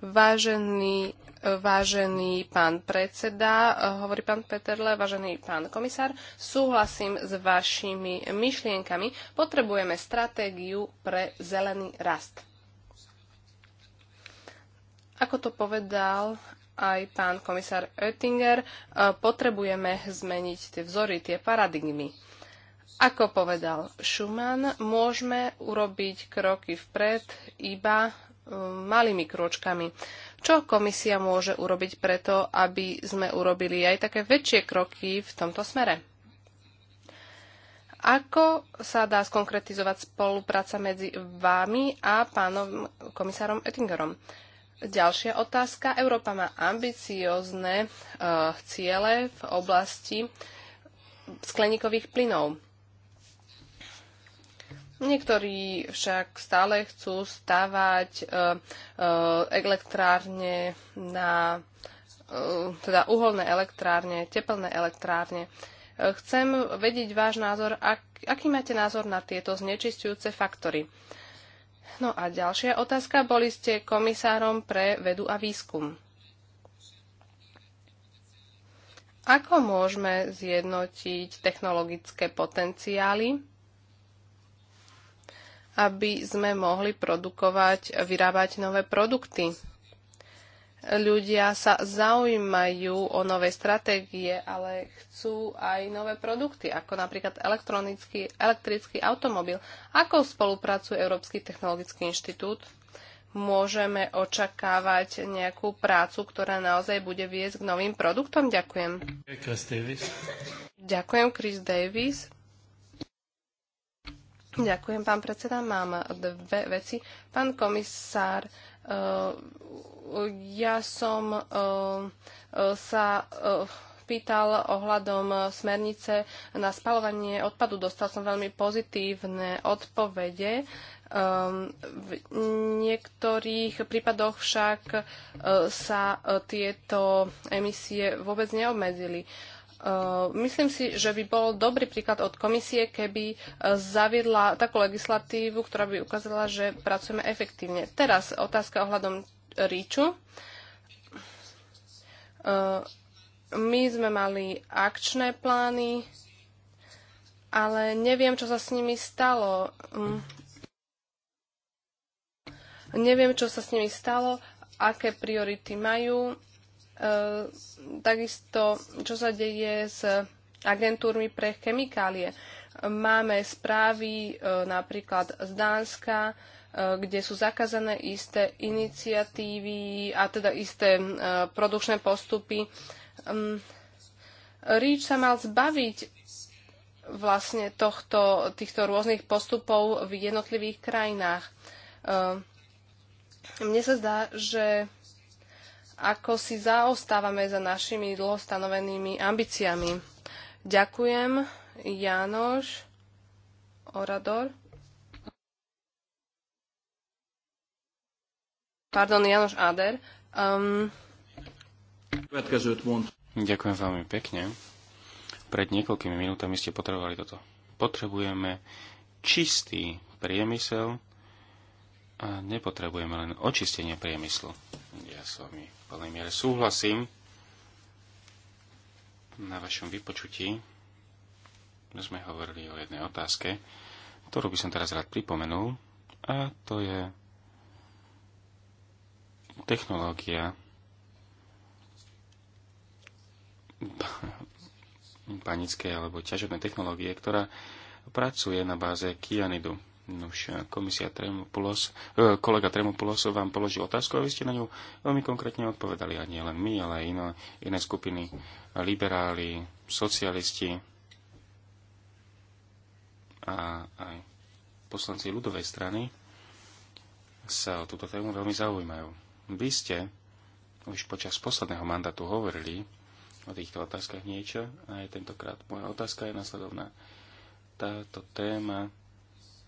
S4: Vážený, vážený pán predseda, e, hovorí pán Peterle, vážený pán komisár, súhlasím s vašimi myšlienkami. Potrebujeme stratégiu pre zelený rast. Ako to povedal aj pán komisár Oettinger, e, potrebujeme zmeniť tie vzory, tie paradigmy. Ako povedal Schumann, môžeme urobiť kroky vpred iba e, malými krôčkami. Čo komisia môže urobiť preto, aby sme urobili aj také väčšie kroky v tomto smere? Ako sa dá skonkretizovať spolupráca medzi vámi a pánom komisárom Oettingerom? Ďalšia otázka. Európa má ambiciózne uh, ciele v oblasti skleníkových plynov. Niektorí však stále chcú stavať e, e, elektrárne na e, teda uholné elektrárne, tepelné elektrárne. Chcem vedieť váš názor, ak, aký máte názor na tieto znečistujúce faktory. No a ďalšia otázka. Boli ste komisárom pre vedu a výskum. Ako môžeme zjednotiť technologické potenciály, aby sme mohli produkovať, vyrábať nové produkty? ľudia sa zaujímajú o nové stratégie, ale chcú aj nové produkty, ako napríklad elektronický, elektrický automobil. Ako spolupracuje Európsky technologický inštitút? Môžeme očakávať nejakú prácu, ktorá naozaj bude viesť k novým produktom? Ďakujem.
S3: Chris Davis.
S4: Ďakujem, Chris Davis. Ďakujem, pán predseda. Mám dve veci. Pán komisár, Eh, ja som eh, sa eh, pýtal ohľadom smernice na spalovanie odpadu. Dostal som veľmi pozitívne odpovede. Ehm, v niektorých prípadoch však sa tieto emisie vôbec neobmedzili. Eh, myslím si, že by bol dobrý príklad od komisie, keby eh, zaviedla takú legislatívu, ktorá by ukázala, že pracujeme efektívne. Teraz otázka ohľadom ríču. Eh, my sme mali akčné plány, ale neviem, čo sa s nimi stalo. Mm. Neviem, čo sa s nimi stalo, aké priority majú Eh, takisto, čo sa deje s agentúrmi pre chemikálie. Máme správy eh, napríklad z Dánska, eh, kde sú zakázané isté iniciatívy a teda isté produkčné postupy. Ehm, Ríč sa mal zbaviť vlastne tohto, týchto rôznych postupov v jednotlivých krajinách. Ehm, mne sa zdá, že ako si zaostávame za našimi dlhostanovenými ambíciami. Ďakujem, Janoš, Orador. Pardon, Janoš Ader. Um...
S1: Ďakujem veľmi pekne. Pred niekoľkými minútami ste potrebovali toto. Potrebujeme čistý priemysel a nepotrebujeme len očistenie priemyslu. Ja s vami v plnej miere súhlasím. Na vašom vypočutí sme hovorili o jednej otázke, ktorú by som teraz rád pripomenul, a to je technológia panické alebo ťažobné technológie, ktorá pracuje na báze kianidu. Nuž, eh, komisia Tremopulos, eh, kolega Tremopulos vám položil otázku a vy ste na ňu veľmi konkrétne odpovedali. A nie len my, ale aj iné, iné skupiny, liberáli, socialisti a aj poslanci ľudovej strany sa o túto tému veľmi zaujímajú. Vy ste už počas posledného mandátu hovorili o týchto otázkach niečo a aj tentokrát moja otázka je nasledovná. Táto téma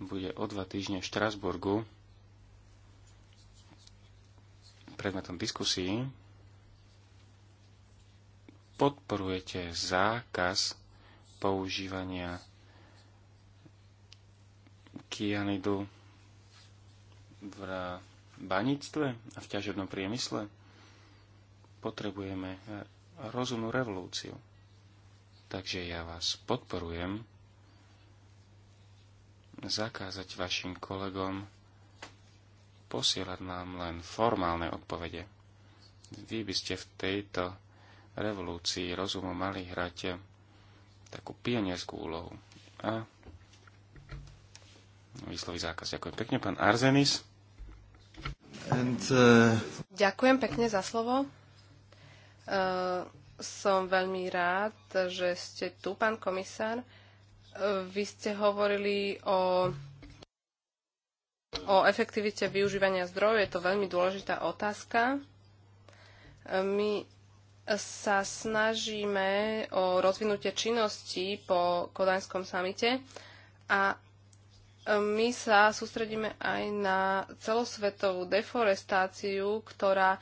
S1: bude o dva týždne v Štrasburgu predmetom diskusí. Podporujete zákaz používania kianidu v baníctve a v ťažobnom priemysle? Potrebujeme rozumnú revolúciu. Takže ja vás podporujem zakázať vašim kolegom posielať nám len formálne odpovede. Vy by ste v tejto revolúcii rozumu mali hrať takú pionierskú úlohu. A vysloví zákaz. Ďakujem pekne, pán Arzenis. And, uh...
S4: Ďakujem pekne za slovo. Uh, som veľmi rád, že ste tu, pán komisár. Uh, vy ste hovorili o, o efektivite využívania zdrojov. Je to veľmi dôležitá otázka. My sa snažíme o rozvinutie činností po Kodaňskom samite a my sa sústredíme aj na celosvetovú deforestáciu, ktorá e,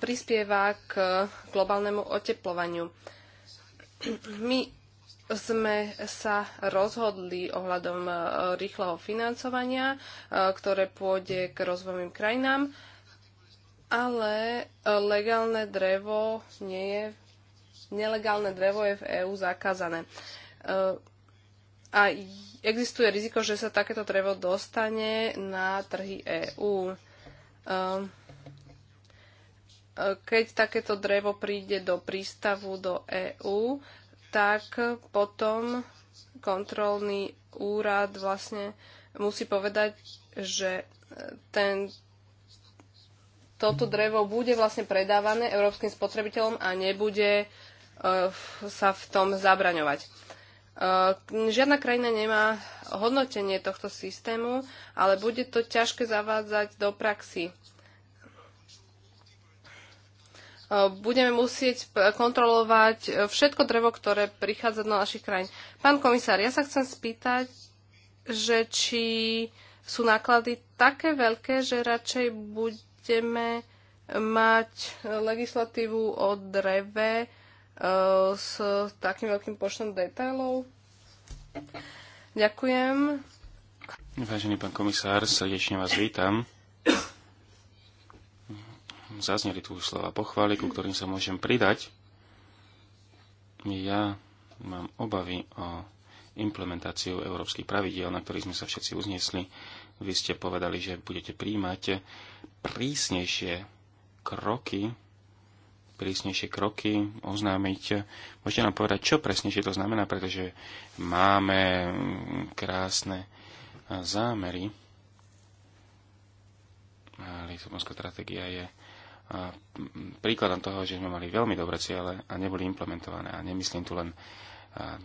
S4: prispieva k globálnemu oteplovaniu. My sme sa rozhodli ohľadom e, rýchleho financovania, e, ktoré pôjde k rozvojovým krajinám, ale e, legálne drevo nie je, nelegálne drevo je v EÚ zakázané. A existuje riziko, že sa takéto drevo dostane na trhy EÚ keď takéto drevo príde do prístavu do EÚ, tak potom kontrolný úrad vlastne musí povedať, že e, ten, toto drevo bude vlastne predávané európskym spotrebiteľom a nebude uh, sa v tom zabraňovať. Uh, žiadna krajina nemá hodnotenie tohto systému, ale bude to ťažké zavádzať do praxi budeme musieť kontrolovať e, všetko drevo, ktoré prichádza do našich krajín. Pán komisár, ja sa chcem spýtať, že či sú náklady také veľké, že radšej budeme mať legislatívu o dreve e, s takým veľkým počtom detailov. Ďakujem.
S1: Vážený pán komisár, srdečne vás vítam zazneli tu už slova pochvály, ku ktorým sa môžem pridať. Ja mám obavy o implementáciu európskych pravidiel, na ktorých sme sa všetci uznesli. Vy ste povedali, že budete príjmať prísnejšie kroky, prísnejšie kroky oznámiť. Môžete nám povedať, čo presnejšie to znamená, pretože máme krásne zámery. Lisabonská stratégia je Mm, príkladom toho, že sme mali veľmi dobré ciele a neboli implementované. A nemyslím tu len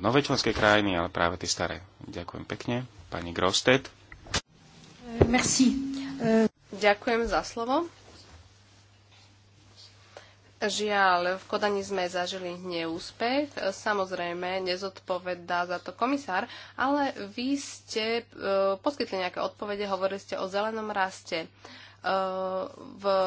S1: nové členské krajiny, ale práve tie staré. Ďakujem pekne. Pani Grosted.
S4: Merci. E, ďakujem za slovo. Žiaľ, v Kodani sme zažili neúspech. Samozrejme, nezodpovedá za to komisár, ale vy ste e, poskytli nejaké odpovede, hovorili ste o zelenom raste.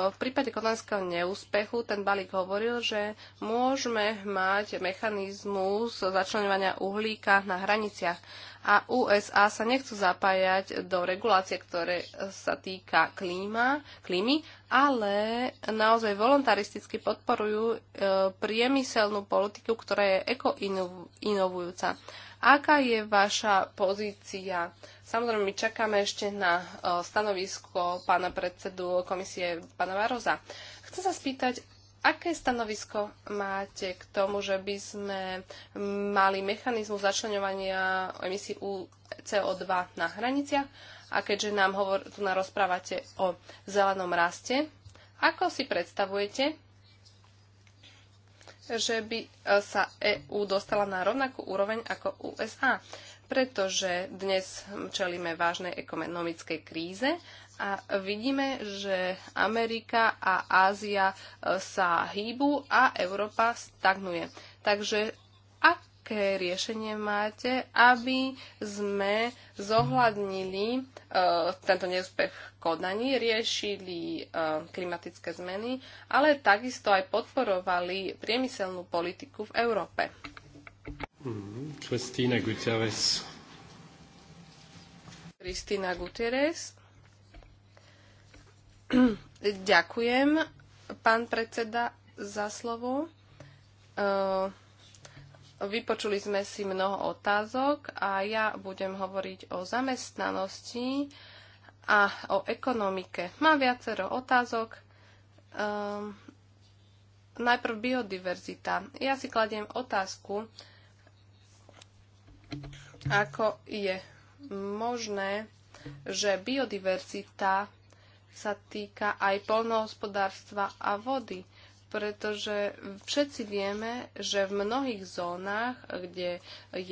S4: V prípade konanského neúspechu ten balík hovoril, že môžeme mať mechanizmus začlenovania uhlíka na hraniciach a USA sa nechcú zapájať do regulácie, ktoré sa týka klíma, klímy, ale naozaj voluntaristicky podporujú e, priemyselnú politiku, ktorá je ekoinovujúca. Aká je vaša pozícia? Samozrejme, my čakáme ešte na e, stanovisko pána predsedu komisie pána Varoza. Chcem sa spýtať, aké stanovisko máte k tomu, že by sme mali mechanizmus začlenovania emisí CO2 na hraniciach? A keďže nám hovor, tu na rozprávate o zelenom raste, ako si predstavujete, že by e, sa EÚ dostala na rovnakú úroveň ako USA? pretože dnes čelíme vážnej ekonomickej kríze a vidíme, že Amerika a Ázia e, sa hýbu a Európa stagnuje. Takže aké riešenie máte, aby sme zohľadnili uh, tento neúspech konaní, riešili uh, klimatické zmeny, ale takisto aj podporovali priemyselnú politiku v Európe?
S2: Mm. Christina
S4: Ďakujem, pán predseda, za slovo. E, vypočuli sme si mnoho otázok a ja budem hovoriť o zamestnanosti a o ekonomike. Mám viacero otázok. E, najprv biodiverzita. Ja si kladiem otázku, ako je možné, že biodiverzita sa týka aj polnohospodárstva a vody, pretože všetci vieme, že v mnohých zónach, kde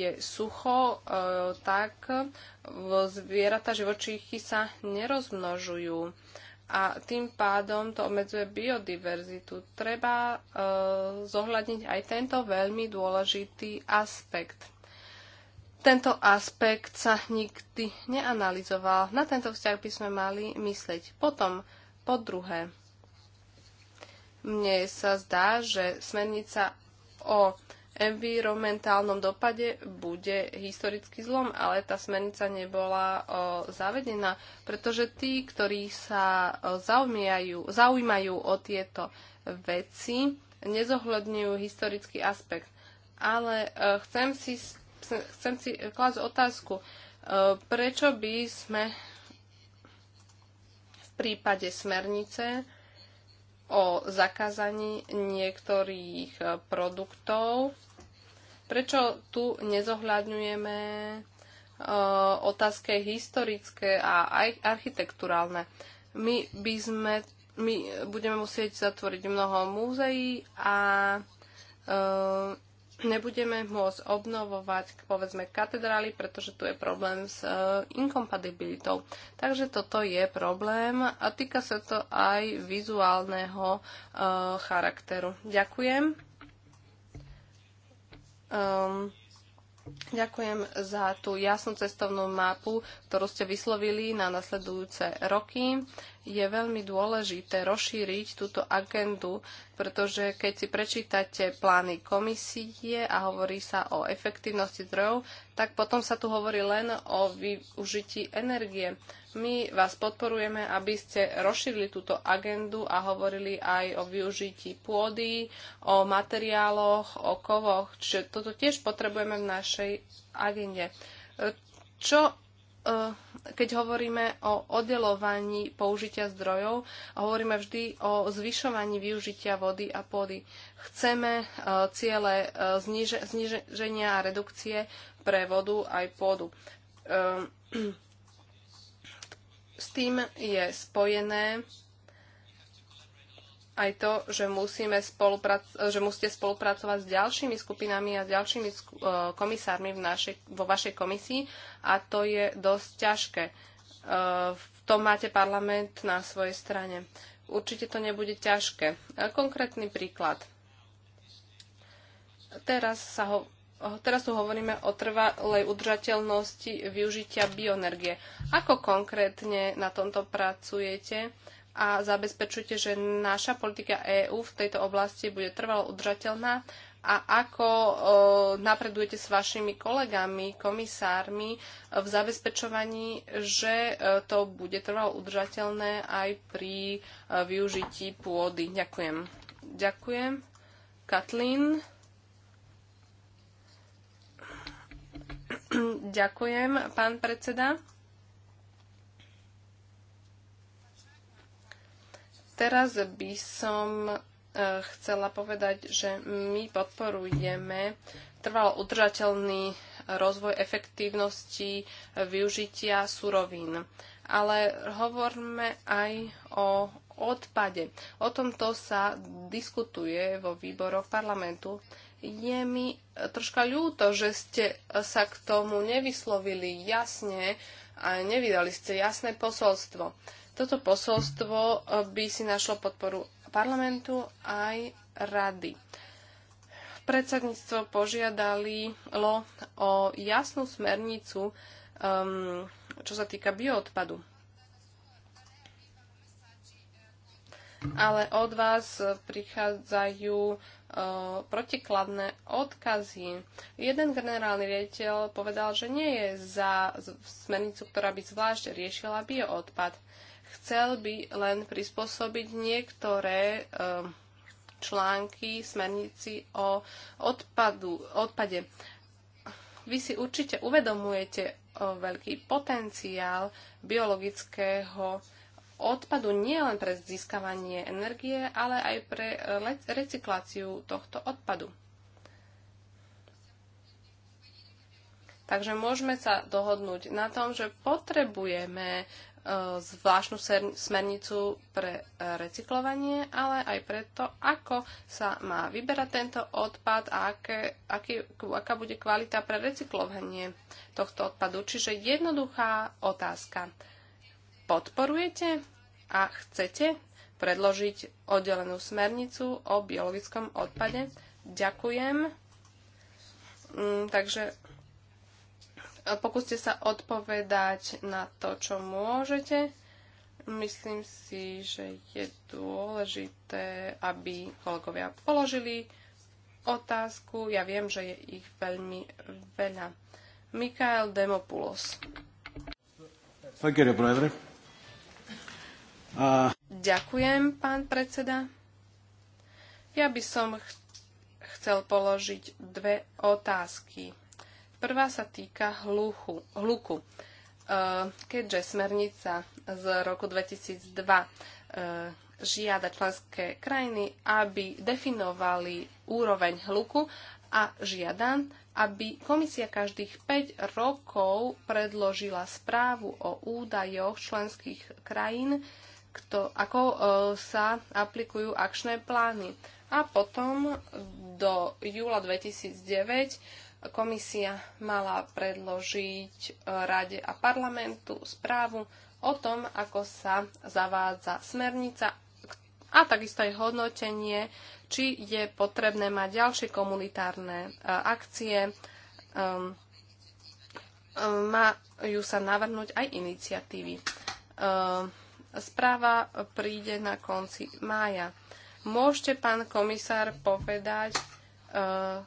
S4: je sucho, e, tak zvieratá živočíchy sa nerozmnožujú a tým pádom to obmedzuje biodiverzitu. Treba e, zohľadniť aj tento veľmi dôležitý aspekt tento aspekt sa nikdy neanalizoval. Na tento vzťah by sme mali myslieť. Potom, po druhé, mne sa zdá, že smernica o environmentálnom dopade bude historický zlom, ale tá smernica nebola o, zavedená, pretože tí, ktorí sa o, zaujímajú, zaujímajú o tieto veci, nezohľadňujú historický aspekt. Ale e, chcem si chcem si klásť otázku, e, prečo by sme v prípade smernice o zakázaní niektorých e, produktov, prečo tu nezohľadňujeme e, otázke historické a aj architekturálne. My by sme my budeme musieť zatvoriť mnoho múzeí a nebudeme môcť obnovovať, povedzme, katedrály, pretože tu je problém s e, inkompatibilitou. Takže toto je problém a týka sa to aj vizuálneho e, charakteru. Ďakujem. Um, Ďakujem za tú jasnú cestovnú mapu, ktorú ste vyslovili na nasledujúce roky je veľmi dôležité rozšíriť túto agendu, pretože keď si prečítate plány komisie a hovorí sa o efektívnosti zdrojov, tak potom sa tu hovorí len o využití energie. My vás podporujeme, aby ste rozšírili túto agendu a hovorili aj o využití pôdy, o materiáloch, o kovoch. Čiže toto tiež potrebujeme v našej agende. Čo Eh, keď hovoríme o oddelovaní použitia zdrojov, hovoríme vždy o zvyšovaní využitia vody a pôdy. Chceme eh, ciele eh, zníženia a redukcie pre vodu aj pôdu. Ehm, s tým je spojené aj to, že, musíme že musíte spolupracovať s ďalšími skupinami a s ďalšími sku- e, komisármi v našej, vo vašej komisii a to je dosť ťažké. E, v tom máte parlament na svojej strane. Určite to nebude ťažké. E, konkrétny príklad. Teraz, sa ho- teraz tu hovoríme o trvalej udržateľnosti využitia bioenergie. Ako konkrétne na tomto pracujete? Uh, a zabezpečujte, že naša politika EÚ v tejto oblasti bude trvalo udržateľná a ako napredujete s vašimi kolegami, komisármi e, v zabezpečovaní, že e, to bude trvalo udržateľné aj pri e, využití pôdy. Ďakujem. Ďakujem. Katlin. Ďakujem, pán predseda. Teraz by som e, chcela povedať, že my podporujeme trvalo udržateľný rozvoj efektívnosti využitia surovín. Ale hovorme aj o odpade. O tomto sa diskutuje vo výboroch parlamentu. Je mi troška ľúto, že ste sa k tomu nevyslovili jasne a nevydali ste jasné posolstvo. Toto posolstvo eh, by si našlo podporu parlamentu aj rady. Predsedníctvo požiadalo o jasnú smernicu, um, čo sa týka bioodpadu. Ale od vás prichádzajú eh, protikladné odkazy. Jeden generálny riaditeľ povedal, že nie je za smernicu, ktorá by zvlášť riešila bioodpad. Chcel by len prispôsobiť niektoré ehm, články smernici o odpadu, odpade. Vy si určite uvedomujete veľký potenciál biologického odpadu nielen pre získavanie energie, ale aj pre e, recykláciu tohto odpadu. Takže môžeme sa dohodnúť na tom, že potrebujeme E, zvláštnu smernicu pre e, recyklovanie, ale aj preto, ako sa má vyberať tento odpad a aké, aký, aká bude kvalita pre recyklovanie tohto odpadu. Čiže jednoduchá otázka. Podporujete a chcete predložiť oddelenú smernicu o biologickom odpade? Ďakujem. Mm, takže pokúste sa odpovedať na to, čo môžete. Myslím si, že je dôležité, aby kolegovia položili otázku. Ja viem, že je ich veľmi veľa. Mikael Demopoulos. Ďakujem, pán predseda. Ja by som chcel položiť dve otázky Prvá sa týka hluchu, hluku. E, keďže smernica z roku 2002 e, žiada členské krajiny, aby definovali úroveň hluku a žiada, aby komisia každých 5 rokov predložila správu o údajoch členských krajín, kto, ako e, sa aplikujú akčné plány. A potom do júla 2009 komisia mala predložiť e, Rade a parlamentu správu o tom, ako sa zavádza smernica a takisto aj hodnotenie, či je potrebné mať ďalšie komunitárne e, akcie. Ehm, ehm, majú sa navrhnúť aj iniciatívy. Ehm, správa príde na konci mája. Môžete, pán komisár, povedať, e,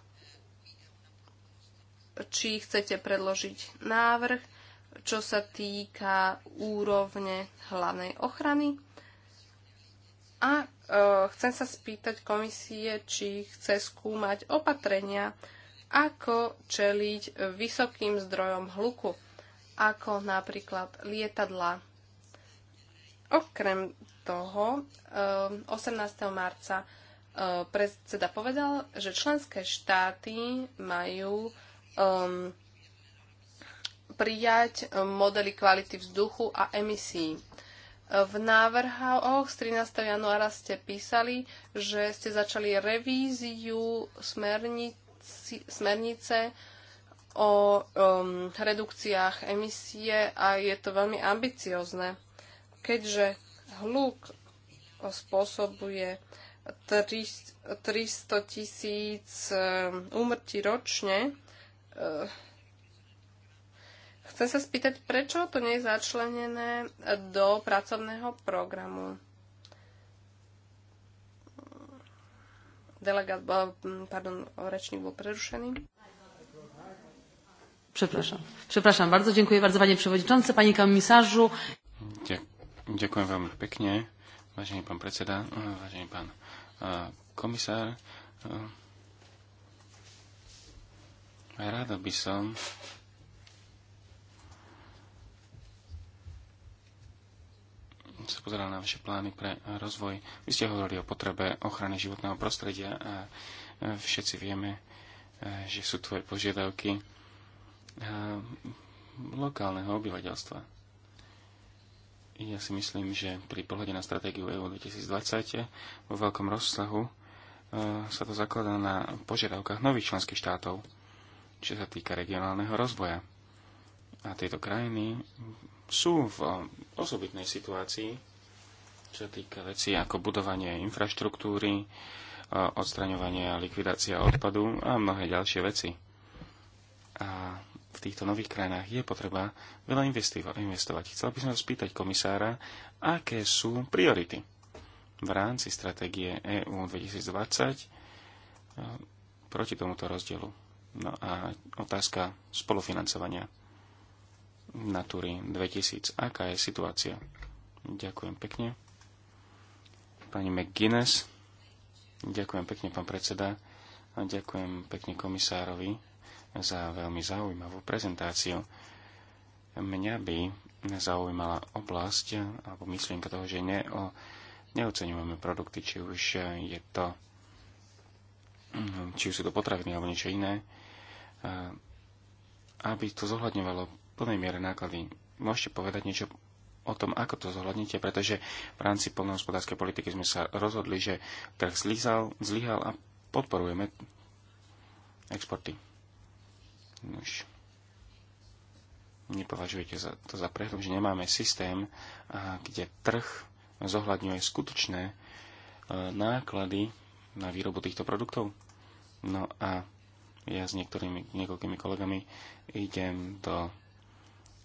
S4: či chcete predložiť návrh, čo sa týka úrovne hlavnej ochrany. A e, chcem sa spýtať komisie, či chce skúmať opatrenia, ako čeliť vysokým zdrojom hluku, ako napríklad lietadla. Okrem toho, 18. E, marca e, predseda povedal, že členské štáty majú um, prijať modely kvality vzduchu a emisí. V návrhoch z 13. januára ste písali, že ste začali revíziu smernici, smernice o um, redukciách emisie a je to veľmi ambiciozne, keďže hluk spôsobuje 300 tisíc um, úmrtí ročne, Eh, chcem sa spýtať, prečo to nie je začlenené do pracovného programu? Delegát, pardon, rečník bol prerušený. Przepraszam. Przepraszam bardzo. Dziękuję bardzo Panie Przewodniczący, Panie Komisarzu.
S1: Dziękuję Wam pięknie, vážený pán predseda, vážený pán e, komisár. E, Rada by som sa pozeral na vaše plány pre rozvoj. Vy ste hovorili o potrebe ochrany životného prostredia a všetci vieme, že sú tvoje požiadavky lokálneho obyvateľstva. Ja si myslím, že pri pohľade na stratégiu EU 2020 vo veľkom rozsahu sa to zakladá na požiadavkách nových členských štátov čo sa týka regionálneho rozvoja. A tieto krajiny sú v osobitnej situácii, čo sa týka veci ako budovanie infraštruktúry, odstraňovanie a likvidácia odpadu a mnohé ďalšie veci. A v týchto nových krajinách je potreba veľa investovať. Chcel by som spýtať komisára, aké sú priority v rámci stratégie EU 2020 proti tomuto rozdielu. No a otázka spolufinancovania Natúry 2000. Aká je situácia? Ďakujem pekne. Pani McGuinness. Ďakujem pekne, pán predseda. A ďakujem pekne komisárovi za veľmi zaujímavú prezentáciu. Mňa by zaujímala oblasť, alebo myšlienka toho, že ne o, neocenujeme produkty, či už je to hm, či už sú to potraviny alebo niečo iné, aby to zohľadňovalo plnej miere náklady. Môžete povedať niečo o tom, ako to zohľadníte, pretože v rámci polnohospodárskej politiky sme sa rozhodli, že trh zlyhal, zlyhal a podporujeme exporty. Nož. Nepovažujete za, to za prehľad, že nemáme systém, kde trh zohľadňuje skutočné e, náklady na výrobu týchto produktov? No a ja s niektorými, niekoľkými kolegami idem do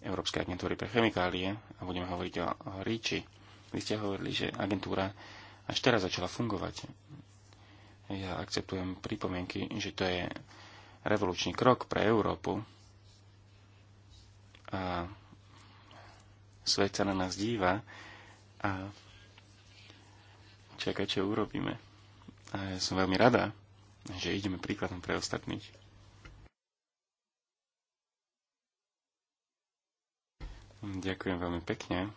S1: Európskej agentúry pre chemikálie a budeme hovoriť o, o ríči. Vy ste hovorili, že agentúra až teraz začala fungovať. Ja akceptujem pripomienky, že to je revolučný krok pre Európu a svet sa na nás díva a čaká, čo urobíme. A ja som veľmi rada, že ideme príkladom pre ostatných. Ďakujem veľmi pekne.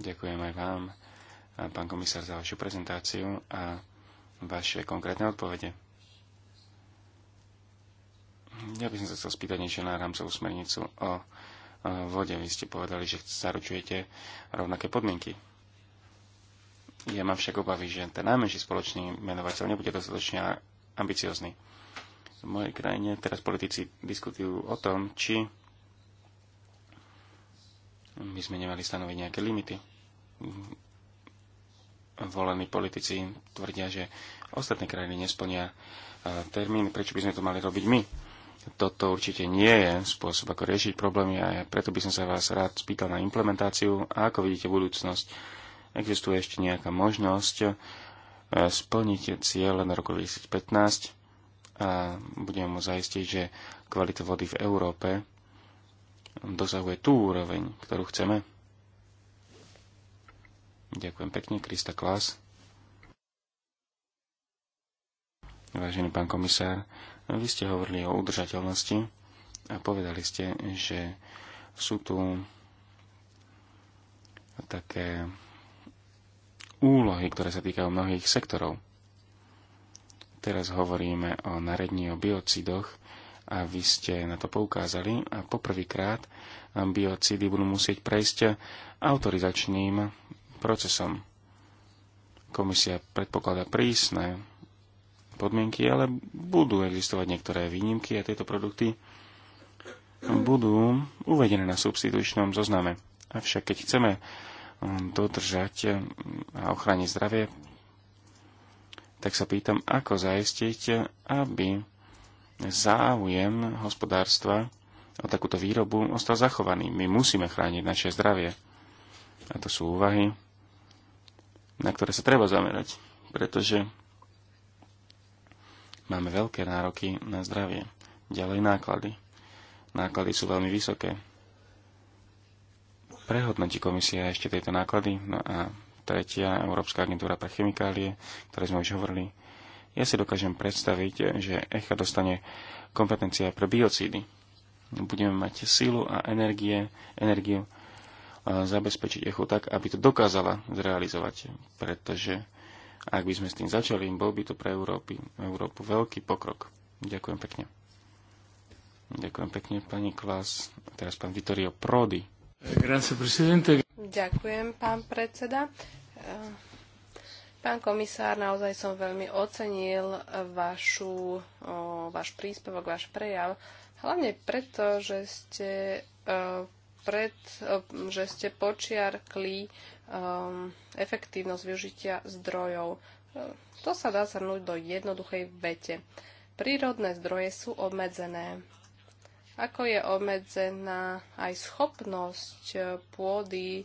S1: Ďakujem aj vám, pán komisár, za vašu prezentáciu a vaše konkrétne odpovede. Ja by som sa chcel spýtať niečo na rámcovú smernicu o vode. Vy ste povedali, že zaručujete rovnaké podmienky. Ja mám však obavy, že ten najmenší spoločný menovateľ nebude dostatočne ambiciozný. V mojej krajine teraz politici diskutujú o tom, či by sme nemali stanoviť nejaké limity. Volení politici tvrdia, že ostatné krajiny nesplnia e, termín, prečo by sme to mali robiť my. Toto určite nie je spôsob, ako riešiť problémy a ja preto by som sa vás rád spýtal na implementáciu a ako vidíte budúcnosť. Existuje ešte nejaká možnosť splniť cieľ na roku 2015 a budeme mu zaistiť, že kvalita vody v Európe dosahuje tú úroveň, ktorú chceme. Ďakujem pekne, Krista Klas. Vážený pán komisár, vy ste hovorili o udržateľnosti a povedali ste, že sú tu také úlohy, ktoré sa týkajú mnohých sektorov. Teraz hovoríme o narední o biocidoch a vy ste na to poukázali a poprvýkrát biocidy budú musieť prejsť autorizačným procesom. Komisia predpokladá prísne podmienky, ale budú existovať niektoré výnimky a tieto produkty budú uvedené na substitučnom zozname. Avšak keď chceme dodržať um, a ochraniť zdravie, tak sa pýtam, ako zaistiť, aby záujem hospodárstva o takúto výrobu ostal zachovaný. My musíme chrániť naše zdravie. A to sú úvahy, na ktoré sa treba zamerať, pretože máme veľké nároky na zdravie. Ďalej náklady. Náklady sú veľmi vysoké prehodnotí komisia ešte tieto náklady. No a tretia, Európska agentúra pre chemikálie, ktoré sme už hovorili. Ja si dokážem predstaviť, že ECHA dostane kompetencia pre biocídy. Budeme mať sílu a energie, energiu zabezpečiť echu tak, aby to dokázala zrealizovať. Pretože ak by sme s tým začali, bol by to pre Európy, Európu veľký pokrok. Ďakujem pekne. Ďakujem pekne, pani Klas. Teraz pán Vittorio Prodi.
S4: Ďakujem, pán predseda. Pán komisár, naozaj som veľmi ocenil vašu, váš príspevok, váš prejav, hlavne preto, že ste, e, pred, e, že ste počiarkli e, efektívnosť využitia zdrojov. To sa dá zhrnúť do jednoduchej vete. Prírodné zdroje sú obmedzené ako je obmedzená aj schopnosť pôdy e,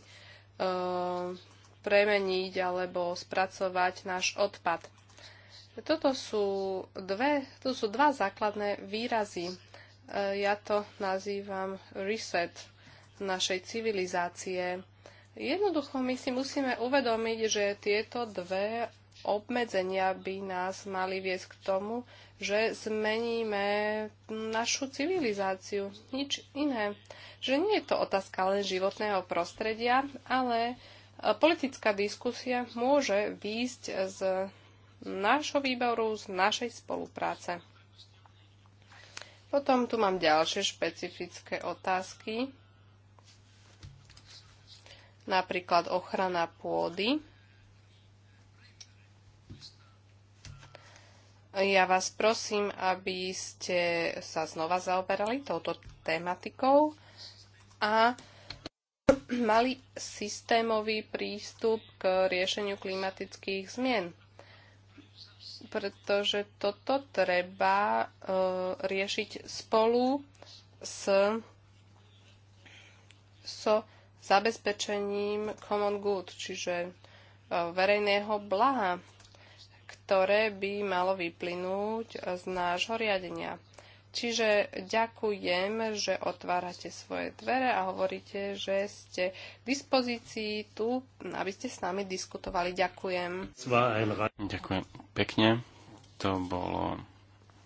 S4: premeniť alebo spracovať náš odpad. Toto sú, dve, to sú dva základné výrazy. E, ja to nazývam reset našej civilizácie. Jednoducho my si musíme uvedomiť, že tieto dve obmedzenia by nás mali viesť k tomu, že zmeníme našu civilizáciu. Nič iné. Že nie je to otázka len životného prostredia, ale e, politická diskusia môže výjsť z nášho výboru, z našej spolupráce. Potom tu mám ďalšie špecifické otázky, napríklad ochrana pôdy. Ja vás prosím, aby ste sa znova zaoberali touto tematikou a mali systémový prístup k riešeniu klimatických zmien. Pretože toto treba e, riešiť spolu s so zabezpečením common good, čiže e, verejného blaha ktoré by malo vyplynúť z nášho riadenia. Čiže ďakujem, že otvárate svoje dvere a hovoríte, že ste k dispozícii tu, aby ste s nami diskutovali. Ďakujem.
S1: Ďakujem pekne. To bolo,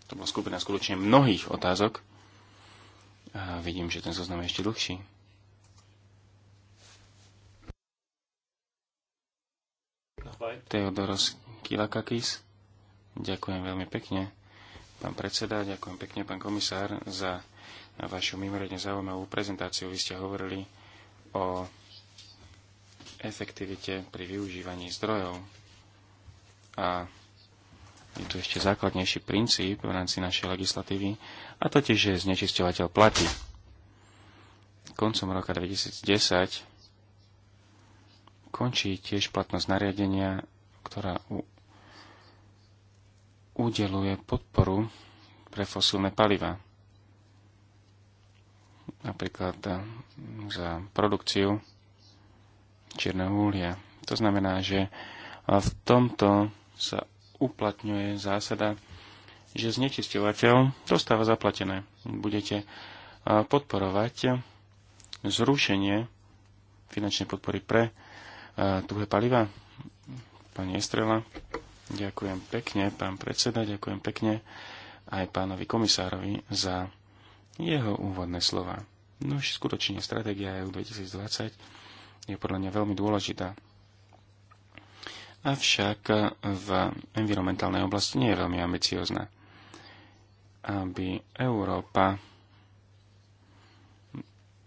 S1: to bolo skupina skutočne mnohých otázok. A vidím, že ten zoznam je ešte dlhší. Teodorovský. Kilakakis. Ďakujem veľmi pekne, pán predseda, ďakujem pekne, pán komisár, za vašu mimoriadne zaujímavú prezentáciu. Vy ste hovorili o efektivite pri využívaní zdrojov. A je tu ešte základnejší princíp v rámci našej legislatívy, a totiž, že znečisťovateľ platí. Koncom roka 2010 končí tiež platnosť nariadenia, ktorá udeluje podporu pre fosílne paliva. Napríklad eh, za produkciu čierneho uhlia. To znamená, že eh, v tomto sa uplatňuje zásada, že znečisťovateľ dostáva zaplatené. Budete eh, podporovať zrušenie finančnej podpory pre tuhé paliva. Pani Estrela. Ďakujem pekne, pán predseda, ďakujem pekne aj pánovi komisárovi za jeho úvodné slova. No už skutočne stratégia EU 2020 je podľa mňa veľmi dôležitá. Avšak v environmentálnej oblasti nie je veľmi ambiciozná. Aby Európa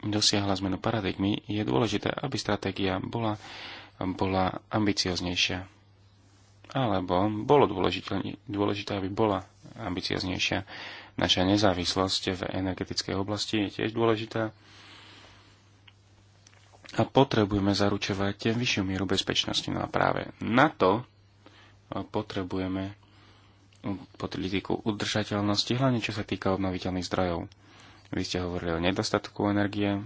S1: dosiahla zmenu paradigmy, je dôležité, aby stratégia bola, bola ambicioznejšia alebo bolo dôležité, aby bola ambicioznejšia. Naša nezávislosť v energetickej oblasti je tiež dôležitá a potrebujeme zaručovať vyššiu mieru bezpečnosti. No a práve na to e, potrebujeme politiku udržateľnosti, hlavne čo sa týka obnoviteľných zdrojov. Vy ste hovorili o nedostatku energie.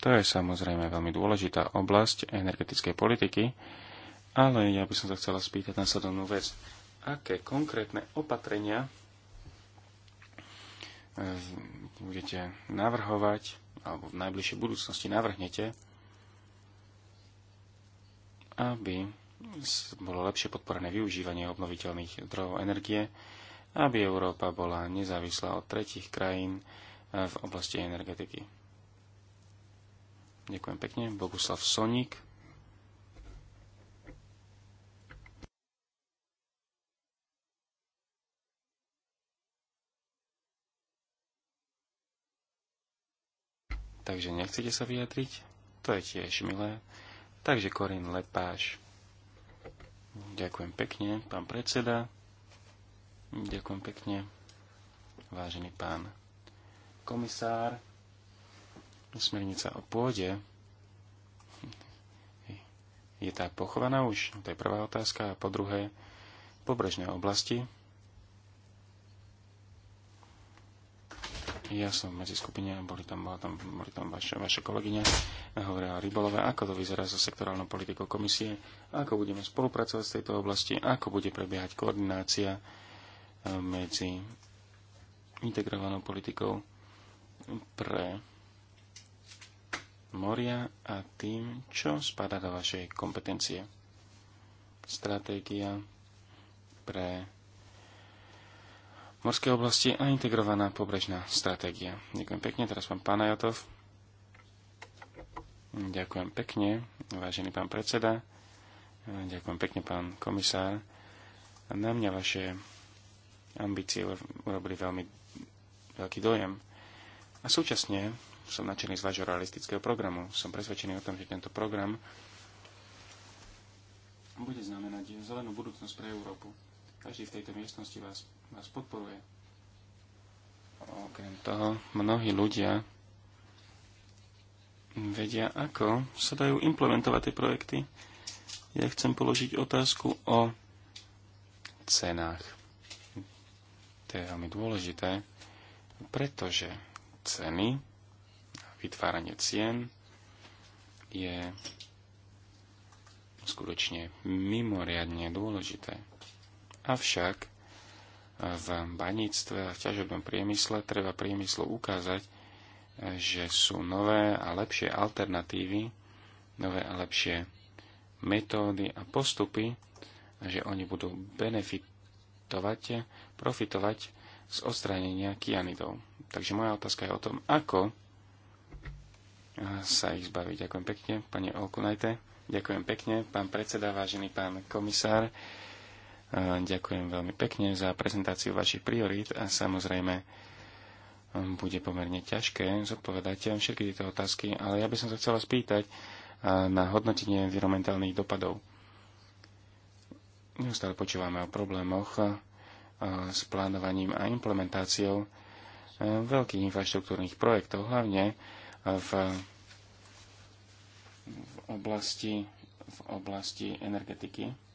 S1: To je samozrejme veľmi dôležitá oblasť energetickej politiky ale ja by som sa chcela spýtať na sadovnú vec. Aké konkrétne opatrenia eh, budete navrhovať, alebo v najbližšej budúcnosti navrhnete, aby bolo lepšie podporené využívanie obnoviteľných zdrojov energie, aby Európa bola nezávislá od tretich krajín eh, v oblasti energetiky. Ďakujem pekne. Boguslav Sonik. Takže nechcete sa vyjadriť? To je tiež milé. Takže Korin Lepáš. Ďakujem pekne, pán predseda. Ďakujem pekne, vážený pán komisár. Smernica o pôde. Je tá pochovaná už? To je prvá otázka. A po druhé, pobrežné oblasti. ja som medzi skupine, boli tam, bola tam, boli tam vaša, vaša kolegyňa, hovorila Rybolové, ako to vyzerá so sektorálnou politikou komisie, ako budeme spolupracovať v tejto oblasti, ako bude prebiehať koordinácia eh, medzi integrovanou politikou pre moria a tým, čo spadá do vašej kompetencie. Stratégia pre Morské oblasti a integrovaná pobrežná stratégia. Ďakujem pekne, teraz pán Panajotov. Ďakujem pekne, vážený pán predseda. Ďakujem pekne, pán komisár. Na mňa vaše ambície urobili veľmi veľký dojem. A súčasne som nadšený z vášho realistického programu. Som presvedčený o tom, že tento program bude znamenať zelenú budúcnosť pre Európu. Každý v tejto miestnosti vás, vás podporuje. Okrem toho, mnohí ľudia vedia, ako sa dajú implementovať tie projekty. Ja chcem položiť otázku o cenách. To je veľmi dôležité, pretože ceny, vytváranie cien je skutočne mimoriadne dôležité. Avšak eh, v baníctve a v ťažobnom priemysle treba priemyslu ukázať, eh, že sú nové a lepšie alternatívy, nové a lepšie metódy a postupy, a že oni budú benefitovať, profitovať z odstránenia kianidov. Takže moja otázka je o tom, ako eh, sa ich zbaviť. Ďakujem pekne, pani Olkunajte. Ďakujem pekne, pán predseda, vážený pán komisár. Ďakujem veľmi pekne za prezentáciu vašich priorít a samozrejme um, bude pomerne ťažké zodpovedať um, všetky tieto otázky, ale ja by som sa chcela spýtať uh, na hodnotenie environmentálnych dopadov. Neustále počúvame o problémoch uh, s plánovaním a implementáciou uh, veľkých infraštruktúrnych projektov, hlavne v, v, oblasti, v oblasti energetiky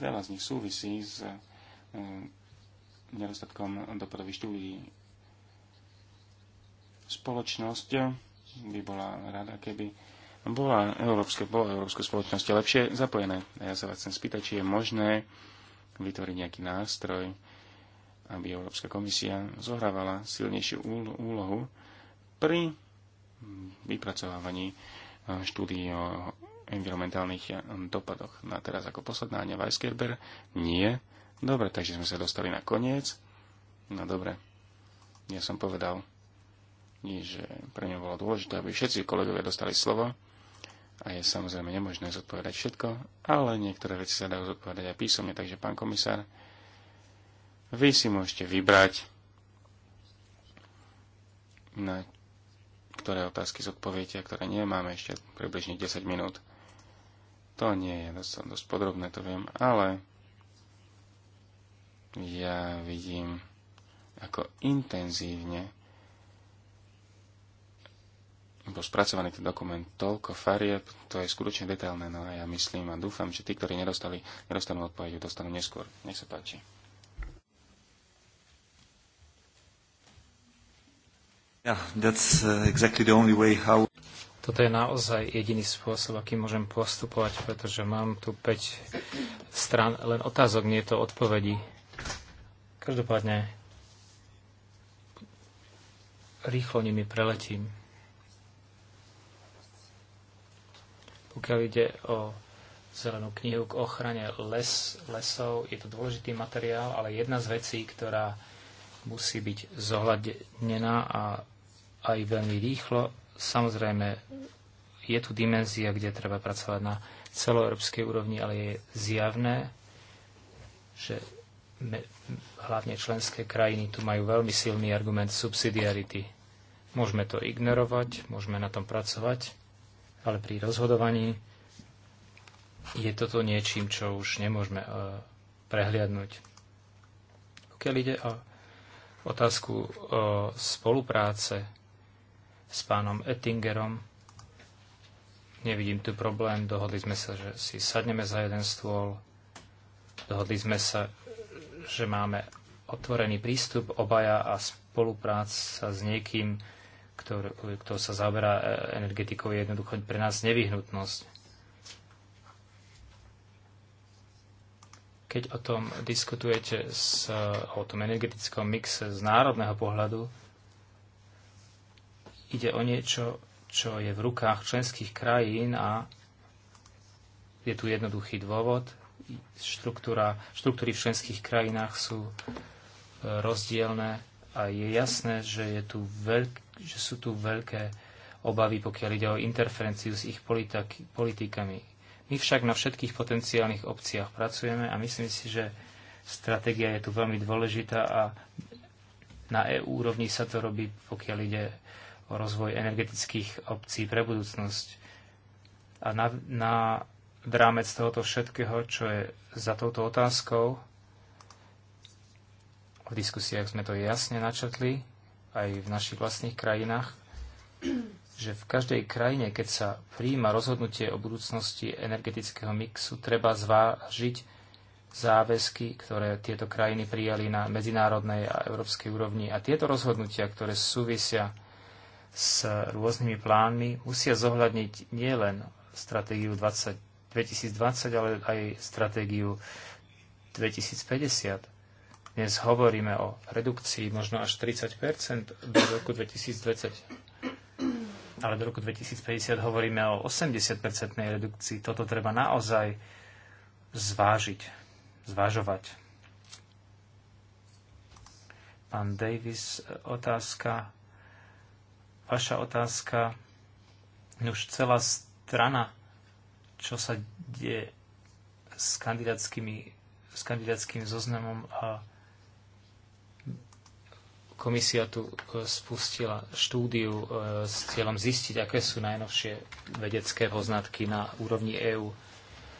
S1: Veľa z nich súvisí s eh, nedostatkom dopadových štúdií. Spoločnosť by bola rada, keby bola európske, bola európske spoločnosti lepšie zapojené. A ja sa vás chcem spýtať, či je možné vytvoriť nejaký nástroj, aby Európska komisia zohrávala silnejšiu úlohu pri vypracovávaní eh, štúdií o environmentálnych eh, dopadoch. No a teraz ako posledná Ania Weisgerber? Nie. Dobre, takže sme sa dostali na koniec. No dobre. Ja som povedal, že pre mňa bolo dôležité, aby všetci kolegovia dostali slovo. A je samozrejme nemožné zodpovedať všetko, ale niektoré veci sa dajú zodpovedať aj písomne. Takže, pán komisár, vy si môžete vybrať, na ktoré otázky zodpoviete a ktoré nie. Máme ešte približne 10 minút. To nie je dosť, dosť podrobné, to viem, ale ja vidím, ako intenzívne bol spracovaný ten dokument toľko farieb, to je skutočne detailné, no a ja myslím a dúfam, že tí, ktorí nedostali, nedostanú odpoveď, dostanú neskôr. Nech sa páči.
S2: Yeah, that's uh, exactly the only way how toto je naozaj jediný spôsob, akým môžem postupovať, pretože mám tu 5 strán len otázok, nie je to odpovedí. Každopádne rýchlo nimi preletím. Pokiaľ ide o zelenú knihu k ochrane les, lesov, je to dôležitý materiál, ale jedna z vecí, ktorá musí byť zohľadnená a aj veľmi rýchlo Samozrejme, je tu dimenzia, kde treba pracovať na celoeurópskej úrovni, ale je zjavné, že me, hlavne členské krajiny tu majú veľmi silný argument subsidiarity. Môžeme to ignorovať, môžeme na tom pracovať, ale pri rozhodovaní je toto niečím, čo už nemôžeme uh, prehliadnúť. Pokiaľ ide o otázku o e, spolupráce s pánom Ettingerom. Nevidím tu problém, dohodli sme sa, že si sadneme za jeden stôl, dohodli sme sa, že máme otvorený prístup obaja a spolupráca s niekým, ktor, kto sa zaoberá e, energetikou, je jednoducho pre nás nevyhnutnosť. Keď o tom diskutujete s, o tom energetickom mixe z národného pohľadu, ide o niečo, čo je v rukách členských krajín a je tu jednoduchý dôvod. Štruktúra, štruktúry v členských krajinách sú e, rozdielne a je jasné, že, je tu veľk, že sú tu veľké obavy, pokiaľ ide o interferenciu s ich politak, politikami. My však na všetkých potenciálnych obciach pracujeme a myslím si, že stratégia je tu veľmi dôležitá a na EU úrovni sa to robí, pokiaľ ide o rozvoj energetických obcí pre budúcnosť. A na, na drámec tohoto všetkého, čo je za touto otázkou, v diskusiách sme to jasne načetli, aj v našich vlastných krajinách, že v každej krajine, keď sa príjma rozhodnutie o budúcnosti energetického mixu, treba zvážiť záväzky, ktoré tieto krajiny prijali na medzinárodnej a európskej úrovni. A tieto rozhodnutia, ktoré súvisia s rôznymi plánmi musia zohľadniť nielen stratégiu 20, 2020, ale aj stratégiu 2050. Dnes hovoríme o redukcii možno až 30 do roku 2020. Ale do roku 2050 hovoríme o 80-percentnej redukcii. Toto treba naozaj zvážiť, zvážovať. Pán Davis, otázka Vaša otázka, už celá strana, čo sa deje s, kandidátskymi, s kandidátským zoznamom a komisia tu spustila štúdiu e, s cieľom zistiť, aké sú najnovšie vedecké poznatky na úrovni EÚ.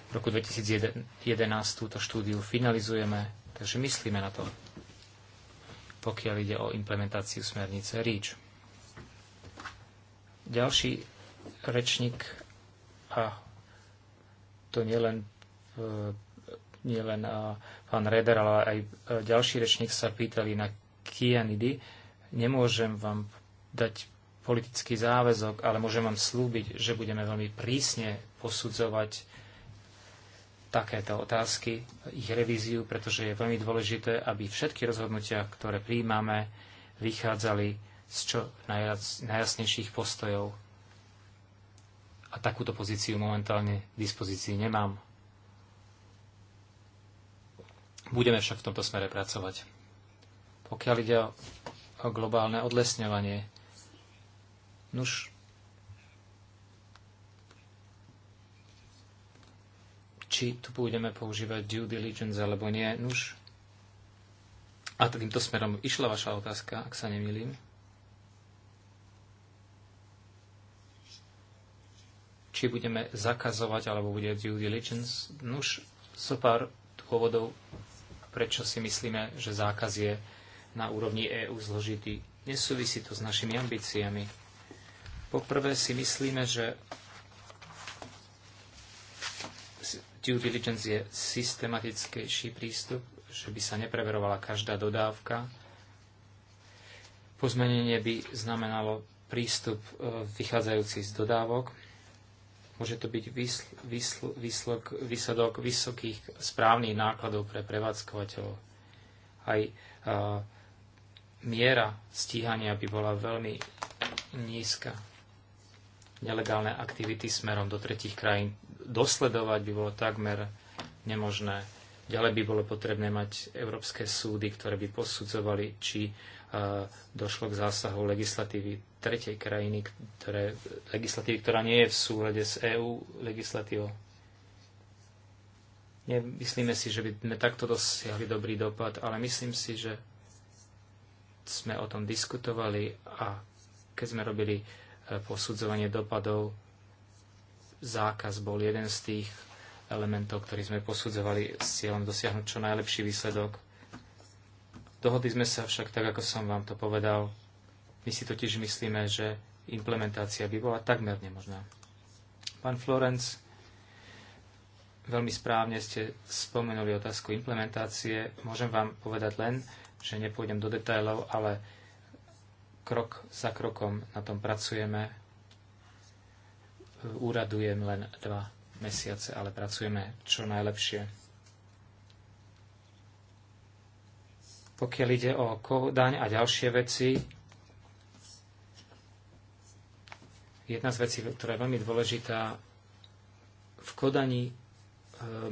S2: V roku 2011 túto štúdiu finalizujeme, takže myslíme na to, pokiaľ ide o implementáciu smernice REACH. Ďalší rečník, a to nielen e, nielen e, pán Reder, ale aj e, ďalší rečník sa pýtali na Kianidy. Nemôžem vám dať politický záväzok, ale môžem vám slúbiť, že budeme veľmi prísne posudzovať takéto otázky, ich revíziu, pretože je veľmi dôležité, aby všetky rozhodnutia, ktoré príjmame, vychádzali z čo najjas, najjasnejších postojov. A takúto pozíciu momentálne v dispozícii nemám. Budeme však v tomto smere pracovať. Pokiaľ ide o globálne odlesňovanie, nuž či tu budeme používať due diligence alebo nie. Nuž. A týmto smerom išla vaša otázka, ak sa nemýlim. či budeme zakazovať alebo bude due diligence. Nuž, so pár dôvodov, prečo si myslíme, že zákaz je na úrovni EÚ zložitý. Nesúvisí to s našimi ambíciami. Poprvé si myslíme, že due diligence je systematickejší prístup, že by sa nepreverovala každá dodávka. Pozmenenie by znamenalo prístup e, vychádzajúci z dodávok, Môže to byť vysl, vysl, výslok, výsledok vysokých správnych nákladov pre prevádzkovateľov. Aj a, miera stíhania by bola veľmi nízka. Nelegálne aktivity smerom do tretich krajín dosledovať by bolo takmer nemožné. Ďalej by bolo potrebné mať európske súdy, ktoré by posudzovali, či došlo k zásahu legislatívy tretej krajiny, ktoré, legislatívy, ktorá nie je v súlede s EÚ legislatívou. Nemyslíme si, že by sme takto dosiahli dobrý dopad, ale myslím si, že sme o tom diskutovali a keď sme robili e, posudzovanie dopadov, zákaz bol jeden z tých elementov, ktorý sme posudzovali s cieľom dosiahnuť čo najlepší výsledok Dohodli sme sa však, tak ako som vám to povedal, my si totiž myslíme, že implementácia by bola takmer nemožná. Pán Florence, veľmi správne ste spomenuli otázku implementácie. Môžem vám povedať len, že nepôjdem do detajlov, ale krok za krokom na tom pracujeme. Úradujem len dva mesiace, ale pracujeme čo najlepšie. Pokiaľ ide o daň a ďalšie veci, jedna z vecí, ktorá je veľmi dôležitá, v Kodani e,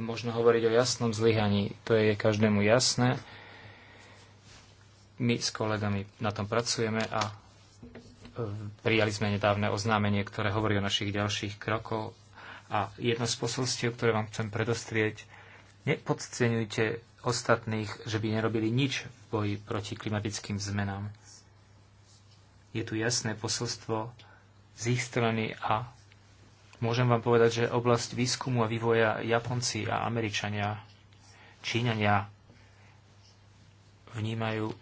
S2: možno hovoriť o jasnom zlyhaní. To je každému jasné. My s kolegami na tom pracujeme a e, prijali sme nedávne oznámenie, ktoré hovorí o našich ďalších krokoch. A jedno z posolstiev, ktoré vám chcem predostrieť, nepodceňujte ostatných, že by nerobili nič v boji proti klimatickým zmenám. Je tu jasné posolstvo z ich strany a môžem vám povedať, že oblasť výskumu a vývoja Japonci a Američania, Číňania vnímajú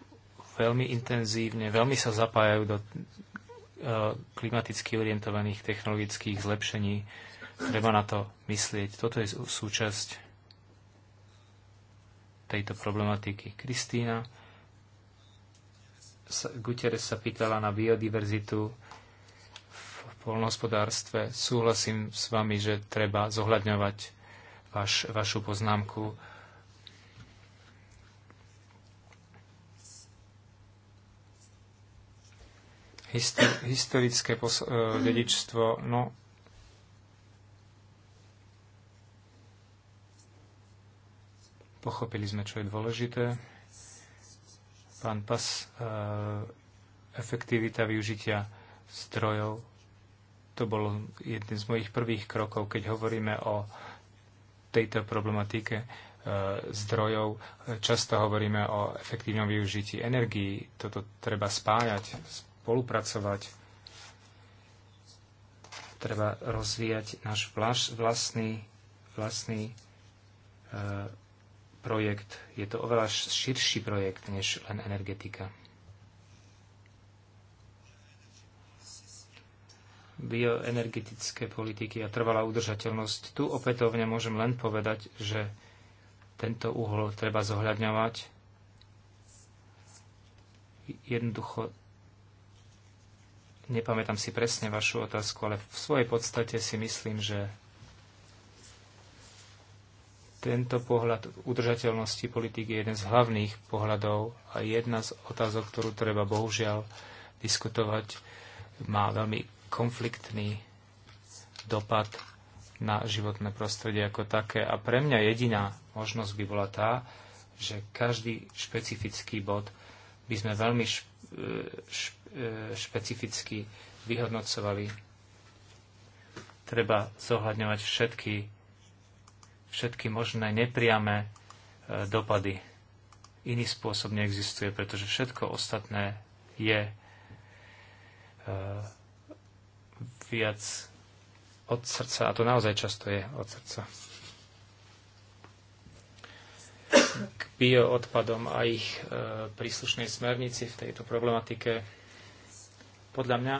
S2: veľmi intenzívne, veľmi sa zapájajú do e, klimaticky orientovaných technologických zlepšení. Treba na to myslieť. Toto je súčasť tejto problematiky. Kristína Guterres sa pýtala na biodiverzitu v polnohospodárstve. Súhlasím s vami, že treba zohľadňovať vaš, vašu poznámku. Histo- historické pos- e, dedičstvo, no Pochopili sme, čo je dôležité. Pán Pas, e, efektivita využitia zdrojov, to bolo jeden z mojich prvých krokov, keď hovoríme o tejto problematike e, zdrojov. Často hovoríme o efektívnom využití energií. Toto treba spájať, spolupracovať. Treba rozvíjať náš vlastný, vlastný uh, projekt. Je to oveľa širší projekt než len energetika. bioenergetické politiky a trvalá udržateľnosť. Tu opätovne môžem len povedať, že tento uhol treba zohľadňovať. Jednoducho nepamätám si presne vašu otázku, ale v svojej podstate si myslím, že tento pohľad udržateľnosti politiky je jeden z hlavných pohľadov a jedna z otázok, ktorú treba bohužiaľ diskutovať, má veľmi konfliktný dopad na životné prostredie ako také. A pre mňa jediná možnosť by bola tá, že každý špecifický bod by sme veľmi e, e, špecificky vyhodnocovali. Treba zohľadňovať všetky všetky možné nepriame e, dopady. Iný spôsob neexistuje, pretože všetko ostatné je e, viac od srdca, a to naozaj často je od srdca. K bioodpadom a ich e, príslušnej smernici v tejto problematike. Podľa mňa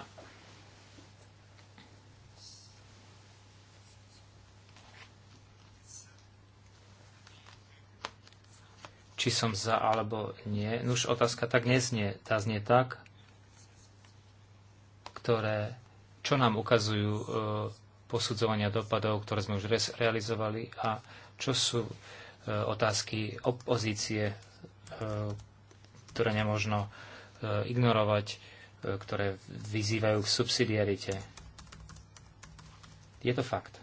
S2: či som za alebo nie. Nuž otázka tak neznie, tá znie tak, ktoré, čo nám ukazujú e, posudzovania dopadov, ktoré sme už res, realizovali a čo sú e, otázky opozície, e, ktoré nemôžno e, ignorovať, e, ktoré vyzývajú k subsidiarite. Je to fakt.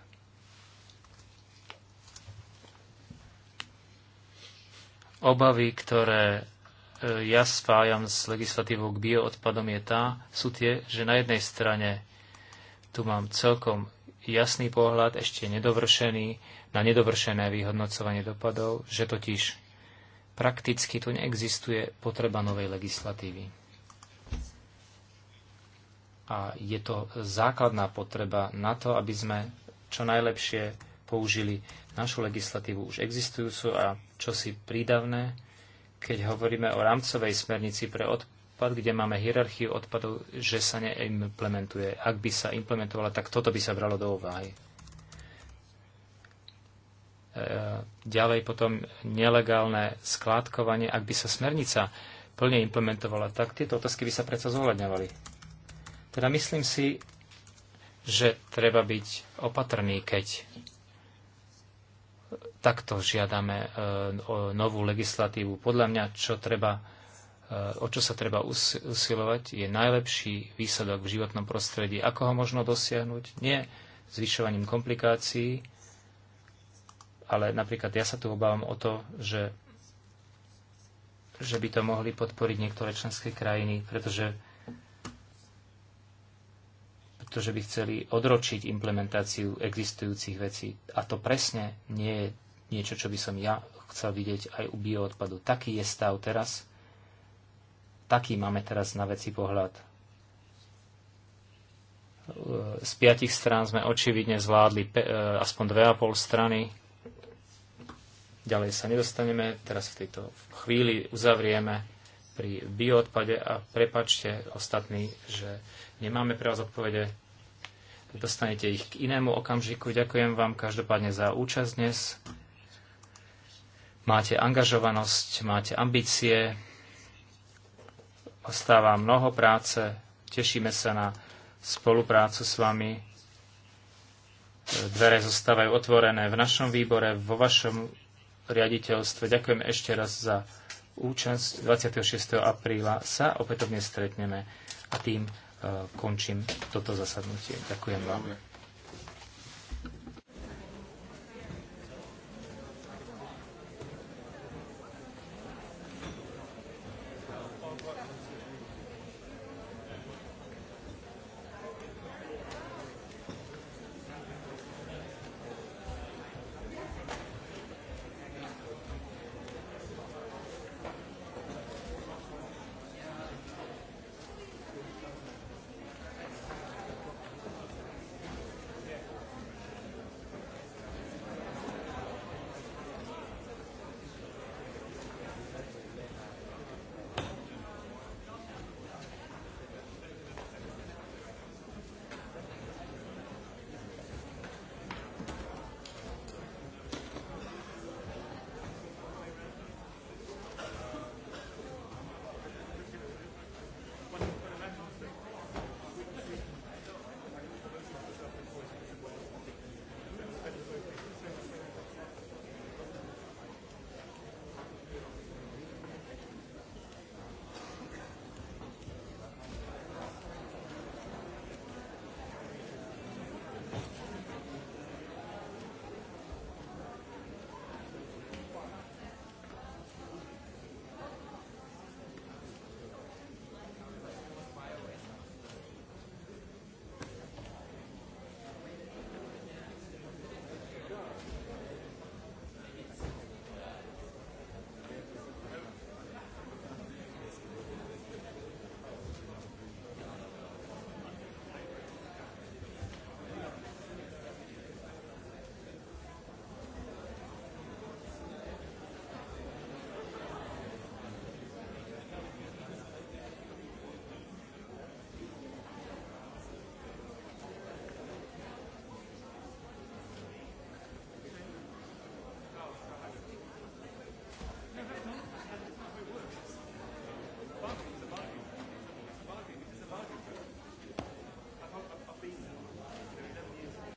S2: obavy, ktoré e, ja spájam s legislatívou k bioodpadom je tá, sú tie, že na jednej strane tu mám celkom jasný pohľad, ešte nedovršený, na nedovršené vyhodnocovanie dopadov, že totiž prakticky tu neexistuje potreba novej legislatívy. A je to základná potreba na to, aby sme čo najlepšie použili našu legislatívu už existujúcu a čosi prídavné, keď hovoríme o rámcovej smernici pre odpad, kde máme hierarchiu odpadov, že sa neimplementuje. Ak by sa implementovala, tak toto by sa bralo do úvahy. E, ďalej potom nelegálne skládkovanie. Ak by sa smernica plne implementovala, tak tieto otázky by sa predsa zohľadňovali. Teda myslím si, že treba byť opatrný, keď takto žiadame e, o novú legislatívu. Podľa mňa, čo treba, e, o čo sa treba usilovať, je najlepší výsledok v životnom prostredí. Ako ho možno dosiahnuť? Nie zvyšovaním komplikácií, ale napríklad ja sa tu obávam o to, že, že by to mohli podporiť niektoré členské krajiny, pretože pretože by chceli odročiť implementáciu existujúcich vecí. A to presne nie je niečo, čo by som ja chcel vidieť aj u bioodpadu. Taký je stav teraz. Taký máme teraz na veci pohľad. Z piatich strán sme očividne zvládli e, aspoň dve a pol strany. Ďalej sa nedostaneme. Teraz v tejto chvíli uzavrieme pri bioodpade a prepačte ostatní, že Nemáme pre vás odpovede. Dostanete ich k inému okamžiku. Ďakujem vám každopádne za účasť dnes. Máte angažovanosť, máte ambície. Ostáva mnoho práce. Tešíme sa na spoluprácu s vami. Dvere zostávajú otvorené v našom výbore, vo vašom riaditeľstve. Ďakujem ešte raz za účasť. 26. apríla sa opätovne stretneme a tým E, končím toto zasadnutie. Ďakujem vám.